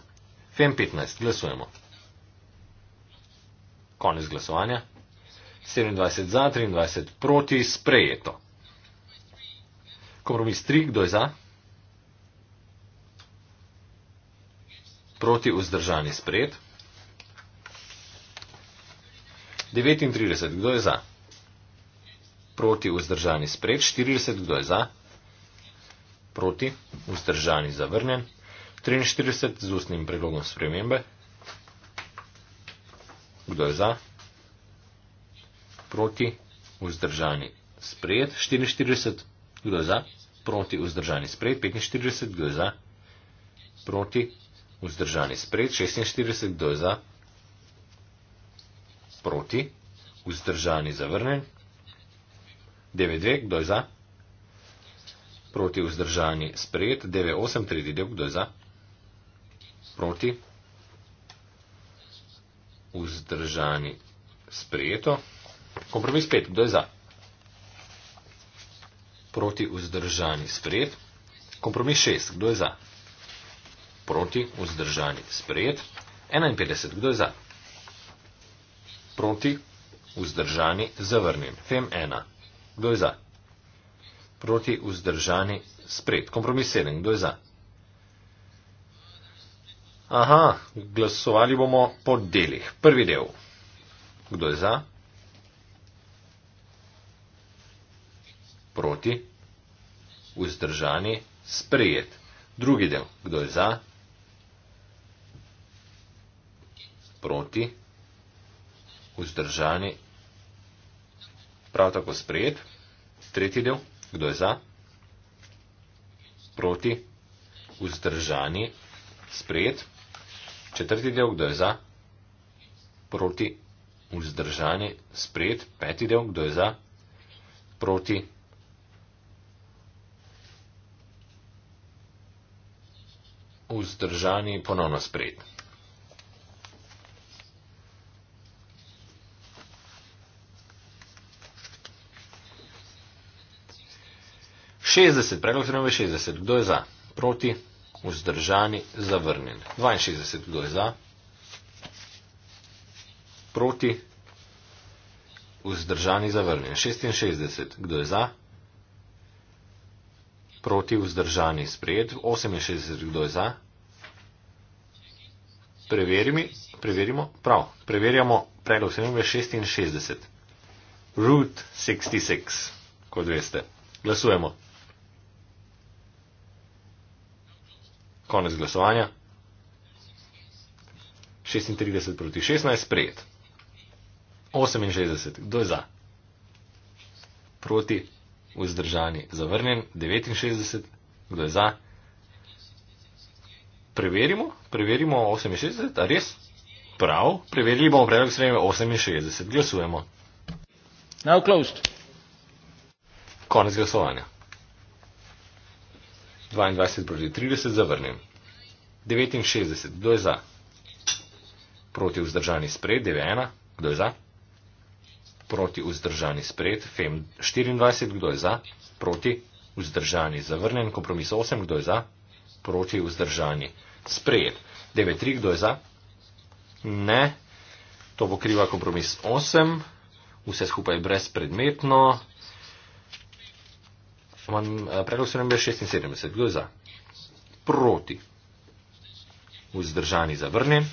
A: Fem 15, glasujemo. Konec glasovanja. 27 za, 23 proti, sprejeto. Kompromis 3, kdo je za? Proti vzdržani spred. 39, kdo je za? Proti vzdržani spred. 40, kdo je za? Proti vzdržani zavrnjen. 43 z ustnim predlogom spremembe. Kdo je za? Proti vzdržani spred. 44 kdo za, proti vzdržani sprejet, 45, kdo za, proti vzdržani sprejet, 46, kdo za, proti vzdržani zavrnen, 92, kdo za, proti vzdržani sprejet, 98, tretji del, kdo za, proti vzdržani sprejeto, kompromis 5, kdo za proti vzdržani sprejet. Kompromis 6. Kdo je za? Proti vzdržani sprejet. 51. Kdo je za? Proti vzdržani zavrnjen. Fem 1. Kdo je za? Proti vzdržani sprejet. Kompromis 7. Kdo je za? Aha, glasovali bomo po delih. Prvi del. Kdo je za? proti, vzdržani, sprejet. Drugi del, kdo je za, proti, vzdržani, prav tako sprejet. Tretji del, kdo je za, proti, vzdržani, sprejet. Četrti del, kdo je za, proti, vzdržani, sprejet. Peti del, kdo je za, proti, vzdržani. vzdržani ponovno spred. Šestdeset, predlog zrejme šestdeset, kdo je za? Proti, vzdržani, zavrnjen. Dvajnšestdeset, kdo je za? Proti, vzdržani, zavrnjen. Šestinšestdeset, kdo je za? Proti, vzdržani, zavrnjen. Proti vzdržani sprejet, 68 kdo je za. Preverimi, preverimo, prav, preverjamo predlog sprememba 66. Root 66, kot veste. Glasujemo. Konec glasovanja. 36 proti 16, sprejet. 68, kdo je za? Proti 16 vzdržani, zavrnjen 69, kdo je za. Preverimo, preverimo 68, ali res? Prav, preverili bomo predlog sprejeme 68, glasujemo. Now closed. Konec glasovanja. 22 proti 30 zavrnjen. 69, kdo je za? Proti vzdržani sprejet, 91, kdo je za? proti vzdržani spred, FEM 24, kdo je za, proti vzdržani zavrnjen, kompromis 8, kdo je za, proti vzdržani sprejet, 9.3, kdo je za, ne, to pokriva kompromis 8, vse skupaj brezpredmetno, eh, predlog se nam je 76, kdo je za, proti vzdržani zavrnjen,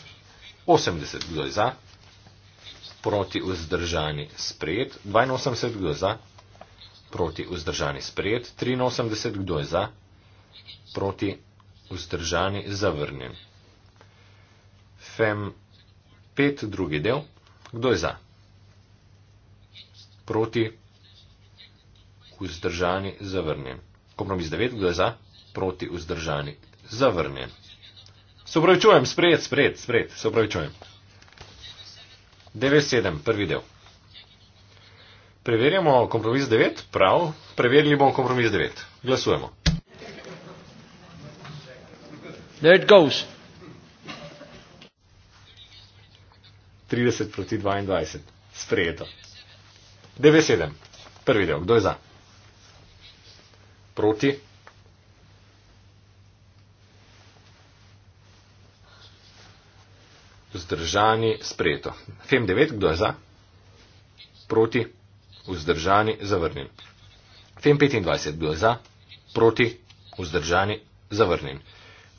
A: 80, kdo je za, proti vzdržani sprejet, 82 kdo za, proti vzdržani sprejet, 83 kdo je za, proti vzdržani zavrnjen. Fem 5 drugi del, kdo je za, proti vzdržani zavrnjen. Kompromis 9, kdo je za, proti vzdržani zavrnjen. Se upravičujem, sprejet, sprejet, sprejet, se upravičujem. 9.7. Prvi del. Preverjamo kompromis 9. Prav, preverili bomo kompromis 9. Glasujemo. There it goes. 30 proti 22. Sprejeto. 9.7. Prvi del. Kdo je za? Proti. vzdržani, sprejeto. FEM 9, kdo je za? Proti, vzdržani, zavrnjen. FEM 25, kdo je za? Proti, vzdržani, zavrnjen.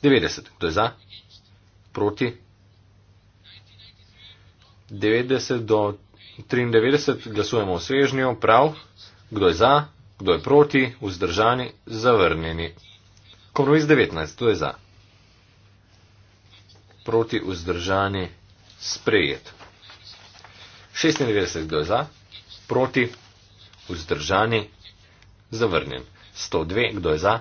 A: 90, kdo je za? Proti. 90 do 93 glasujemo o svežnju, prav. Kdo je za, kdo je proti, vzdržani, zavrnjeni. Kompromis 19, kdo je za? proti vzdržani sprejet. 96 kdo je za, proti vzdržani zavrnjen. 102 kdo je za,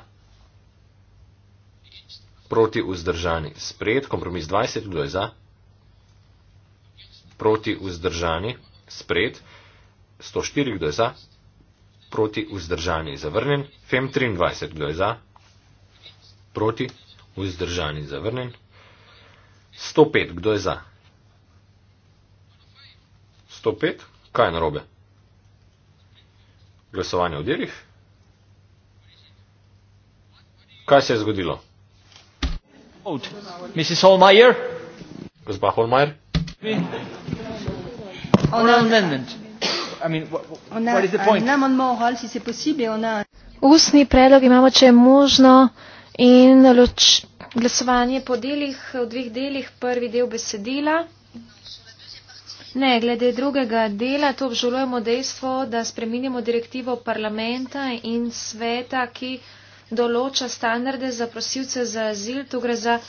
A: proti vzdržani sprejet. Kompromis 20 kdo je za, proti vzdržani sprejet. 104 kdo je za, proti vzdržani zavrnjen. FEM 23 kdo je za, proti vzdržani zavrnjen. 105, kdo je za? 105, kaj je narobe? Glasovanje v delih. Kaj se je zgodilo? Mrs. Holmeyer? Gospa Holmeyer?
B: Ustni predlog imamo, če je možno in loč glasovanje po delih, v dveh delih, prvi del besedila. Ne, glede drugega dela, to obžalujemo dejstvo, da spreminjamo direktivo parlamenta in sveta, ki določa standarde za prosilce za azil. Tu gre za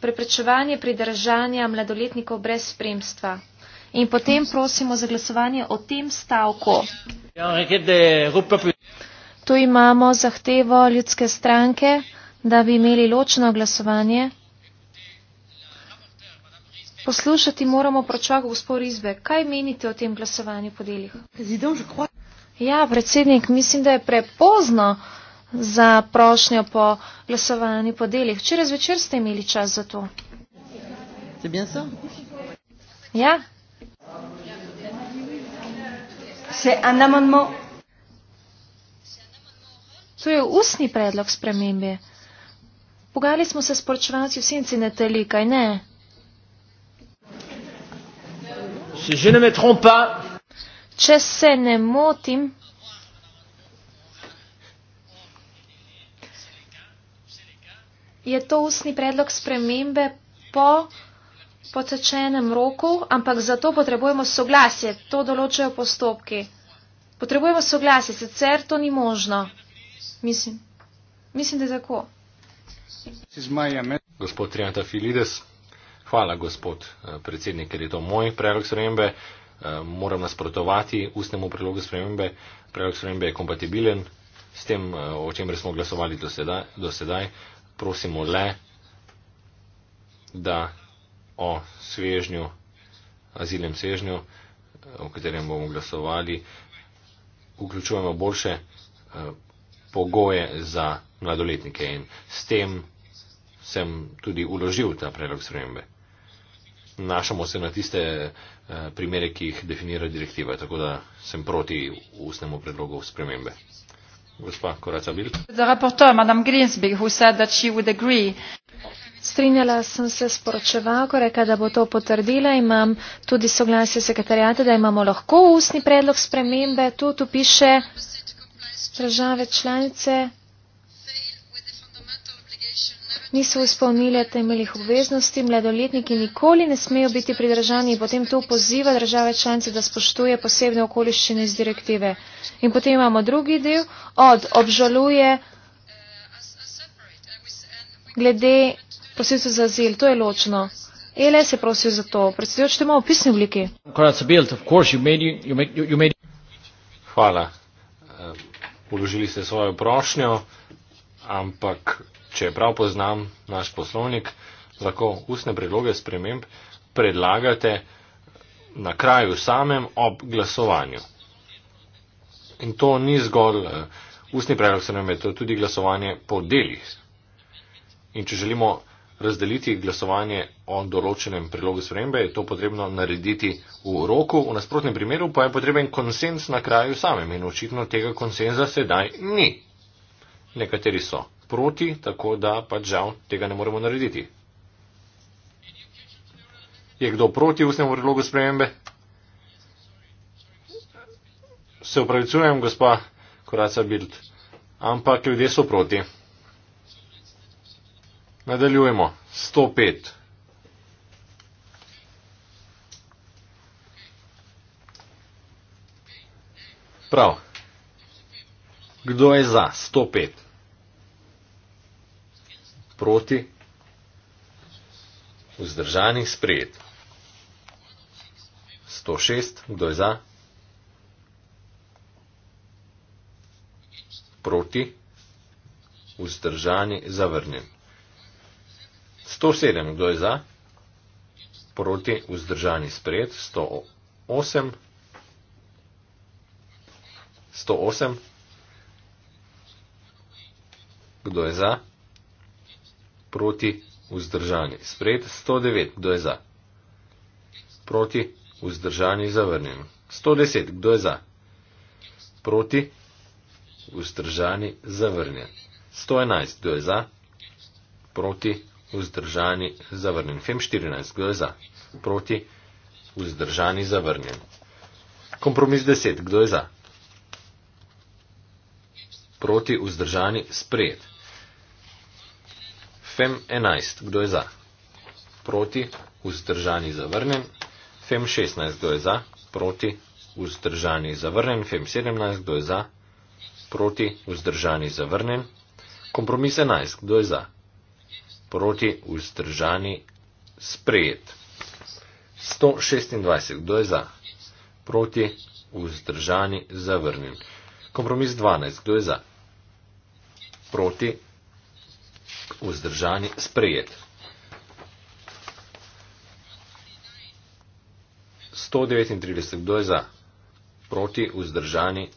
B: preprečevanje pridržanja mladoletnikov brez spremstva. In potem prosimo za glasovanje o tem stavku. Ja, to imamo zahtevo ljudske stranke da bi imeli ločeno glasovanje. Poslušati moramo pročak gospod Rizbe. Kaj menite o tem glasovanju po delih? Ja, predsednik, mislim, da je prepozno za prošnjo po glasovanju po delih. Včeraj zvečer ste imeli čas za to. Ja. To je usni predlog spremembe. Pogali smo se s porčevalci v senci Natali, kaj ne?
A: Si že ne me trompa?
B: Če se ne motim. Je to ustni predlog spremembe po potečenem roku, ampak za to potrebujemo soglasje. To določajo postopki. Potrebujemo soglasje, sicer to ni možno. Mislim, mislim da je tako.
A: Gospod Trianta Filides, hvala gospod eh, predsednik, ker je to moj predlog spremembe. Eh, moram nasprotovati ustnemu predlogu spremembe. Predlog spremembe je kompatibilen s tem, eh, o čemer smo glasovali do sedaj. Do sedaj. Prosimo le, da o svežnju, azilnem svežnju, o katerem bomo glasovali, vključujemo boljše pogoje za mladoletnike in s tem sem tudi uložil ta predlog spremembe. Našamo se na tiste eh, primere, ki jih definira direktiva, tako da sem proti ustnemu predlogu spremembe. Gospa Koraca Bil.
B: Strinjala sem se s poročevalko, reka, da bo to potrdila. Imam tudi soglasje sekretarjata, da imamo lahko ustni predlog spremembe. Tu, tu piše države članice niso izpolnile temeljih obveznosti, mladoletniki nikoli ne smejo biti pridržani in potem to poziva države članice, da spoštuje posebne okoliščine iz direktive. In potem imamo drugi del, od obžaluje glede prosilcev za azil, to je ločno. Ele se prosil za to, predsedujoč, te imamo v pisni obliki.
A: Hvala vložili ste svojo prošnjo, ampak če prav poznam naš poslovnik, lahko ustne predloge sprememb predlagate na kraju samem ob glasovanju. In to ni zgolj eh, ustni predlog, se nam je to tudi glasovanje po delih. In če želimo razdeliti glasovanje o določenem predlogu spremembe, je to potrebno narediti v roku, v nasprotnem primeru pa je potreben konsens na kraju samem in očitno tega konsenza sedaj ni. Nekateri so proti, tako da pač žal tega ne moremo narediti. Je kdo proti ustnemu predlogu spremembe? Se upravičujem, gospa Koraca Bild, ampak ljudje so proti. Nadaljujemo. 105. Prav. Kdo je za? 105. Proti. Vzdržani sprejet. 106. Kdo je za? Proti. Vzdržani zavrnjen. 107, kdo je za? Proti, vzdržani spred, 108. 108. Kdo je za? Proti, vzdržani spred, 109. Kdo je za? Proti, vzdržani zavrnjen. 110. Kdo je za? Proti, vzdržani zavrnjen. 111. Kdo je za? Proti, vzdržani, zavrnjen. FEM 14, kdo je za? Proti, vzdržani, zavrnjen. Kompromis 10, kdo je za? Proti, vzdržani, sprejet. FEM 11, kdo je za? Proti, vzdržani, zavrnjen. FEM 16, kdo je za? Proti, vzdržani, zavrnjen. FEM 17, kdo je za? Proti, vzdržani, zavrnjen. Kompromis 11, kdo je za? proti vzdržani sprejet. 126. Kdo je za? Proti vzdržani zavrnjen. Kompromis 12. Kdo je za? Proti vzdržani sprejet. 139. Kdo je za? Proti vzdržani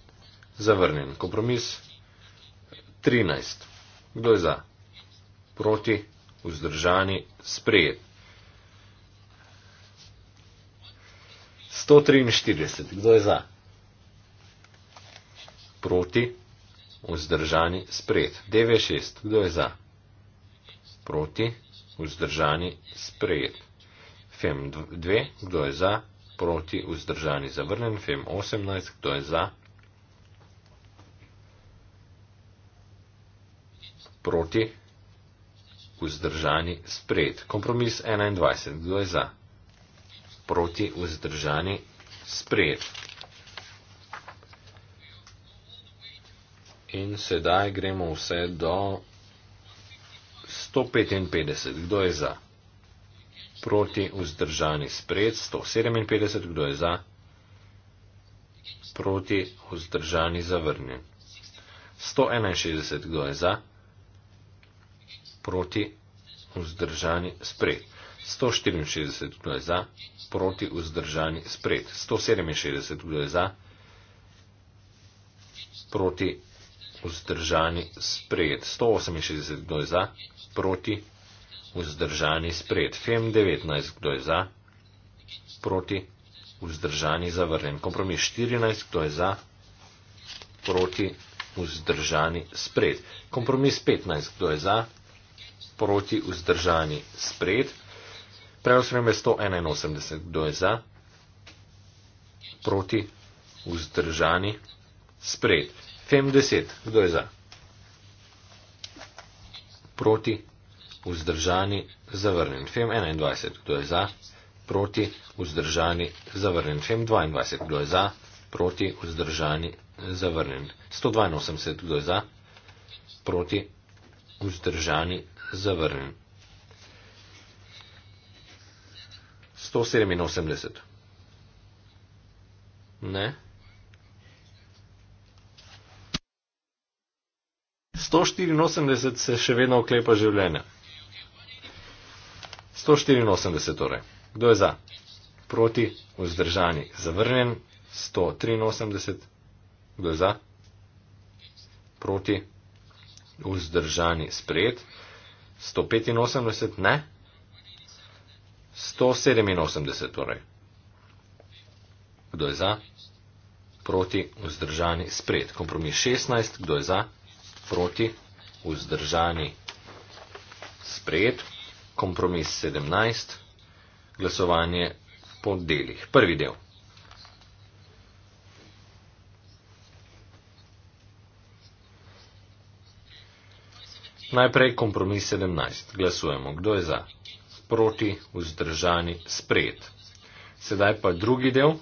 A: zavrnjen. Kompromis 13. Kdo je za? Proti vzdržani sprejet vzdržani, sprejet. 143. Kdo je za? Proti, vzdržani, sprejet. 96. Kdo je za? Proti, vzdržani, sprejet. FEM 2. Kdo je za? Proti, vzdržani, zavrnen. FEM 18. Kdo je za? Proti, vzdržani, zavrnen vzdržani sprejet. Kompromis 21. Kdo je za? Proti vzdržani sprejet. In sedaj gremo vse do 155. Kdo je za? Proti vzdržani sprejet. 157. Kdo je za? Proti vzdržani zavrnjen. 161. Kdo je za? proti vzdržani spred. 164 kdo je za, proti vzdržani spred. 167 kdo je za, proti vzdržani spred. 168 kdo je za, proti vzdržani spred. FEM 19 kdo je za, proti vzdržani zavrnjen. Kompromis 14 kdo je za, proti vzdržani spred. Kompromis 15 kdo je za, proti vzdržani spred. Preostrem je 181, kdo je za, proti vzdržani spred. Fem 10, kdo je za, proti vzdržani zavrnjen. Fem 21, kdo je za, proti vzdržani zavrnjen. Fem 22, kdo je za, proti vzdržani zavrnjen. 182, kdo je za, proti vzdržani zavrnjen zavrnjen. 187. Ne. 184 se še vedno oklepa življenja. 184 torej. Kdo je za? Proti, vzdržani, zavrnjen. 183. Kdo je za? Proti, vzdržani, sprejet. 185, ne? 187, torej. Kdo je za? Proti, vzdržani, spred. Kompromis 16, kdo je za? Proti, vzdržani, spred. Kompromis 17, glasovanje po delih. Prvi del. Najprej kompromis 17. Glasujemo, kdo je za. Proti, vzdržani, sprejet. Sedaj pa drugi del.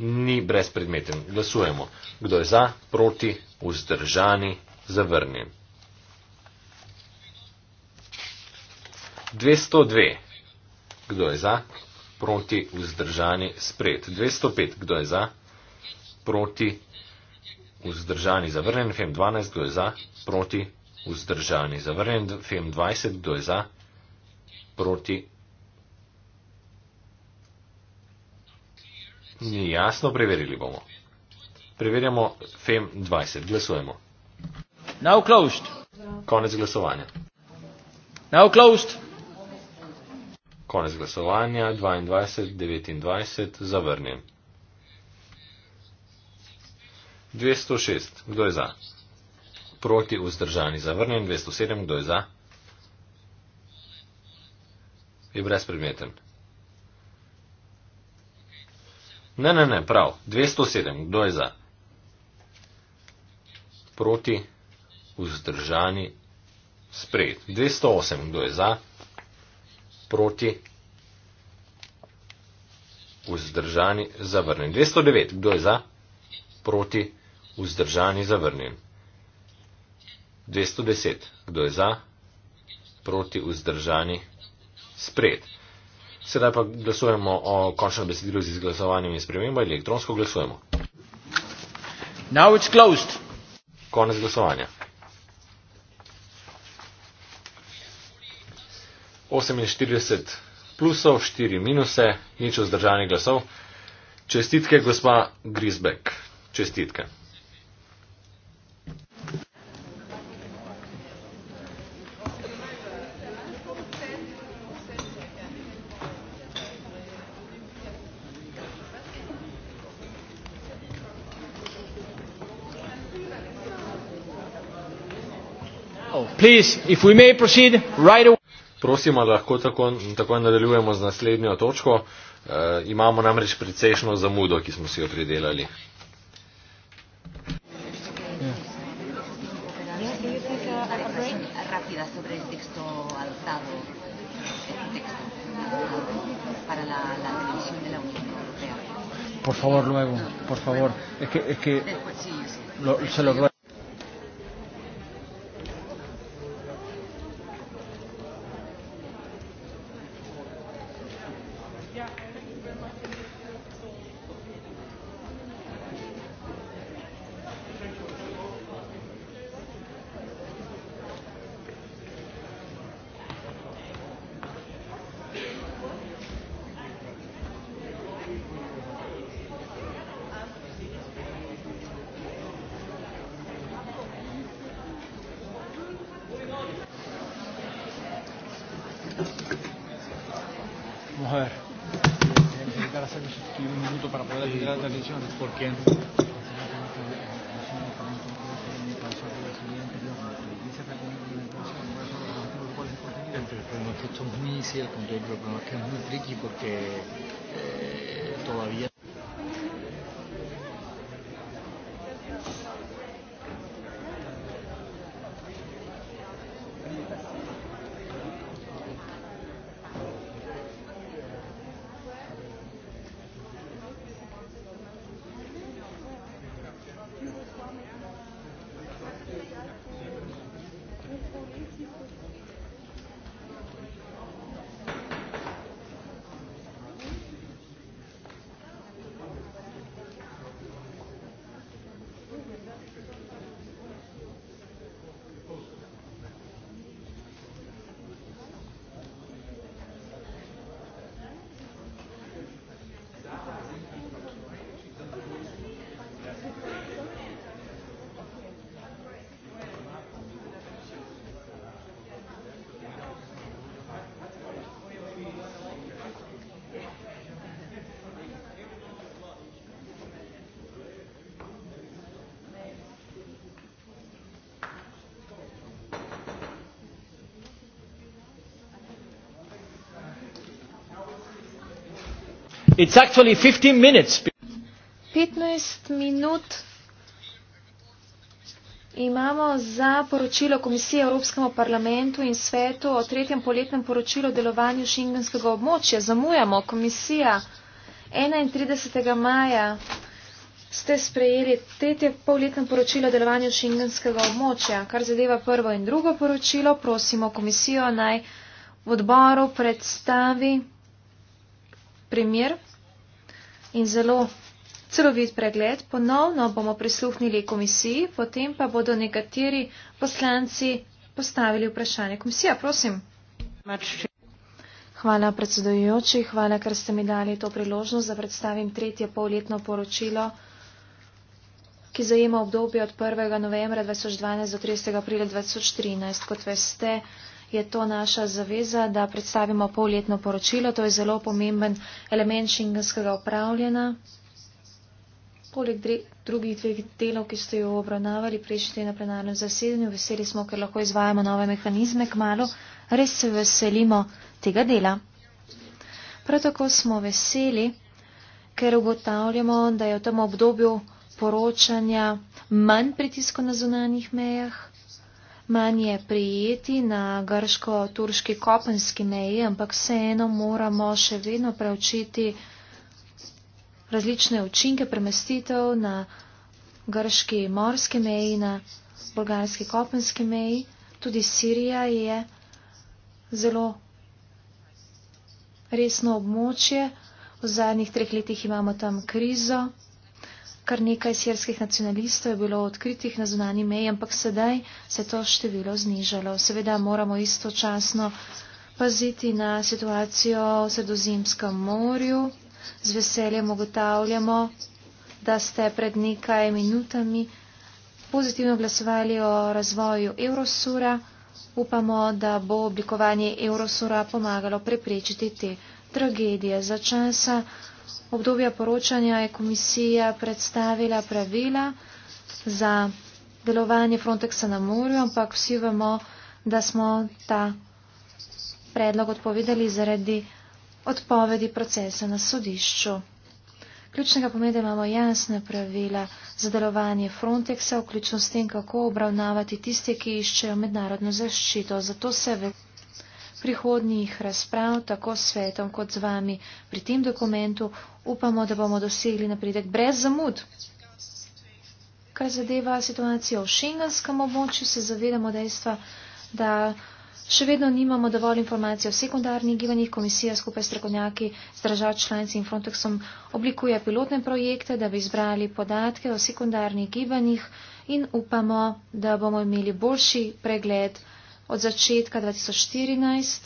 A: Ni brezpredmeten. Glasujemo, kdo je za, proti, vzdržani, zavrnjen. 202. Kdo je za, proti, vzdržani, sprejet. 205. Kdo je za, proti, vzdržani, zavrnjen. FM 12. Kdo je za, proti, vzdržani. Zavrnjen film 20, kdo je za? Proti. Ni jasno, preverili bomo. Preverjamo FEM 20. Glasujemo. Now closed. Konec glasovanja. Now closed. Konec glasovanja 22, 29, zavrnjen. 206. Kdo je za? proti, vzdržani, zavrnjen, 207, kdo je za? Je brezpredmeten. Ne, ne, ne, prav, 207, kdo je za? Proti, vzdržani, sprejet. 208, kdo je za? Proti, vzdržani, zavrnjen. 209, kdo je za? Proti, vzdržani, zavrnjen. 210. Kdo je za? Proti vzdržani? Spred. Sedaj pa glasujemo o končnem besedilu z izglasovanjem in spremembo. Elektronsko glasujemo. Konec glasovanja. 48 plusov, 4 minuse, nič vzdržanih glasov. Čestitke, gospa Grisbek. Čestitke. Please, if we may proceed right away. Prosim, ali lahko tako, tako nadaljujemo z naslednjo točko. E, imamo namreč precejšno zamudo, ki smo si jo pridelali. Por favor, luego, por favor. Es que, es que, lo, se lo ruego. 15
B: minut imamo za poročilo Komisije Evropskemu parlamentu in svetu o tretjem poletnem poročilu delovanju šingenskega območja. Zamujamo, komisija 31. maja ste sprejeli tretje polletno poročilo delovanju šingenskega območja, kar zadeva prvo in drugo poročilo. Prosimo komisijo naj v odboru predstavi primer in zelo celovit pregled. Ponovno bomo prisluhnili komisiji, potem pa bodo nekateri poslanci postavili vprašanje. Komisija, prosim. Hvala predsedujoči, hvala, ker ste mi dali to priložnost, da predstavim tretje polletno poročilo, ki zajema obdobje od 1. novembra 2012 do 30. aprila 2013. Kot veste, je to naša zaveza, da predstavimo polletno poročilo. To je zelo pomemben element šengenskega upravljanja. Poleg drugih dveh delov, ki ste jo obravnavali prejšnji na plenarnem zasedanju, veseli smo, ker lahko izvajamo nove mehanizme k malu. Res se veselimo tega dela. Prav tako smo veseli, ker ugotavljamo, da je v tem obdobju poročanja manj pritisko na zunanjih mejah manje prijeti na grško-turški kopenski meji, ampak vseeno moramo še vedno preučiti različne učinke premestitev na grški morski meji, na bolgarski kopenski meji. Tudi Sirija je zelo resno območje. V zadnjih treh letih imamo tam krizo kar nekaj sirskih nacionalistov je bilo odkritih na zunani meji, ampak sedaj se to število znižalo. Seveda moramo istočasno paziti na situacijo v sredozimskem morju. Z veseljem ugotavljamo, da ste pred nekaj minutami pozitivno glasovali o razvoju Eurosura. Upamo, da bo oblikovanje Eurosura pomagalo preprečiti te tragedije za časa obdobja poročanja je komisija predstavila pravila za delovanje Frontexa na morju, ampak vsi vemo, da smo ta predlog odpovedali zaradi odpovedi procesa na sodišču. Ključnega pomena imamo jasne pravila za delovanje Frontexa, vključno s tem, kako obravnavati tiste, ki iščejo mednarodno zaščito. Zato se v prihodnjih razprav, tako s svetom kot z vami pri tem dokumentu, upamo, da bomo dosegli napredek brez zamud. Kar zadeva situacijo v šengenskem območju, se zavedamo dejstva, da še vedno nimamo dovolj informacij o sekundarnih gibanjih. Komisija skupaj s trakonjaki, z držav članci in Frontexom oblikuje pilotne projekte, da bi izbrali podatke o sekundarnih gibanjih in upamo, da bomo imeli boljši pregled od začetka 2014,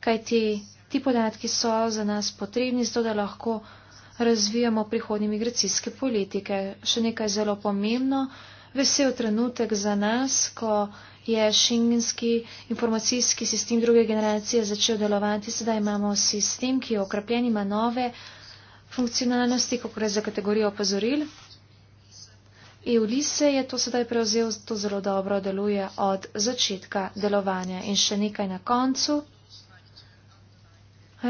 B: kajti ti podatki so za nas potrebni, zato da lahko razvijamo prihodnje migracijske politike. Še nekaj zelo pomembno, vesel trenutek za nas, ko je šengenski informacijski sistem druge generacije začel delovati, sedaj imamo sistem, ki je okrepljen, ima nove funkcionalnosti, kako gre za kategorijo opozoril. Eulise je to sedaj prevzel, to zelo dobro deluje od začetka delovanja. In še nekaj na koncu.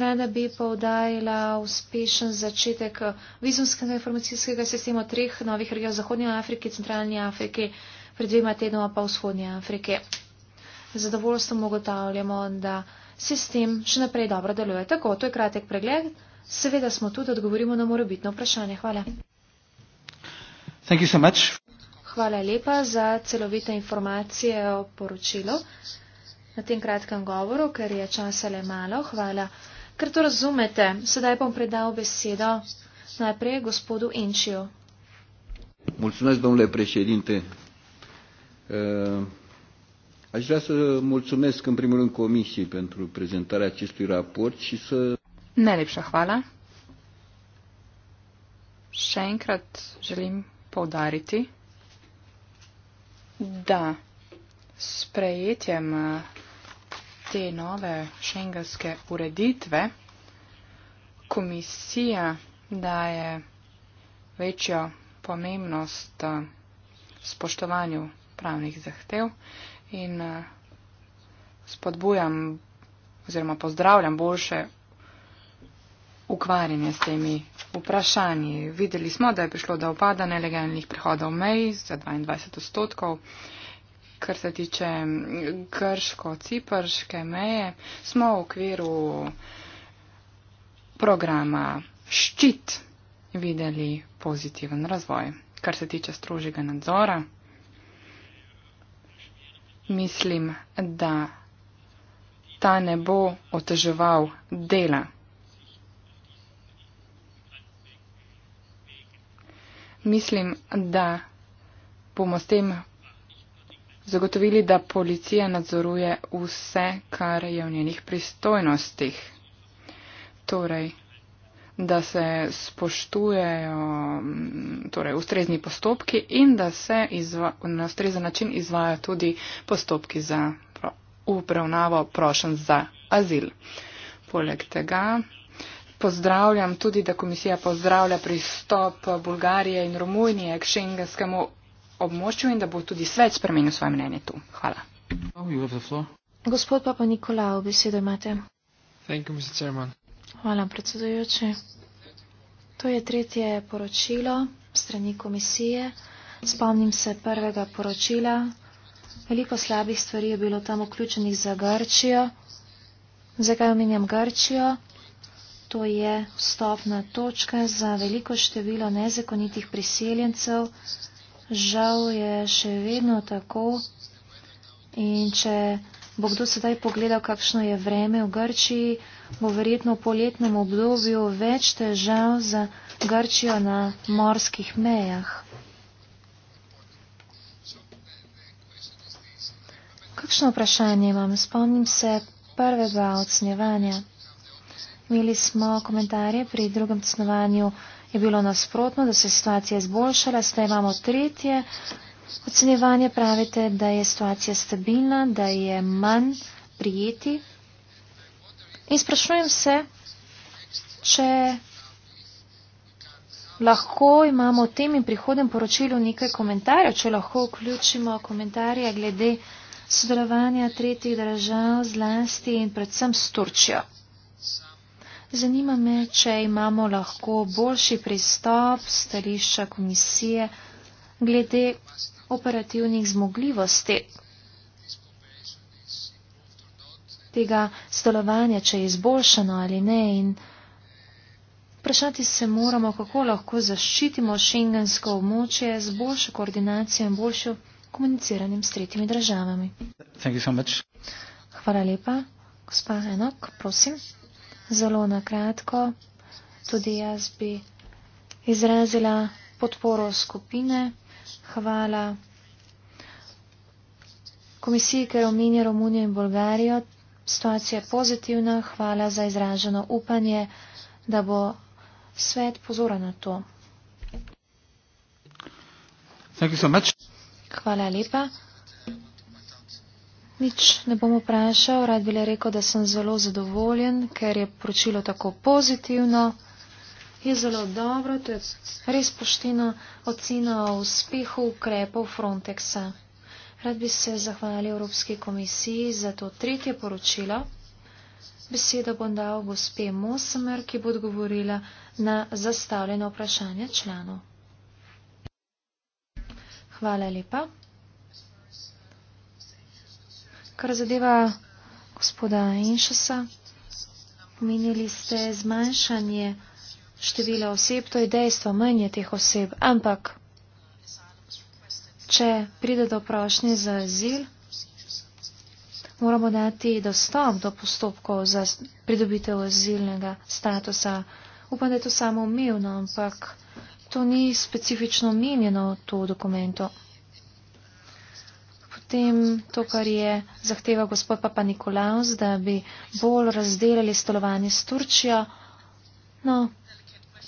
B: Rada bi povdajala uspešen začetek vizumskega informacijskega sistema treh novih regij v Zahodnji Afriki, Centralni Afriki, pred dvema tednoma pa v Vzhodnji Afriki. Zadovoljstvo mogotavljamo, da sistem še naprej dobro deluje. Tako, to je kratek pregled. Seveda smo tu, da odgovorimo na morebitno vprašanje. Hvala.
C: Thank you so much.
B: Hvala lepa za celovite informacije o poročilu. Na tem kratkem govoru, ker je časa le malo, hvala, ker to razumete. Sedaj bom predal besedo najprej gospodu Inčiju.
A: Mulțumesc, domnule președinte. Uh, aș vrea să mulțumesc în primul rând comisiei pentru prezentarea acestui raport și să...
C: Nelipșa, hvala. Și încrat, želim poudariti, da s prejetjem eh, te nove šengelske ureditve komisija daje večjo pomembnost eh, spoštovanju pravnih zahtev in eh, spodbujam oziroma pozdravljam boljše ukvarjanje s temi vprašanji. Videli smo, da je prišlo do upada nelegalnih prehodov mej za 22 odstotkov. Kar se tiče grško-ciprške meje, smo v okviru programa ščit videli pozitiven razvoj. Kar se tiče strožjega nadzora, mislim, da ta ne bo oteževal dela mislim, da bomo s tem zagotovili, da policija nadzoruje vse, kar je v njenih pristojnostih. Torej, da se spoštujejo mm, torej, ustrezni postopki in da se izva, na ustrezen način izvajo tudi postopki za upravnavo prošen za azil. Poleg tega pozdravljam tudi, da komisija pozdravlja pristop Bulgarije in Romunije k šengenskemu območju in da bo tudi svet spremenil svoje mnenje tu. Hvala. Oh, Gospod Papa Nikolao,
B: besedo imate. Hvala, predsedujoči. To je tretje poročilo strani komisije. Spomnim se prvega poročila. Veliko slabih stvari je bilo tam vključenih za Grčijo. Zakaj omenjam Grčijo? to je vstopna točka za veliko število nezakonitih priseljencev. Žal je še vedno tako. In če bo kdo sedaj pogledal, kakšno je vreme v Grčiji, bo verjetno v poletnem obdobju več težav za Grčijo na morskih mejah. Kakšno vprašanje imam? Spomnim se prvega ocenjevanja. Imeli smo komentarje pri drugem tesnovanju, je bilo nasprotno, da se je situacija izboljšala, zdaj imamo tretje ocenjevanje, pravite, da je situacija stabilna, da je manj prijeti. In sprašujem se, če lahko imamo o tem in prihodem poročilu nekaj komentarjev, če lahko vključimo komentarje glede sodelovanja tretjih držav z lasti in predvsem s Turčjo. Zanima me, če imamo lahko boljši pristop stališča komisije glede operativnih zmogljivosti tega stolovanja, če je izboljšano ali ne. In vprašati se moramo, kako lahko zaščitimo šengensko območje z boljšo koordinacijo in boljšo komuniciranjem s tretjimi državami. Hvala lepa. Gospa Enok, prosim zelo na kratko. Tudi jaz bi izrazila podporo skupine. Hvala komisiji, ker omenja Romunijo in Bolgarijo. Situacija je pozitivna. Hvala za izraženo upanje, da bo svet pozoren na to. Hvala lepa. Nič ne bom vprašal, rad bi le rekel, da sem zelo zadovoljen, ker je poročilo tako pozitivno. Je zelo dobro, to je res poštena ocena o uspehu ukrepov Frontexa. Rad bi se zahvalil Evropski komisiji za to tretje poročilo. Besedo bom dal gospe Mosmer, ki bo odgovorila na zastavljeno vprašanje članov. Hvala lepa. Kar zadeva gospoda Inšasa, menili ste zmanjšanje števila oseb, to je dejstvo, manj je teh oseb, ampak če pride do prošnje za azil, moramo dati dostop do postopkov za pridobitev azilnega statusa. Upam, da je to samo umevno, ampak to ni specifično menjeno v to dokumento tem to, kar je zahteval gospod Papa Nikolaus, da bi bolj razdelili stolovanje s Turčijo. No,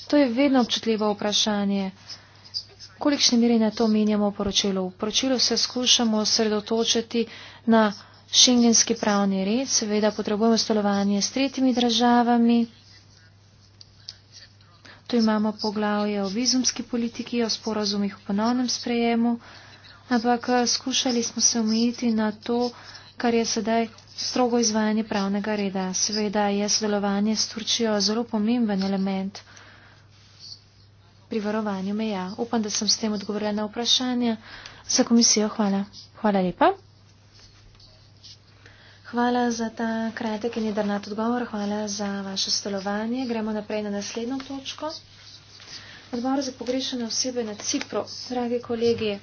B: to je vedno občutljivo vprašanje. Kolikšne meri na to menjamo v poročilu? V poročilu se skušamo sredotočiti na šengenski pravni red, seveda potrebujemo stolovanje s tretjimi državami. Tu imamo poglavje o vizumski politiki, o sporazumih o ponovnem sprejemu ampak eh, skušali smo se omejiti na to, kar je sedaj strogo izvajanje pravnega reda. Seveda je sodelovanje s Turčijo zelo pomemben element pri varovanju meja. Upam, da sem s tem odgovorila na vprašanje. Za komisijo hvala. Hvala lepa. Hvala za ta kratek in jedrnat odgovor. Hvala za vaše sodelovanje. Gremo naprej na naslednjo točko. Odbor za pogrešene osebe na Cipru, dragi kolegi.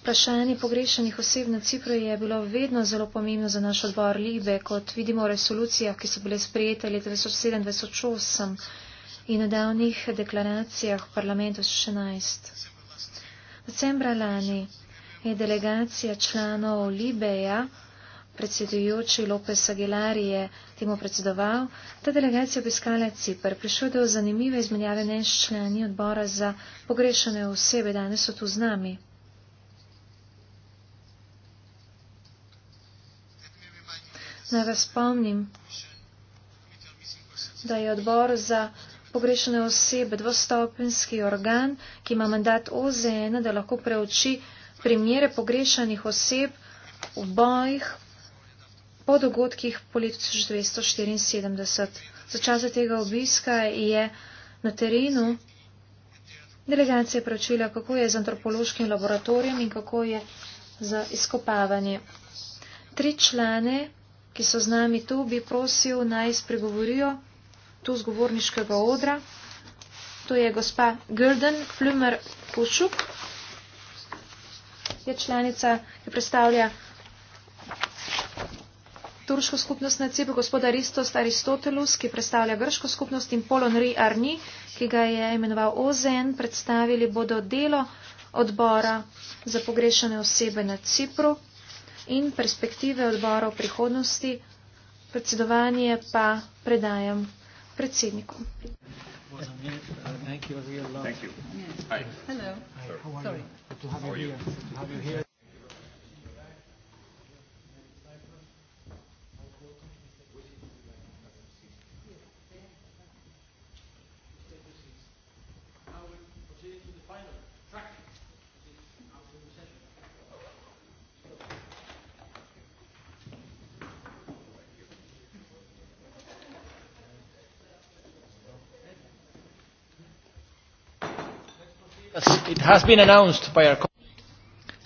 B: Vprašanje pogrešanih oseb na Cipru je bilo vedno zelo pomembno za naš odbor Libe, kot vidimo v resolucijah, ki so bile sprejete leta 2007-2008 in v davnih deklaracijah v parlamentu 16. Decembra lani je delegacija članov Libeja, predsedujoči Lopes Aguilari je temu predsedoval, ta delegacija obiskala Cipr. Prišlo je do zanimive izmenjave mnenj s člani odbora za pogrešane osebe, danes so tu z nami. Naj vas spomnim, da je odbor za pogrešene osebe dvostopenski organ, ki ima mandat OZN, da lahko preuči primere pogrešanih oseb v bojih po dogodkih po letu 1974. Za čase tega obiska je na terenu delegacija preučila, kako je z antropološkim laboratorijem in kako je za izkopavanje. Tri člane ki so z nami tu, bi prosil naj spregovorijo tu z govorniškega odra. To je gospa Gerden Flumer Pušuk. Je članica, ki predstavlja turško skupnost na Cipru, gospoda Ristos Aristotelus, ki predstavlja grško skupnost in Polon Ri Arni, ki ga je imenoval OZN, predstavili bodo delo odbora za pogrešane osebe na Cipru in perspektive odbora o prihodnosti, predsedovanje pa predajam predsedniku.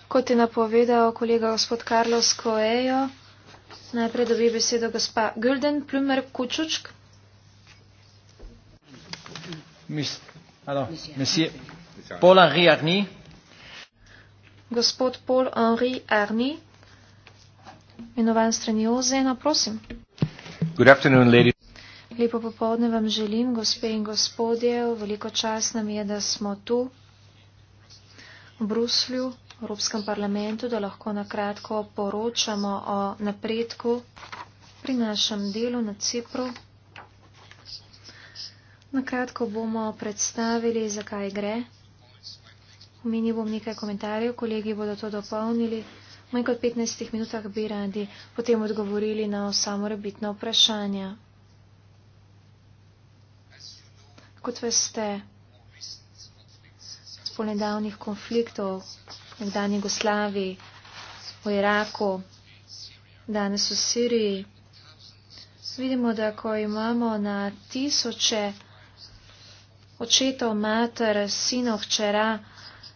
B: Kot je napovedal kolega gospod Carlos Coelho, najprej dobi besedo gospa Gülden Plümer Kučučk. Paul Henri Arni. Gospod Paul Henri Arni, imenovan strani OZN, prosim. Lepo popovdne vam želim, gospe in gospodje, veliko čas nam je, da smo tu. Bruslju, Evropskem parlamentu, da lahko nakratko poročamo o napredku pri našem delu na Cipru. Nakratko bomo predstavili, zakaj gre. Omenil bom nekaj komentarjev, kolegi bodo to dopolnili. V manj kot 15 minutah bi radi potem odgovorili na samorebitna vprašanja. Kot veste, ponedavnih konfliktov v nekdani Jugoslaviji, v Iraku, danes v Siriji. Vidimo, da ko imamo na tisoče očetov, mater, sinov, hčera,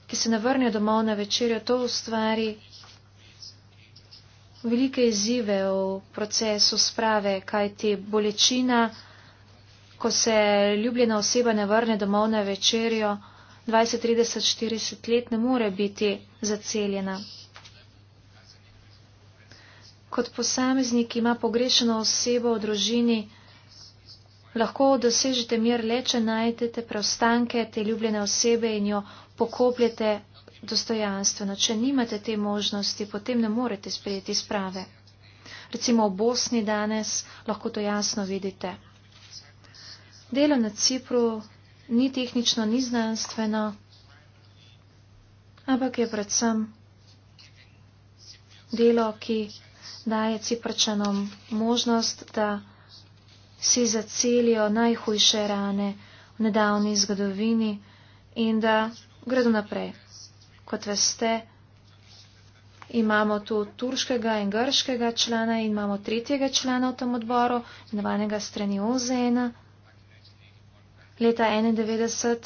B: ki se navrnijo domov na večerjo, to ustvari velike izzive v procesu sprave, kajti bolečina, ko se ljubljena oseba ne vrne domov na večerjo, 20, 30, 40 let ne more biti zaceljena. Kot posameznik ima pogrešeno osebo v družini, lahko dosežete mir le, če najdete preostanke te ljubljene osebe in jo pokopljete dostojanstveno. Če nimate te možnosti, potem ne morete sprejeti sprave. Recimo v Bosni danes lahko to jasno vidite. Delo na Cipru ni tehnična, ni znanstvena, ampak je predvsem delo, ki daje cipračanom možnost, da si zacelijo najhujše rane v nedavni zgodovini in da gredo naprej. Kot veste, imamo tu turškega in grškega člana in imamo tretjega člana v tem odboru, imenovanega strani OZN-a. Leta 1991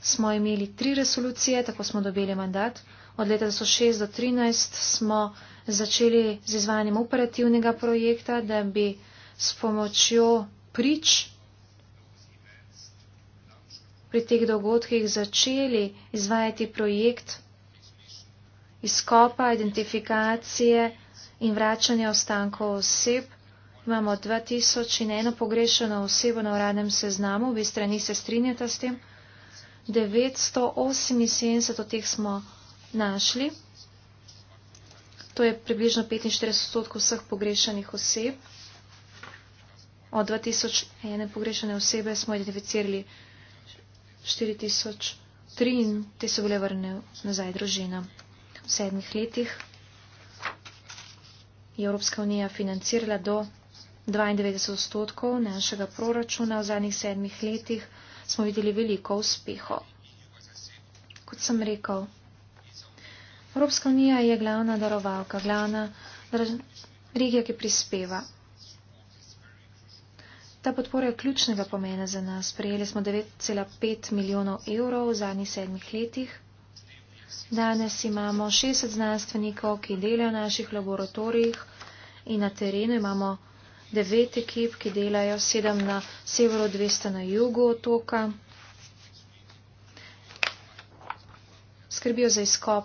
B: smo imeli tri resolucije, tako smo dobili mandat. Od leta 2006 do 2013 smo začeli z izvajanjem operativnega projekta, da bi s pomočjo prič pri teh dogodkih začeli izvajati projekt izkopa, identifikacije in vračanja ostankov oseb Imamo 2000 in eno pogrešeno osebo na uradnem seznamu, vi strani se strinjate s tem. 978 od teh smo našli. To je približno 45 odstotkov vseh pogrešenih oseb. Od 2000 ene pogrešene osebe smo identificirali 4003 in te so bile vrnene nazaj družina. V sedmih letih je Evropska unija financirala do 92 odstotkov našega proračuna v zadnjih sedmih letih smo videli veliko uspeho. Kot sem rekel, Evropska unija je glavna darovalka, glavna regija, ki prispeva. Ta podpora je ključnega pomena za nas. Prejeli smo 9,5 milijonov evrov v zadnjih sedmih letih. Danes imamo 60 znanstvenikov, ki delajo v naših laboratorijih in na terenu imamo devet ekip, ki delajo sedem na severu, dvesta na jugu otoka. Skrbijo za izkop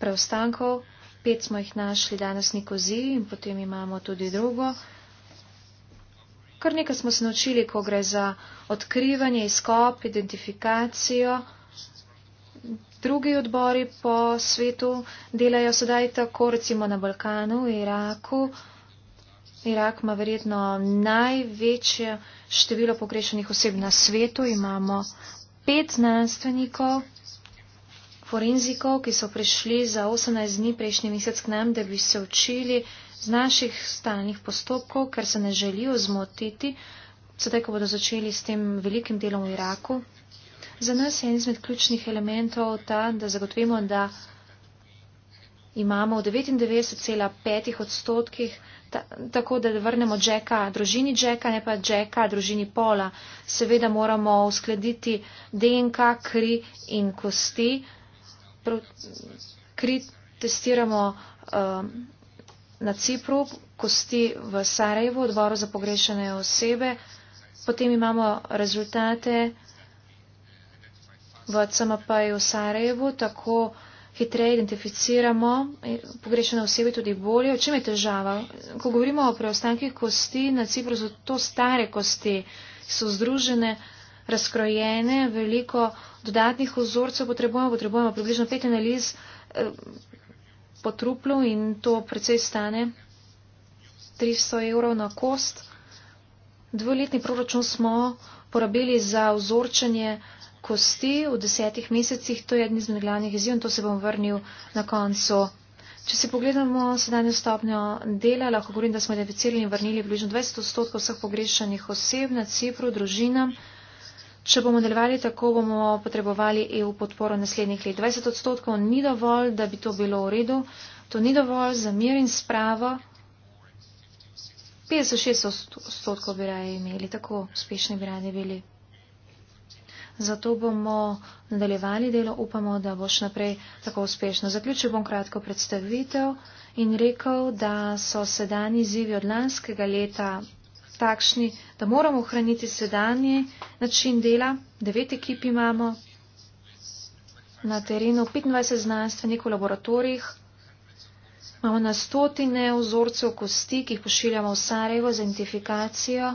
B: preostankov, pet smo jih našli danes nikozi in potem imamo tudi drugo. Kar nekaj smo se naučili, ko gre za odkrivanje, izkop, identifikacijo. Drugi odbori po svetu delajo sedaj tako, recimo na Balkanu, Iraku, prsni rak ima verjetno največje število pogrešanih oseb na svetu. Imamo pet znanstvenikov, forenzikov, ki so prišli za 18 dni prejšnji mesec k nam, da bi se učili z naših stalnih postopkov, ker se ne želijo zmotiti, sedaj, ko bodo začeli s tem velikim delom v Iraku. Za nas je en izmed ključnih elementov ta, da zagotovimo, da imamo v 99,5 odstotkih Ta, tako da vrnemo Jacka družini Jacka, ne pa Jacka družini Pola. Seveda moramo uskladiti DNK, kri in kosti. Pro, kri testiramo um, na Cipru, kosti v Sarajevu, odboru za pogrešene osebe. Potem imamo rezultate v CMP-ju v Sarajevu, tako hitreje identificiramo pogrešene osebe tudi bolje. Čem je težava? Ko govorimo o preostankih kosti, na Cipru so to stare kosti, so združene, razkrojene, veliko dodatnih ozorcev potrebujemo, potrebujemo približno pet analiz eh, po truplu in to precej stane 300 evrov na kost. Dvoletni proračun smo porabili za ozorčenje kosti v desetih mesecih, to je eden izmed glavnih izjiv in to se bom vrnil na koncu. Če si pogledamo sedanjo stopnjo dela, lahko govorim, da smo identificirali in vrnili bližno 20 odstotkov vseh pogrešanih oseb na Cipru, družinam. Če bomo delovali tako, bomo potrebovali EU podporo naslednjih let. 20 odstotkov ni dovolj, da bi to bilo v redu. To ni dovolj za mir in spravo. 56 odstotkov bi radi imeli, tako uspešni bi radi bili. Zato bomo nadaljevali delo, upamo, da boš naprej tako uspešno. Zaključil bom kratko predstavitev in rekel, da so sedani izzivi od lanskega leta takšni, da moramo ohraniti sedanji način dela. Devet ekip imamo na terenu, 25 znanstvenikov v laboratorijih. Imamo na stotine vzorcev kosti, ki jih pošiljamo v Sarajevo za identifikacijo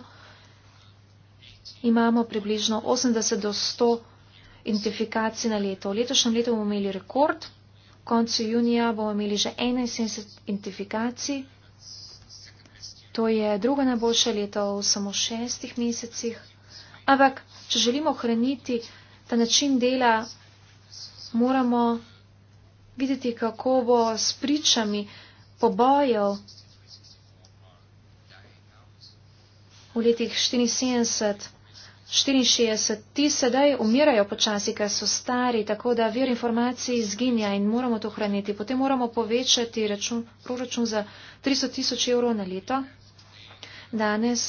B: imamo približno 80 do 100 identifikacij na leto. V letošnjem letu bomo imeli rekord, v koncu junija bomo imeli že 71 identifikacij. To je druga najboljša leta v samo šestih mesecih. Ampak, če želimo ohraniti ta način dela, moramo videti, kako bo s pričami pobojev v letih 74. 64, ti sedaj umirajo počasi, ker so stari, tako da vir informacij izginja in moramo to hraniti. Potem moramo povečati račun, proračun za 300 tisoč evrov na leto. Danes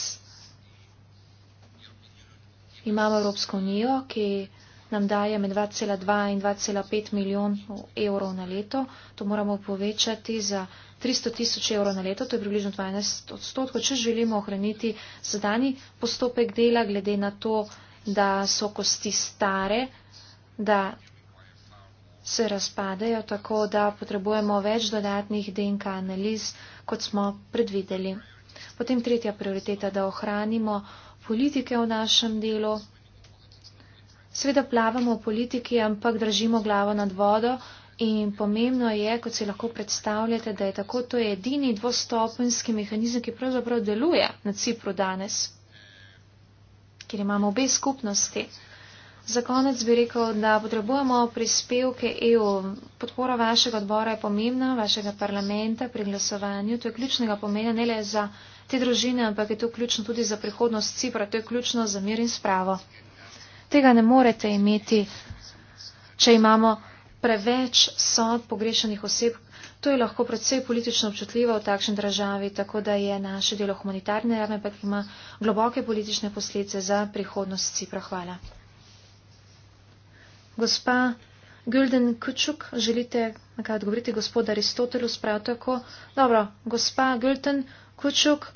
B: imamo Evropsko unijo, ki nam daje med 2,2 in 2,5 milijon evrov na leto. To moramo povečati za 300 tisoč evrov na leto, to je približno 12 odstotkov, če želimo ohraniti sedani postopek dela, glede na to, da so kosti stare, da se razpadejo, tako da potrebujemo več dodatnih DNK analiz, kot smo predvideli. Potem tretja prioriteta, da ohranimo politike v našem delu, Sveda plavamo v politiki, ampak držimo glavo nad vodo in pomembno je, kot si lahko predstavljate, da je tako to je edini dvostopenski mehanizem, ki pravzaprav deluje na Cipru danes, kjer imamo obe skupnosti. Za konec bi rekel, da potrebujemo prispevke EU. Podpora vašega odbora je pomembna, vašega parlamenta pri glasovanju. To je ključnega pomena ne le za te družine, ampak je to ključno tudi za prihodnost Cipra. To je ključno za mir in spravo tega ne morete imeti, če imamo preveč sod pogrešanih oseb. To je lahko predvsej politično občutljivo v takšni državi, tako da je naše delo humanitarne javne, ampak ima globoke politične posledice za prihodnost Cipra. Hvala. Gospa Gülden Kučuk, želite nekaj odgovoriti, gospod Aristotelus, prav tako. Dobro, gospa Gülden Kučuk.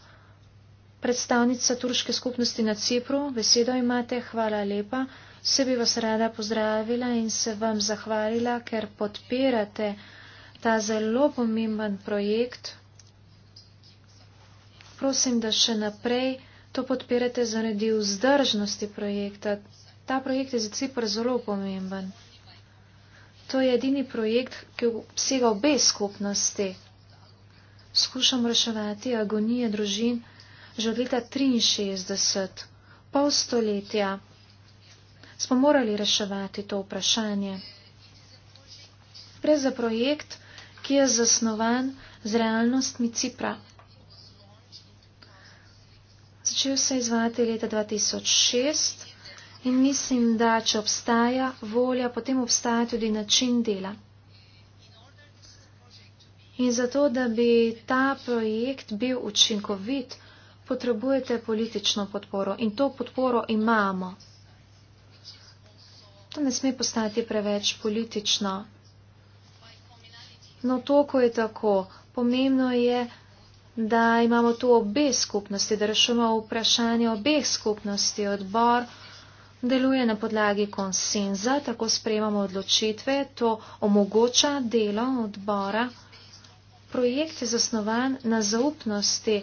B: Predstavnica turške skupnosti na Cipru, besedo imate, hvala lepa. Vse bi vas rada pozdravila in se vam zahvalila, ker podpirate ta zelo pomemben projekt. Prosim, da še naprej to podpirate zaradi vzdržnosti projekta. Ta projekt je za Cipr zelo pomemben. To je edini projekt, ki obsega obe skupnosti. Skušam reševati agonije družin že od leta 1963, pol stoletja, smo morali reševati to vprašanje. Gre za projekt, ki je zasnovan z realnostmi Cipra. Začel se je izvajati leta 2006 in mislim, da če obstaja volja, potem obstaja tudi način dela. In zato, da bi ta projekt bil učinkovit, potrebujete politično podporo in to podporo imamo. To ne sme postati preveč politično. No, to, ko je tako, pomembno je, da imamo tu obe skupnosti, da rešujemo vprašanje obeh skupnosti. Odbor deluje na podlagi konsenza, tako sprejemamo odločitve, to omogoča delo odbora. Projekt je zasnovan na zaupnosti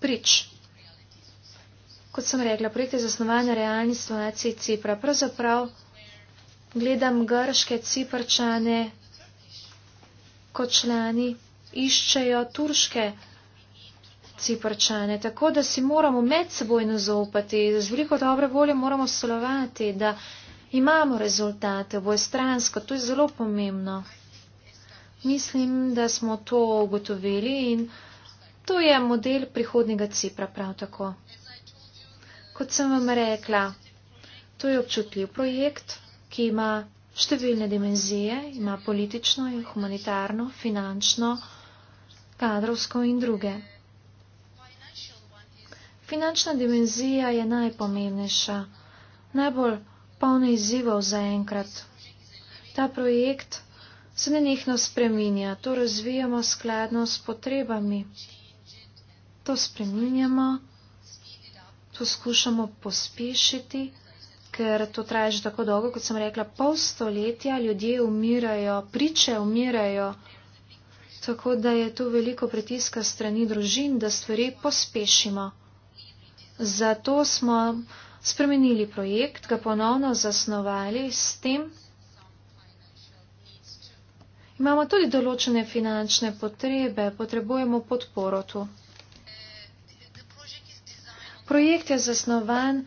B: prič. Kot sem rekla, projekt je zasnovan na realnosti nacije Cipra. Pravzaprav gledam grške ciprčane, ko člani iščejo turške ciprčane. Tako da si moramo med sebojno zaupati, z veliko dobre volje moramo sodelovati, da imamo rezultate, bo je stransko, to je zelo pomembno. Mislim, da smo to ugotovili in. To je model prihodnega cipra prav tako. Kot sem vam rekla, to je občutljiv projekt, ki ima številne dimenzije, ima politično in humanitarno, finančno, kadrovsko in druge. Finančna dimenzija je najpomembnejša, najbolj polna izzivov zaenkrat. Ta projekt se nenehno spreminja, to razvijamo skladno s potrebami to spreminjamo, to skušamo pospešiti, ker to traja že tako dolgo, kot sem rekla, pol stoletja ljudje umirajo, priče umirajo, tako da je tu veliko pritiska strani družin, da stvari pospešimo. Zato smo spremenili projekt, ga ponovno zasnovali s tem. Imamo tudi določene finančne potrebe, potrebujemo podporo tu. Projekt je zasnovan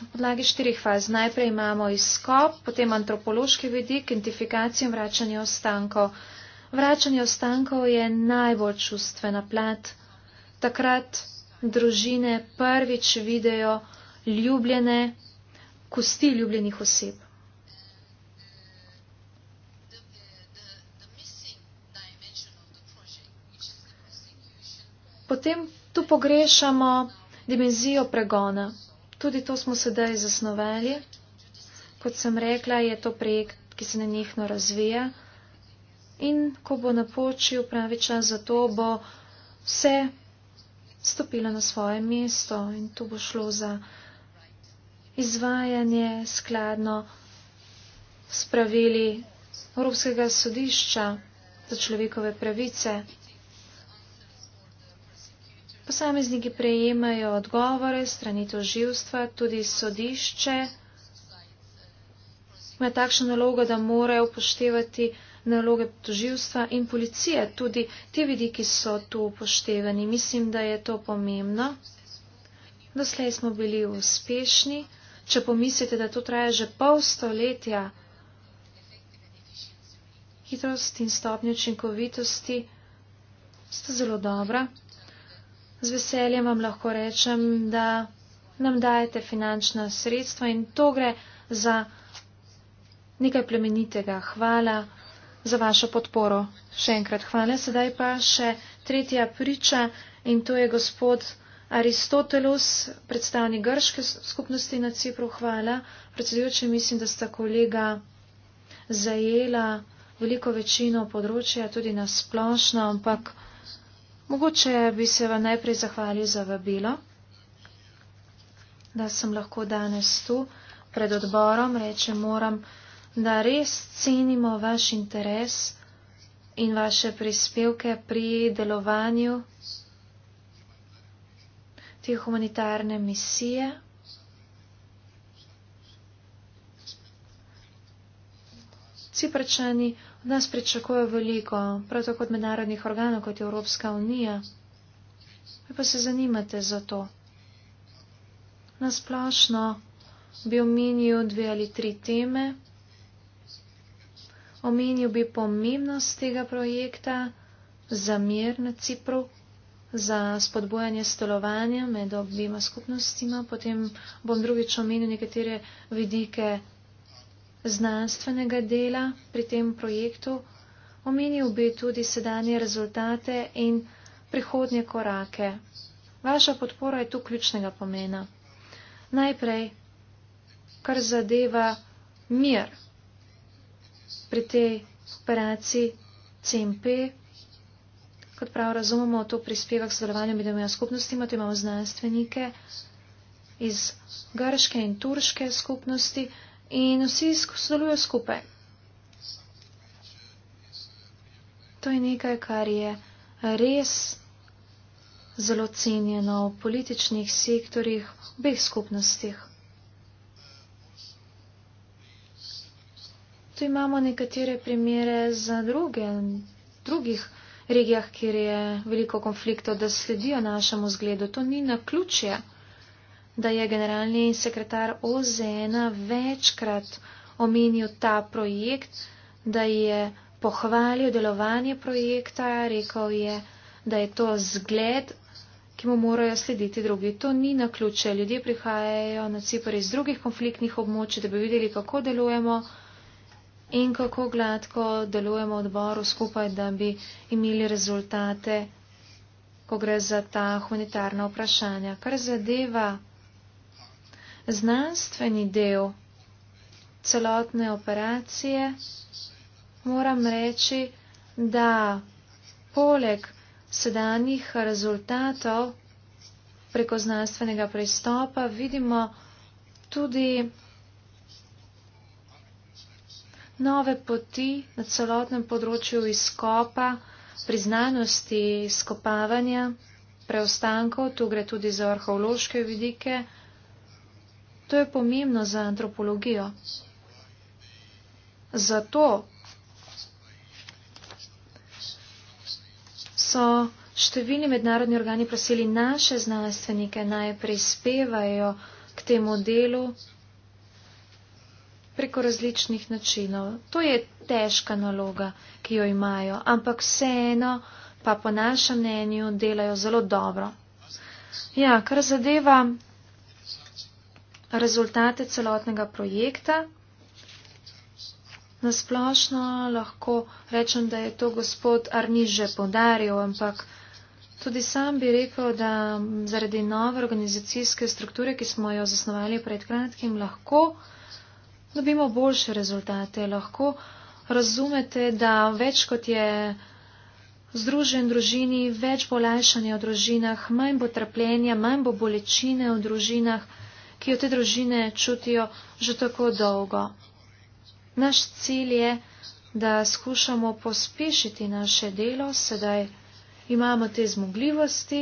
B: na podlagi štirih faz. Najprej imamo izkop, potem antropološki vidik, identifikacijo in vračanje ostankov. Vračanje ostankov je najbolj čustvena plat. Takrat družine prvič vidijo ljubljene, kosti ljubljenih oseb. Potem tu pogrešamo dimenzijo pregona. Tudi to smo sedaj zasnoveli. Kot sem rekla, je to projekt, ki se nenehno razvija. In ko bo napočil pravi čas za to, bo vse stopilo na svoje mesto in to bo šlo za izvajanje skladno s pravili Evropskega sodišča za človekove pravice. Posamezniki prejemajo odgovore strani toživstva, tudi sodišče ima takšno nalogo, da morajo upoštevati naloge toživstva in policije. Tudi ti vidiki so tu upoštevani. Mislim, da je to pomembno. Doslej smo bili uspešni. Če pomislite, da to traja že pol stoletja, hitrost in stopnje učinkovitosti sta zelo dobra. Z veseljem vam lahko rečem, da nam dajete finančna sredstva in to gre za nekaj plemenitega. Hvala za vašo podporo. Še enkrat hvala. Sedaj pa še tretja priča in to je gospod Aristotelus, predstavnik grške skupnosti na Cipru. Hvala. Predsedujoče, mislim, da sta kolega zajela veliko večino področja, tudi na splošno, ampak. Mogoče bi se vam najprej zahvalil za vabilo, da sem lahko danes tu pred odborom. Rečem moram, da res cenimo vaš interes in vaše prispevke pri delovanju te humanitarne misije. Ciprčani Nas pričakuje veliko, prav tako od mednarodnih organov, kot je Evropska unija. Vi pa se zanimate za to. Nasplošno bi omenil dve ali tri teme. Omenil bi pomembnost tega projekta za mir na Cipru, za spodbojanje stolovanja med obima skupnostima. Potem bom drugič omenil nekatere vidike znanstvenega dela pri tem projektu, omenil bi tudi sedanje rezultate in prihodnje korake. Vaša podpora je tu ključnega pomena. Najprej, kar zadeva mir pri tej operaciji CMP, kot prav razumemo, to prispeva k sodelovanju med dvema skupnostima, tu imamo znanstvenike iz grške in turške skupnosti, in vsi sodelujo skupaj. To je nekaj, kar je res zelo cenjeno v političnih sektorjih obeh skupnostih. Tu imamo nekatere primere za druge, drugih regijah, kjer je veliko konfliktov, da sledijo našemu zgledu. To ni na ključje da je generalni sekretar OZN večkrat omenil ta projekt, da je pohvalil delovanje projekta, rekel je, da je to zgled, ki mu morajo slediti drugi. To ni na ključe. Ljudje prihajajo na Cipr iz drugih konfliktnih območij, da bi videli, kako delujemo in kako gladko delujemo odboru skupaj, da bi imeli rezultate, ko gre za ta humanitarna vprašanja. Kar zadeva znanstveni del celotne operacije, moram reči, da poleg sedanjih rezultatov preko znanstvenega pristopa vidimo tudi nove poti na celotnem področju izkopa, priznanosti izkopavanja preostankov, tu gre tudi za arheološke vidike, To je pomembno za antropologijo. Zato so številni mednarodni organi prosili naše znanstvenike naj prispevajo k temu delu preko različnih načinov. To je težka naloga, ki jo imajo, ampak vseeno pa po našem mnenju delajo zelo dobro. Ja, kar zadeva rezultate celotnega projekta. Nasplošno lahko rečem, da je to gospod Arni že podaril, ampak tudi sam bi rekel, da zaradi nove organizacijske strukture, ki smo jo zasnovali pred kratkim, lahko dobimo boljše rezultate. Lahko razumete, da več kot je združen družini, več bo lajšanje v družinah, manj bo trpljenja, manj bo bolečine v družinah ki jo te družine čutijo že tako dolgo. Naš cilj je, da skušamo pospešiti naše delo, sedaj imamo te zmogljivosti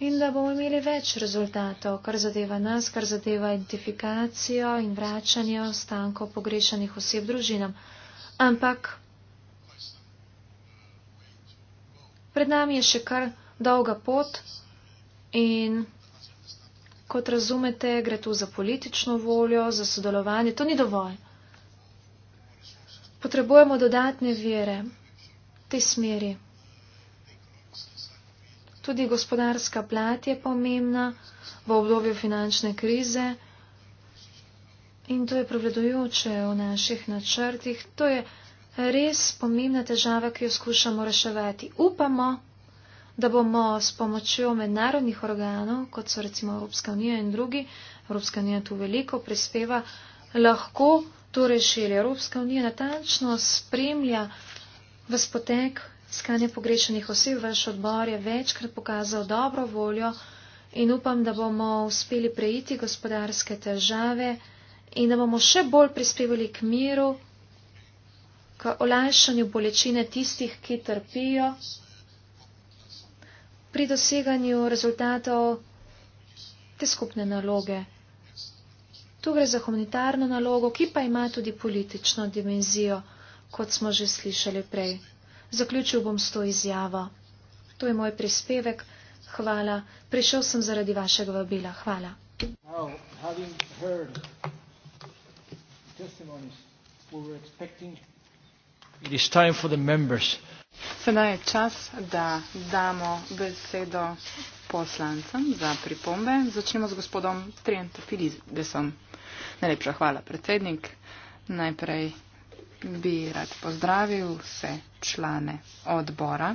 B: in da bomo imeli več rezultatov, kar zadeva nas, kar zadeva identifikacijo in vračanje ostankov pogrešanih oseb družinam. Ampak pred nami je še kar dolga pot in kot razumete, gre tu za politično voljo, za sodelovanje. To ni dovolj. Potrebujemo dodatne vere v tej smeri. Tudi gospodarska plat je pomembna v obdobju finančne krize in to je prevladujoče v naših načrtih. To je res pomembna težava, ki jo skušamo reševati. Upamo, da bomo s pomočjo mednarodnih organov, kot so recimo Evropska unija in drugi, Evropska unija tu veliko prispeva, lahko to rešili. Evropska unija natančno spremlja vzpotek iskanja pogrešenih oseb, vaš odbor je večkrat pokazal dobro voljo in upam, da bomo uspeli prejiti gospodarske težave in da bomo še bolj prispevali k miru, k olajšanju bolečine tistih, ki trpijo pri doseganju rezultatov te skupne naloge. Tu gre za humanitarno nalogo, ki pa ima tudi politično dimenzijo, kot smo že slišali prej. Zaključil bom s to izjavo. To je moj prispevek. Hvala. Prišel sem zaradi vašega vabila. Hvala.
A: Now,
C: Sedaj je čas, da damo besedo poslancem za pripombe. Začnemo z gospodom Trent Filizdesom. Najlepša hvala, predsednik. Najprej bi rad pozdravil vse člane odbora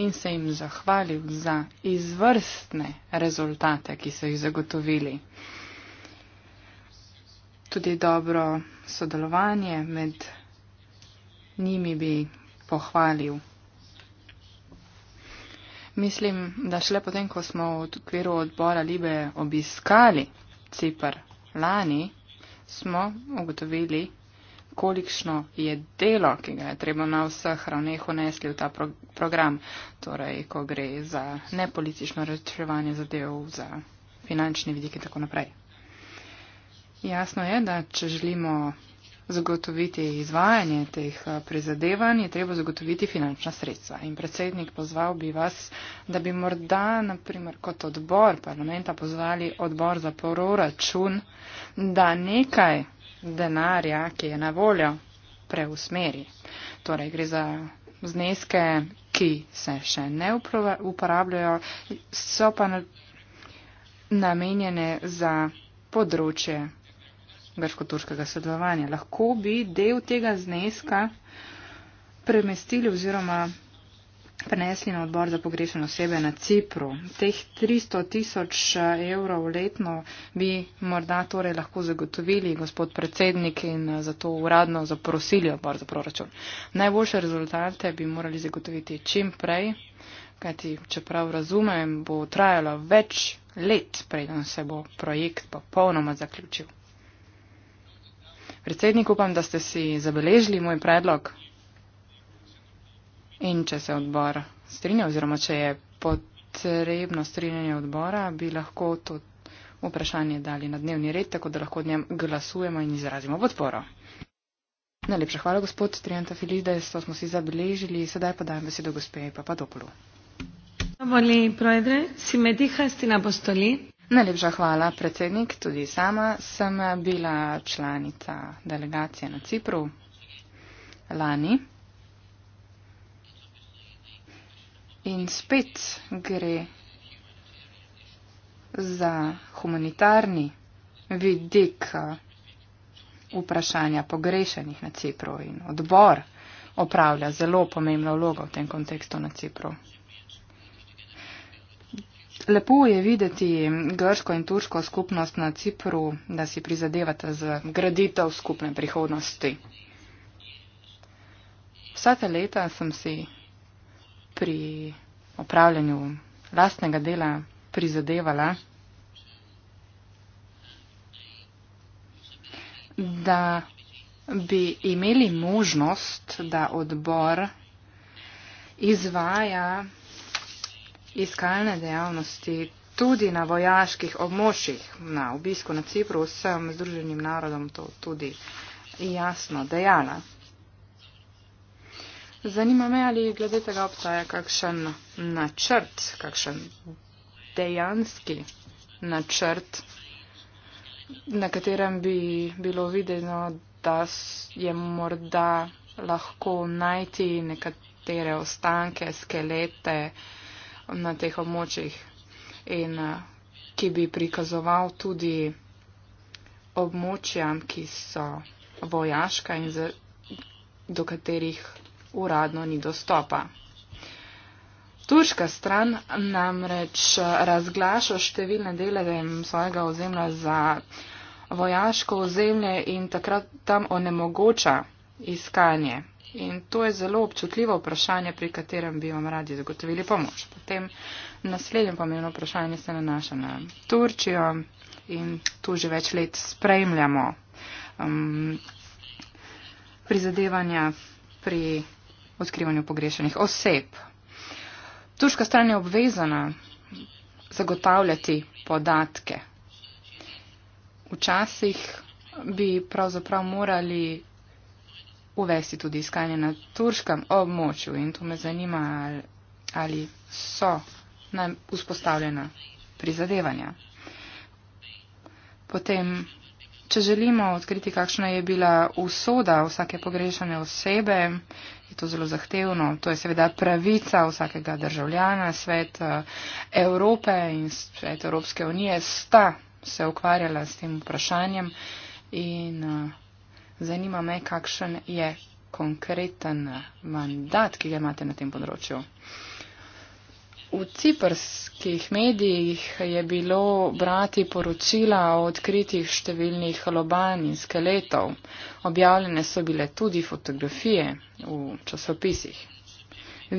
C: in se jim zahvalil za izvrstne rezultate, ki so jih zagotovili. Tudi dobro sodelovanje med njimi bi pohvalil. Mislim, da šele potem, ko smo v okviru odbora Libe obiskali Cipr lani, smo ugotovili, kolikšno je delo, ki ga je treba na vseh ravneh unesli v ta pro program. Torej, ko gre za nepolitično razčevanje zadev, za finančni vidik in tako naprej. Jasno je, da če želimo zagotoviti izvajanje teh eh, prizadevanj, je treba zagotoviti finančna sredstva. In predsednik pozval bi vas, da bi morda, naprimer, kot odbor parlamenta pozvali odbor za proračun, da nekaj denarja, ki je na voljo, preusmeri. Torej, gre za zneske, ki se še ne uporabljajo, so pa namenjene za področje brškoturškega sodelovanja. Lahko bi del tega zneska premestili oziroma prenesli na odbor za pogrešene osebe na Cipru. Teh 300 tisoč eh, evrov letno bi morda torej lahko zagotovili gospod predsednik in eh, za to uradno zaprosili odbor za proračun. Najboljše rezultate bi morali zagotoviti čim prej, kajti čeprav razumem, bo trajalo več let, preden se bo projekt popolnoma zaključil. Predsednik, upam, da ste si zabeležili moj predlog in če se odbor strinja oziroma če je potrebno strinjanje odbora, bi lahko to vprašanje dali na dnevni red, tako da lahko o njem glasujemo in izrazimo podporo. Najlepša hvala, gospod Trianta Filides, to smo si zabeležili. Sedaj pa dajem besedo gospe Papadopolu. Hvala, gospod Trianta Filides, to smo si zabeležili. Najlepša hvala, predsednik. Tudi sama sem bila članica delegacije na Cipru lani. In spet gre za humanitarni vidik vprašanja pogrešenih na Cipru in odbor opravlja zelo pomembno vlogo v tem kontekstu na Cipru lepo je videti grško in turško skupnost na Cipru, da si prizadevate za graditev skupne prihodnosti. Vsa ta leta sem si pri opravljanju lastnega dela prizadevala, da bi imeli možnost, da odbor izvaja iskalne dejavnosti tudi na vojaških območjih, na obisku na Cipru, vsem združenim narodom to tudi jasno dejala. Zanima me, ali glede tega obstaja kakšen načrt, kakšen dejanski načrt, na katerem bi bilo videno, da je morda lahko najti nekatere ostanke, skelete, uh, na teh območjih in eh, ki bi prikazoval tudi območjam, ki so vojaška in za, do katerih uradno ni dostopa. Turška stran namreč eh, razglaša številne dele svojega ozemlja za vojaško ozemlje in takrat tam onemogoča iskanje. In to je zelo občutljivo vprašanje, pri katerem bi vam radi zagotovili pomoč. Potem naslednje pomembno vprašanje se nanaša na Turčijo in tu že več let spremljamo um, prizadevanja pri odkrivanju pogrešenih oseb. Turška stran je obvezana zagotavljati podatke. Včasih bi pravzaprav morali uvesti tudi iskanje na turškem območju in to me zanima, ali so naj vzpostavljena prizadevanja. Potem, če želimo odkriti, kakšna je bila usoda vsake pogrešane osebe, je to zelo zahtevno. To je seveda pravica vsakega državljana, svet eh, Evrope in svet Evropske unije sta se ukvarjala s tem vprašanjem in uh, Zanima me, kakšen je konkreten mandat, ki ga imate na tem področju. V ciprskih medijih je bilo brati poročila o odkritih številnih lobanj in skeletov. Objavljene so bile tudi fotografije v časopisih.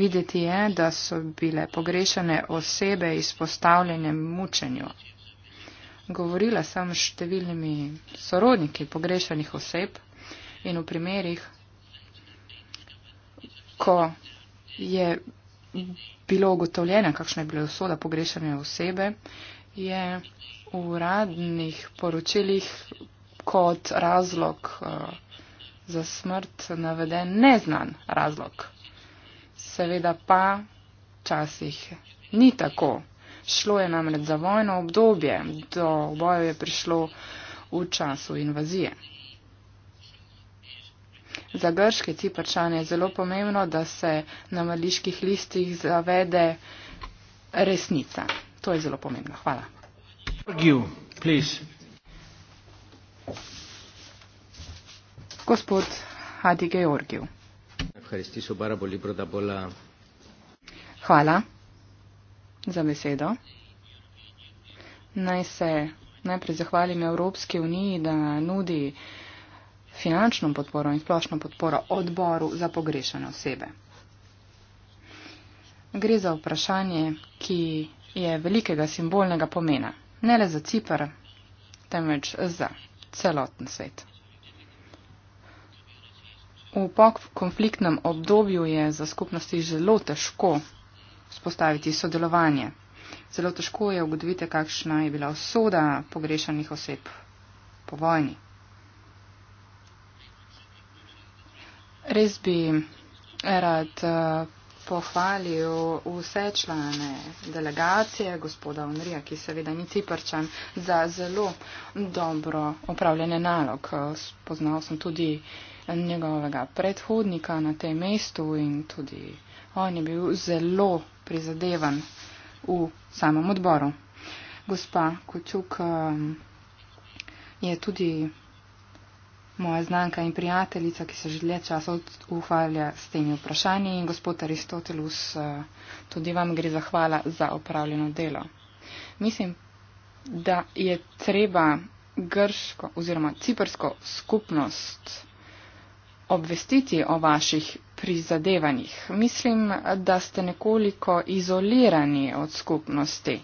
C: Videti je, da so bile pogrešane osebe izpostavljene mučenju. Govorila sem s številnimi sorodniki pogrešanih oseb in v primerih, ko je bilo ugotovljeno, kakšna je bila usoda pogrešene osebe, je v uradnih poročilih kot razlog eh, za smrt naveden neznan razlog. Seveda pa časih ni tako. Šlo je namreč za vojno obdobje, do obojo je prišlo v času invazije za grške cipračane je zelo pomembno, da se na maliških listih zavede resnica. To je zelo pomembno. Hvala. You, Gospod Hadi Georgiju. Hvala za besedo. Naj se najprej zahvalim Evropski uniji, da nudi finančno podporo in splošno podporo odboru za pogrešene osebe. Gre za vprašanje, ki je velikega simbolnega pomena, ne le za Cipr, temveč za celoten svet. V konfliktnem obdobju je za skupnosti zelo težko spostaviti sodelovanje. Zelo težko je ugotoviti, kakšna je bila usoda pogrešanih oseb po vojni. Res bi rad uh, pohvalil vse člane delegacije, gospoda Unrija, ki seveda ni ciprčan, za zelo dobro opravljanje nalog. Eh, spoznal sem tudi njegovega predhodnika na tem mestu in tudi on je bil zelo prizadevan v samem odboru. Gospa Kočuk eh, je tudi moja znanka in prijateljica, ki se že dlje časa ufalja s temi vprašanji in gospod Aristotelus, eh, tudi vam gre zahvala za opravljeno delo. Mislim, da je treba grško oziroma ciprsko skupnost obvestiti o vaših prizadevanjih. Mislim, da ste nekoliko izolirani od skupnosti. Uh,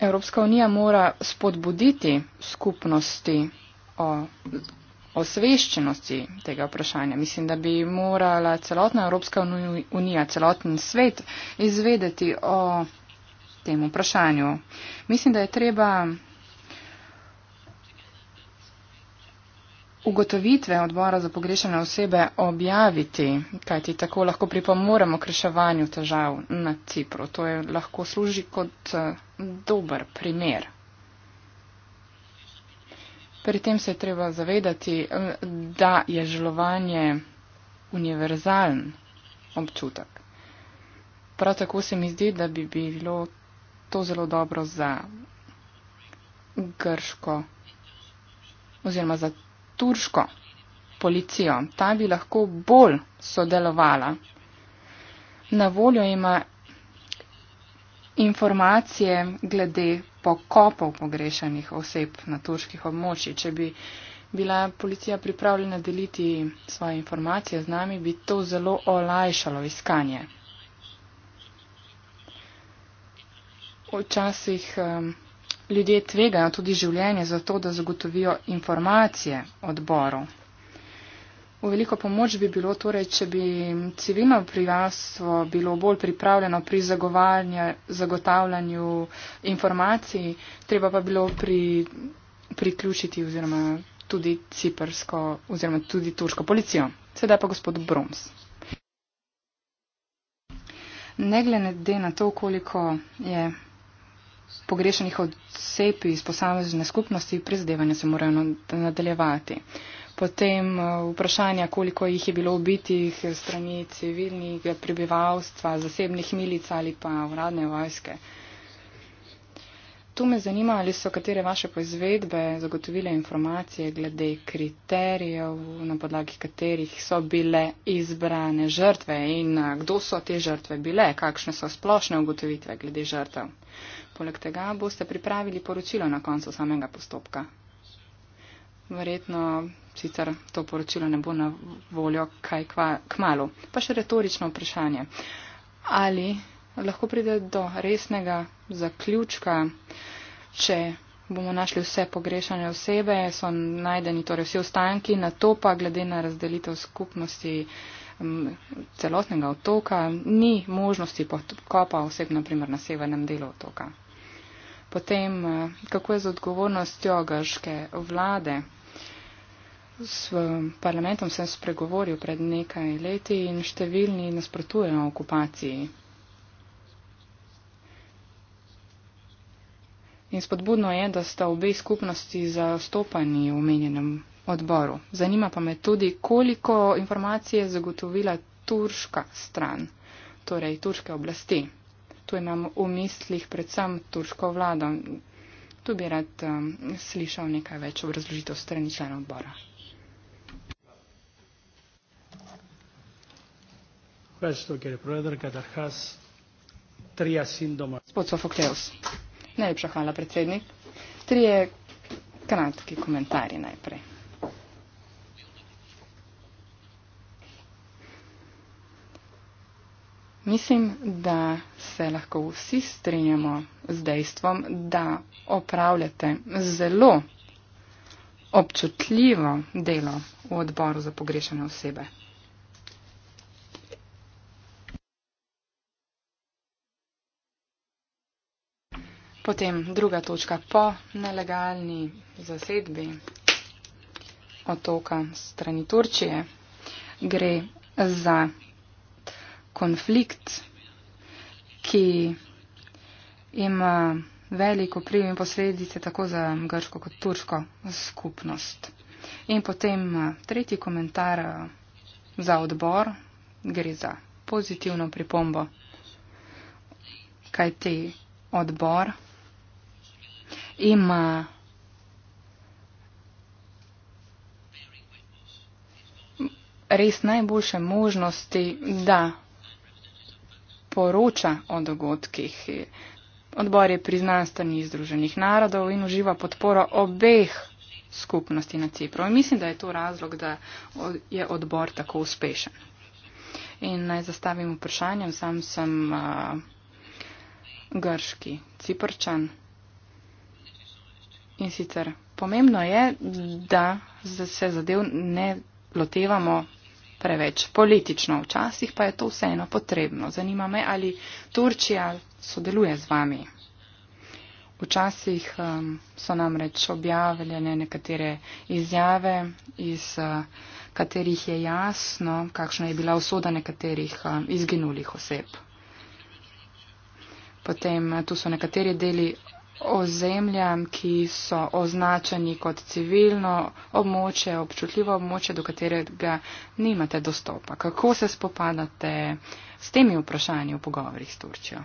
C: Evropska unija mora spodbuditi skupnosti o osveščenosti tega vprašanja. Mislim, da bi morala celotna Evropska unija, celoten svet izvedeti o tem vprašanju. Mislim, da je treba ugotovitve odbora za pogrešene osebe objaviti, kajti tako lahko pripomoremo k reševanju težav na Cipru. To je, lahko služi kot eh, dober primer. Pri tem se je treba zavedati, eh, da je želovanje univerzalen občutek. Prav tako se mi zdi, da bi bilo to zelo dobro za grško oziroma za turško policijo. Ta bi lahko bolj sodelovala. Na voljo ima informacije glede pokopov pogrešanih oseb na turških območjih. Če bi bila policija pripravljena deliti svoje informacije z nami, bi to zelo olajšalo iskanje. Včasih um, ljudje tvegajo tudi življenje za to, da zagotovijo informacije odboru. V veliko pomoč bi bilo torej, če bi civilno prijavstvo bilo bolj pripravljeno pri zagotavljanju informacij, treba pa bilo pri, priključiti oziroma tudi ciprsko oziroma tudi turško policijo. Sedaj pa gospod Broms. Ne glede na to, koliko je pogrešanih odsepi iz posamezne skupnosti prizadevanja se morajo nadaljevati. Potem eh, vprašanja, koliko jih je bilo ubitih strani civilnih prebivalstva, zasebnih milic ali pa uradne vojske tu me zanima, ali so katere vaše poizvedbe zagotovile informacije glede kriterijev, na podlagi katerih so bile izbrane žrtve in kdo so te žrtve bile, kakšne so splošne ugotovitve glede žrtev. Poleg tega boste pripravili poročilo na koncu samega postopka. Verjetno sicer to poročilo ne bo na voljo kaj kmalo. Pa še retorično vprašanje. Ali lahko pride do resnega zaključka, če bomo našli vse pogrešane osebe, so najdeni torej vsi ostanki, na to pa glede na razdelitev skupnosti celotnega otoka ni možnosti podkopa oseb, naprimer na severnem delu otoka. Potem, eh, kako je z odgovornostjo grške vlade? S eh, parlamentom sem spregovoril pred nekaj leti in številni nasprotujejo okupaciji In spodbudno je, da sta obe skupnosti zastopani v omenjenem odboru. Zanima pa me tudi, koliko informacije je zagotovila turška stran, torej turške oblasti. Tu imam v mislih predvsem turško vlado. Tu bi rad um, slišal nekaj več obrazložitev strani člana odbora. Gospod Sofokleus. Najlepša hvala, predsednik. Trije kratki komentarji najprej. Mislim, da se lahko vsi strinjamo z dejstvom, da opravljate zelo občutljivo delo v odboru za pogrešene osebe. Potem druga točka po nelegalni zasedbi otoka strani Turčije gre za konflikt, ki ima veliko priv in posledice tako za grško kot turško skupnost. In potem eh, tretji komentar eh, za odbor gre za pozitivno pripombo, kaj ti odbor има res najboljše možnosti, da poroča o dogodkih. Odbor je pri znanstveni združenih narodov in uživa podporo obeh skupnosti na Cipru. In mislim, da je to razlog, da je odbor tako uspešen. In naj zastavim vprašanje, sam sem uh, grški ciprčan. In sicer pomembno je, da se zadev ne lotevamo preveč politično. Včasih pa je to vseeno potrebno. Zanima me, ali Turčija sodeluje z vami. Včasih um, so namreč objavljene nekatere izjave, iz uh, katerih je jasno, kakšna je bila usoda nekaterih um, izginulih oseb. Potem tu so nekateri deli ozemljam, ki so označeni kot civilno območje, občutljivo območje, do katerega nimate dostopa. Kako se spopadate s temi vprašanji v pogovorih s Turčijo?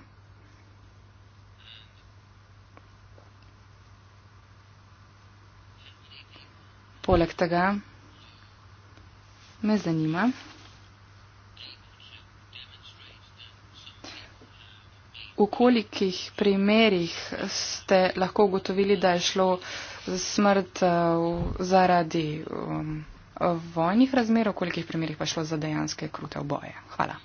C: Poleg tega me zanima, v kolikih primerjih ste lahko ugotovili, da je šlo smrt eh, zaradi um, vojnih razmer, v kolikih primerjih pa je šlo za dejanske krute oboje? Hvala.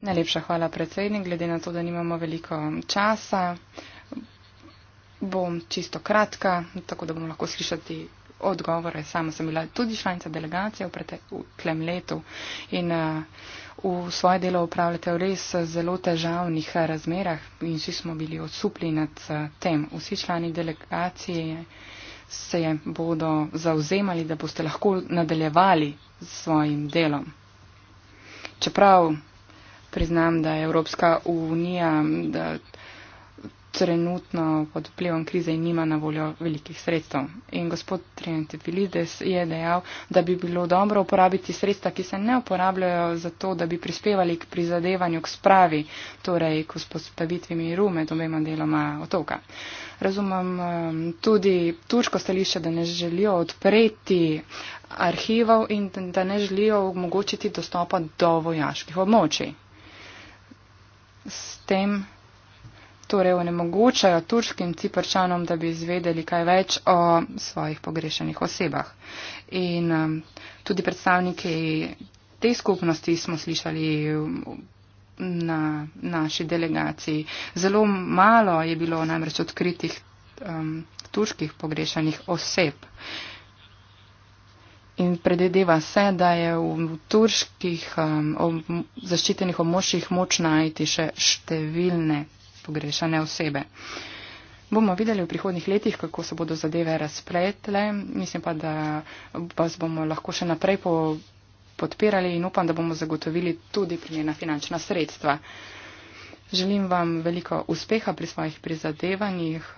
C: Najlepša hvala, predsednik. Glede na to, da nimamo veliko um, časa, bom čisto kratka, tako da bom lahko slišati odgovore. Sama sem bila tudi članica delegacije v, v klem letu in uh, v svoje delo upravljate v res zelo težavnih razmerah in vsi smo bili odsupli nad eh, tem. Vsi člani delegacije se bodo zauzemali, da boste lahko nadaljevali s svojim delom. Čeprav priznam, da je Evropska unija. Da, trenutno pod vplivom krize in nima na voljo velikih sredstev. In gospod Trientefilides je dejal, da bi bilo dobro uporabiti sredstva, ki se ne uporabljajo za to, da bi prispevali k prizadevanju, k spravi, torej k vzpostavitvi miru med obema deloma otoka. Razumem tudi turško stališče, da ne želijo odpreti arhivov in da ne želijo omogočiti dostopa do vojaških območij. S tem torej onemogočajo turškim ciprčanom, da bi izvedeli kaj več o svojih pogrešenih osebah. In um, tudi predstavniki te skupnosti smo slišali um, na naši delegaciji. Zelo malo je bilo namreč odkritih um, turških pogrešenih oseb. In predvideva se, da je v turških um, ob, zaščitenih območjih moč najti še številne pogrešane osebe. Bomo videli v prihodnih letih, kako se bodo zadeve razpletle. Mislim pa, da vas bomo lahko še naprej po podpirali in upam, da bomo zagotovili tudi pri njena finančna sredstva. Želim vam veliko uspeha pri svojih prizadevanjih.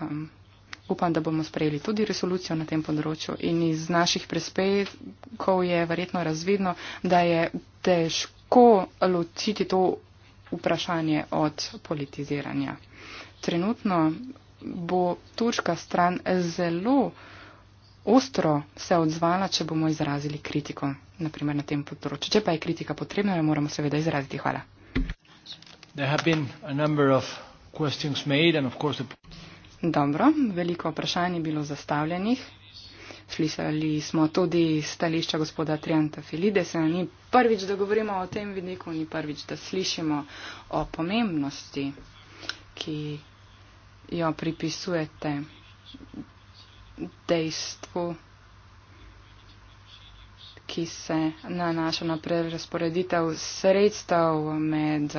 C: Upam, da bomo sprejeli tudi resolucijo na tem področju in iz naših prispevkov je verjetno razvidno, da je težko ločiti to vprašanje od politiziranja. Trenutno bo turška stran zelo ostro se odzvala, če bomo izrazili kritiko, naprimer na tem področju. Če pa je kritika potrebna, jo moramo seveda izraziti. Hvala. Dobro, veliko vprašanj je bilo zastavljenih. Slišali smo tudi stališča gospoda Trianta Filidesa. Ni prvič, da govorimo o tem vidiku, ni prvič, da slišimo o pomembnosti, ki jo pripisujete dejstvu, ki se nanaša na prerasporeditev sredstev med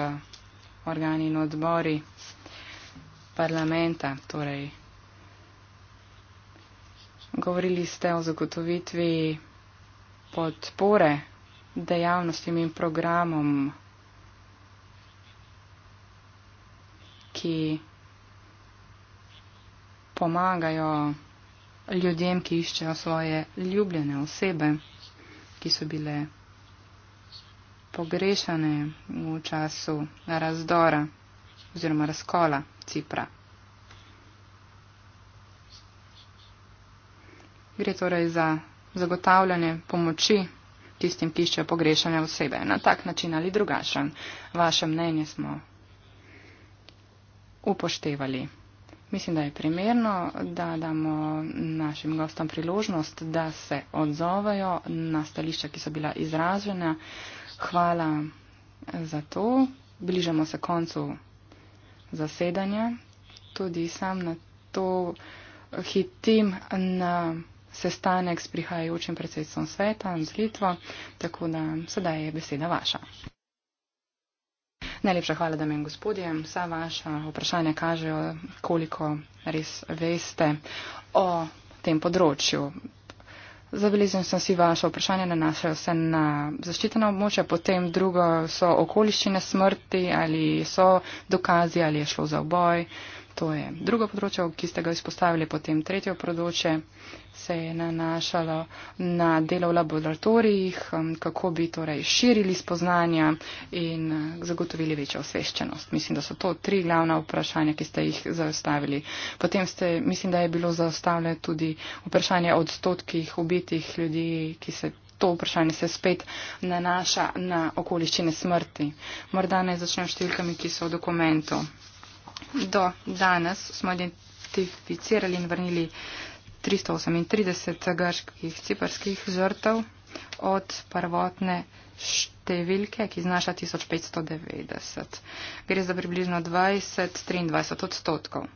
C: organi in odbori parlamenta, torej Govorili ste o zagotovitvi podpore dejavnostim in programom, ki pomagajo ljudem, ki iščejo svoje ljubljene osebe, ki so bile pogrešane v času razdora oziroma razkola Cipra. Gre torej za zagotavljanje pomoči tistim, ki iščejo pogrešanje osebe na tak način ali drugačen. Vaše mnenje smo upoštevali. Mislim, da je primerno, da damo našim gostom priložnost, da se odzovejo na stališča, ki so bila izražena. Hvala za to. Bližamo se koncu zasedanja. Tudi sam na to hitim na sestanek s prihajajočim predsedstvom sveta z Litvo, tako da sedaj je beseda vaša. Najlepša hvala, dame in gospodje. Vsa vaša vprašanja kažejo, koliko res veste o tem področju. Zabeležen sem si vaše vprašanje, nanašajo se na zaščitena območja, potem drugo so okoliščine smrti ali so dokazi ali je šlo za oboj. To je drugo področje, ki ste ga izpostavili. Potem tretje področje se je nanašalo na delo v laboratorijih, um, kako bi torej širili spoznanja in uh, zagotovili večjo osveščenost. Mislim, da so to tri glavna vprašanja, ki ste jih zaostavili. Potem ste, mislim, da je bilo zaostavljeno tudi vprašanje o odstotkih ubitih ljudi, ki se. To vprašanje se spet nanaša na okoliščine smrti. Morda naj začnem s številkami, ki so v dokumentu do danes smo identificirali in vrnili 338 grških ciperskih žrtev od prvotne številke, ki znaša 1590. Gre za približno 20-23 odstotkov.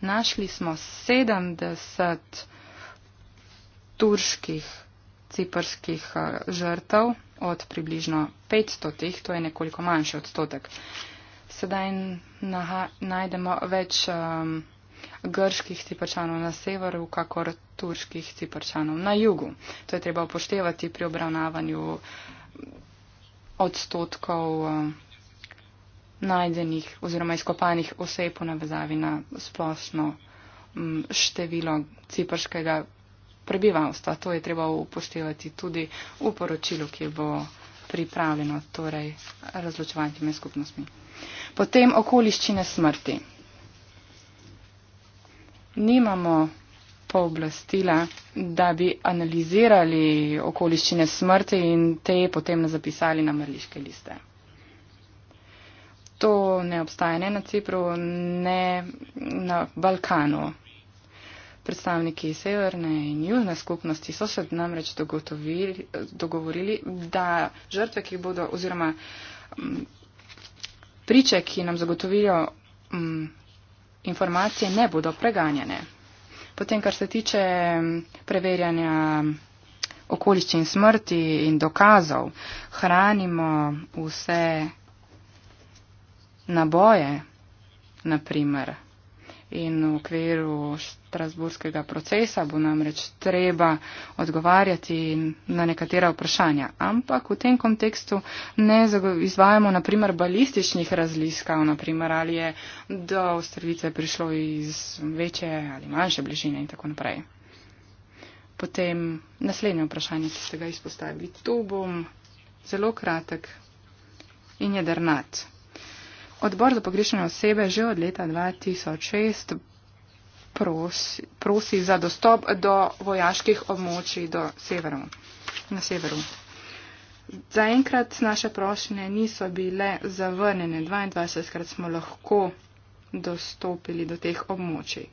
C: Našli smo 70 turških ciperskih eh, žrtev od približno 500 teh, to je nekoliko manjši odstotek sedaj najdemo več um, grških ciprčanov na severu, kakor turških ciprčanov na jugu. To je treba upoštevati pri obravnavanju odstotkov um, najdenih oziroma izkopanih vsej po navezavi na splošno um, število ciprškega prebivalstva. To je treba upoštevati tudi v poročilu, ki bo pripravljeno torej, razločevanje med skupnostmi. Potem okoliščine smrti. Nimamo pooblastila, da bi analizirali okoliščine smrti in te potem ne zapisali na mrliške liste. To ne obstaja ne na Cipru, ne na Balkanu. Predstavniki severne in južne skupnosti so se namreč dogovorili, da žrtve, ki bodo oziroma mm, priče, ki nam zagotovijo mm, informacije, ne bodo preganjene. Potem, kar se tiče mm, preverjanja okoliščin smrti in dokazov, hranimo vse naboje, naprimer in v okviru strasburskega procesa bo namreč treba odgovarjati na nekatera vprašanja. Ampak v tem kontekstu ne izvajamo naprimer balističnih razliskav, naprimer ali je do ustrelitve prišlo iz večje ali manjše bližine in tako naprej. Potem naslednje vprašanje, ki ste ga izpostavili. Tu bom zelo kratek in jedrnat. Odbor za pogrešene osebe že od leta 2006 prosi, prosi za dostop do vojaških območij do severu, na severu. Zaenkrat naše prošnje niso bile zavrnjene, 22 krat smo lahko dostopili do teh območij.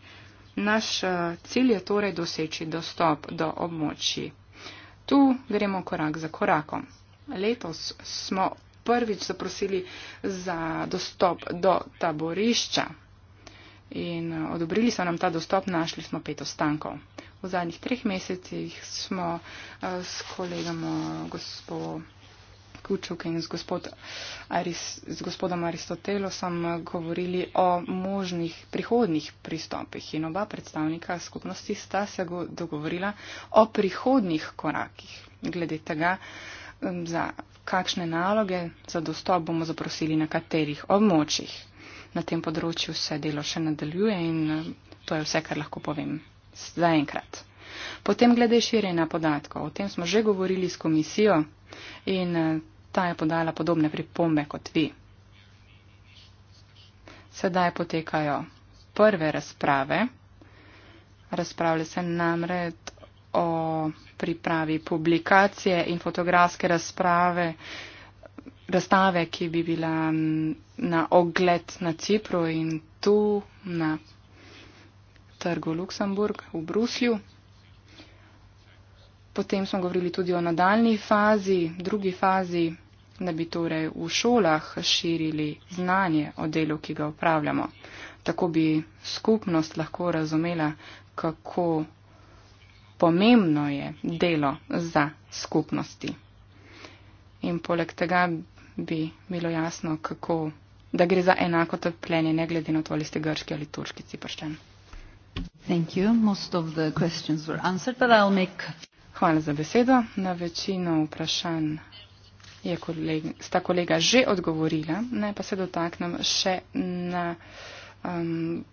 C: Naš eh, cilj je torej doseči dostop do območij. Tu gremo korak za korakom. Letos smo prvič zaprosili za dostop do taborišča in eh, odobrili so nam ta dostop, našli smo pet ostankov. V zadnjih treh mesecih smo eh, s kolegom eh, gospod Kučuk in z, gospod Aris, z gospodom Aristotelosom govorili o možnih prihodnih pristopih in oba predstavnika skupnosti sta se dogovorila o prihodnih korakih glede tega, za kakšne naloge za dostop bomo zaprosili na katerih območjih. Na tem področju se delo še nadaljuje in eh, to je vse, kar lahko povem zaenkrat. Potem glede širjenja podatkov. O tem smo že govorili s komisijo in eh, ta je podala podobne pripombe kot vi. Sedaj potekajo prve razprave. Razpravlja se namreč o pripravi publikacije in fotografske razprave, razstave, ki bi bila na ogled na Cipru in tu na trgu Luksemburg v Bruslju. Potem smo govorili tudi o nadaljni fazi, drugi fazi, da bi torej v šolah širili znanje o delu, ki ga upravljamo. Tako bi skupnost lahko razumela, kako pomembno je delo za skupnosti. In poleg tega bi bilo jasno, kako, da gre za enako trpljenje, ne glede na to, ali ste grški ali turški ciprščan. Hvala za besedo. Na večino vprašanj je koleg, sta kolega že odgovorila. Naj pa se dotaknem še na. Um,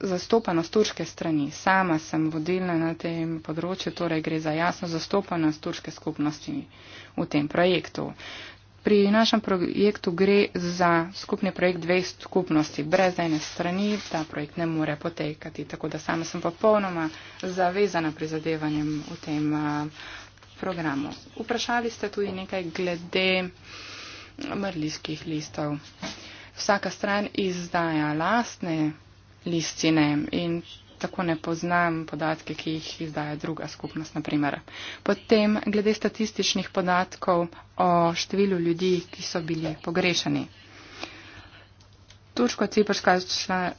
C: zastopanost turške strani. Sama sem vodilna na tem področju, torej gre za jasno zastopanost turške skupnosti v tem projektu. Pri našem projektu gre za skupni projekt dveh skupnosti. Brez ene strani ta projekt ne more potekati, tako da sama sem popolnoma zavezana prizadevanjem v tem a, programu. Vprašali ste tudi nekaj glede mrliških listov. Vsaka stran izdaja lastne listine in tako ne poznam podatke, ki jih izdaja druga skupnost, naprimer. Potem, glede statističnih podatkov o številu ljudi, ki so bili pogrešani. Turško-ciprska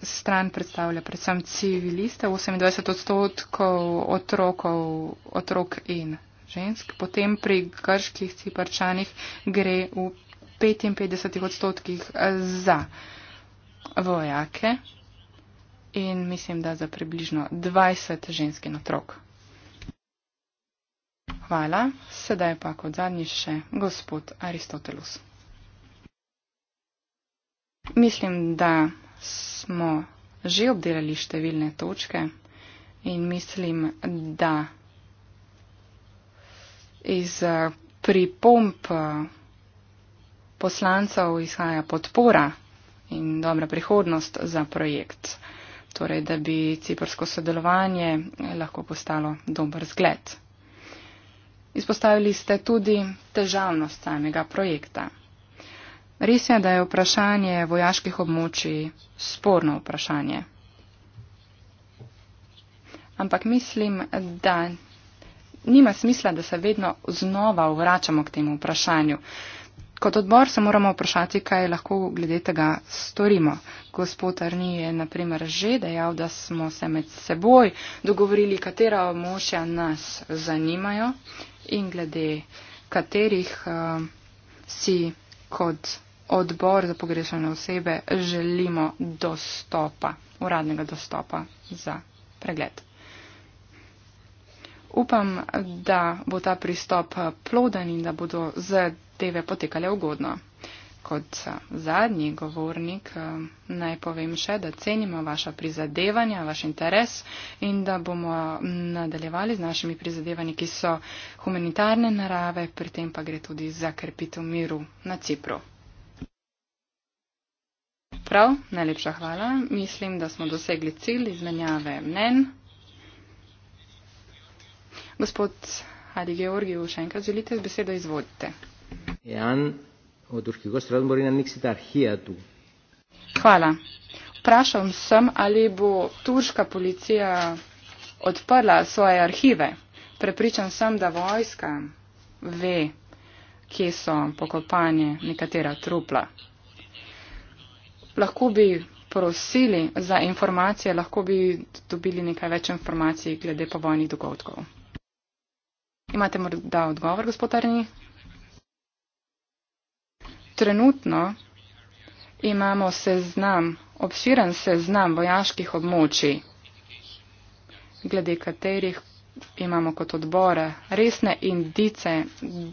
C: stran predstavlja predvsem civiliste, 28 odstotkov otrokov, otrok in žensk. Potem pri grških ciprčanih gre v 55 odstotkih za vojake, in mislim, da za približno 20 žensk in otrok. Hvala. Sedaj pa kot zadnji še gospod Aristotelus. Mislim, da smo že obdelali številne točke in mislim, da iz eh, pripomp eh, poslancev izhaja podpora in dobra prihodnost za projekt torej da bi ciprsko sodelovanje lahko postalo dober zgled. Izpostavili ste tudi težavnost samega projekta. Res je, da je vprašanje vojaških območij sporno vprašanje. Ampak mislim, da nima smisla, da se vedno znova vračamo k temu vprašanju kot odbor se moramo vprašati, kaj lahko glede tega storimo. Gospod Arni je naprimer že dejal, da smo se med seboj dogovorili, katera območja nas zanimajo in glede katerih uh, si kot odbor za pogrešene osebe želimo dostopa, uradnega dostopa za pregled. Upam, da bo ta pristop eh, ploden in da bodo zadeve potekale ugodno. Kot eh, zadnji govornik eh, naj povem še, da cenimo vaša prizadevanja, vaš interes in da bomo mm, nadaljevali z našimi prizadevanji, ki so humanitarne narave, pri tem pa gre tudi za krepitev miru na Cipru. Prav, najlepša hvala. Mislim, da smo dosegli cilj izmenjave mnen. Gospod Adi Georgiju, še enkrat želite z besedo, izvolite. Hvala. Vprašal sem, ali bo turška policija odprla svoje arhive. Prepričan sem, da vojska ve, kje so pokopanje nekatera trupla. Lahko bi prosili za informacije, lahko bi dobili nekaj več informacij glede povojnih dogodkov. Imate morda odgovor, gospod Arni? Trenutno imamo seznam, obširen seznam vojaških območij, glede katerih imamo kot odbora resne indice,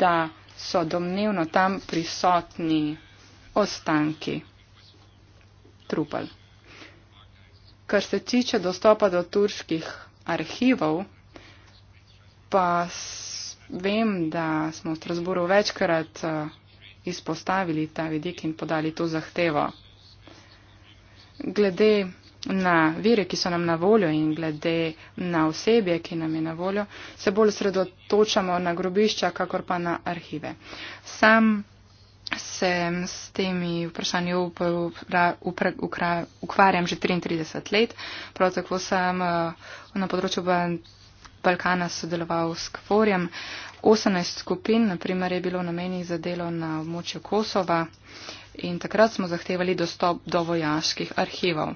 C: da so domnevno tam prisotni ostanki trupel. Kar se tiče dostopa do turških arhivov, pa vem, da smo v Strasburu večkrat eh, izpostavili ta vidik in podali to zahtevo. Glede na vire, ki so nam na voljo in glede na osebje, ki nam je na voljo, se bolj sredotočamo na grobišča, kakor pa na arhive. Sam sem s temi vprašanji ukvarjam že 33 let, prav tako sem eh, na področju Balkana sodeloval s Kvorjem. 18 skupin, naprimer, je bilo namenjenih za delo na območju Kosova in takrat smo zahtevali dostop do vojaških arhivov.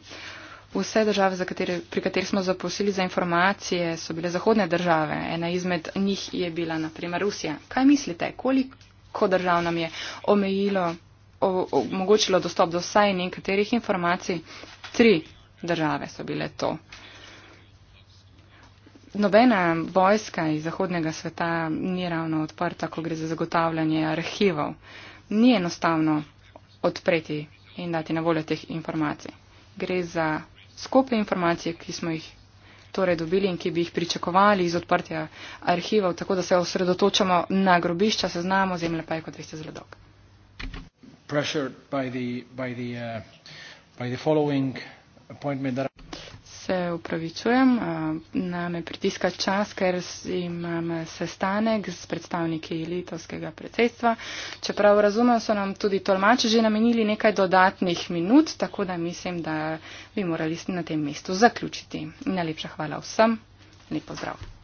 C: Vse države, katere, pri katerih smo zaprosili za informacije, so bile zahodne države. Ena izmed njih je bila naprimer Rusija. Kaj mislite, koliko držav nam je omejilo, omogočilo dostop do vsaj nekaterih informacij? Tri države so bile to. Uh, nobena vojska iz zahodnega sveta ni ravno odprta, ko gre za zagotavljanje arhivov. Ni enostavno odpreti in dati na voljo teh informacij. Gre za skupe informacije, ki smo jih torej dobili in ki bi jih pričakovali iz odprtja arhivov, tako da se osredotočamo na grobišča, se znamo, zemlja pa je kot veste zelo dolg. Pressured by the, by the, uh, by the following appointment that se upravičujem, eh, na me pritiska čas, ker imam sestanek s predstavniki litovskega predsedstva. Čeprav razumem, so nam tudi tolmači že namenili nekaj dodatnih minut, tako da mislim, da bi morali na tem mestu zaključiti. Najlepša hvala vsem, lep pozdrav.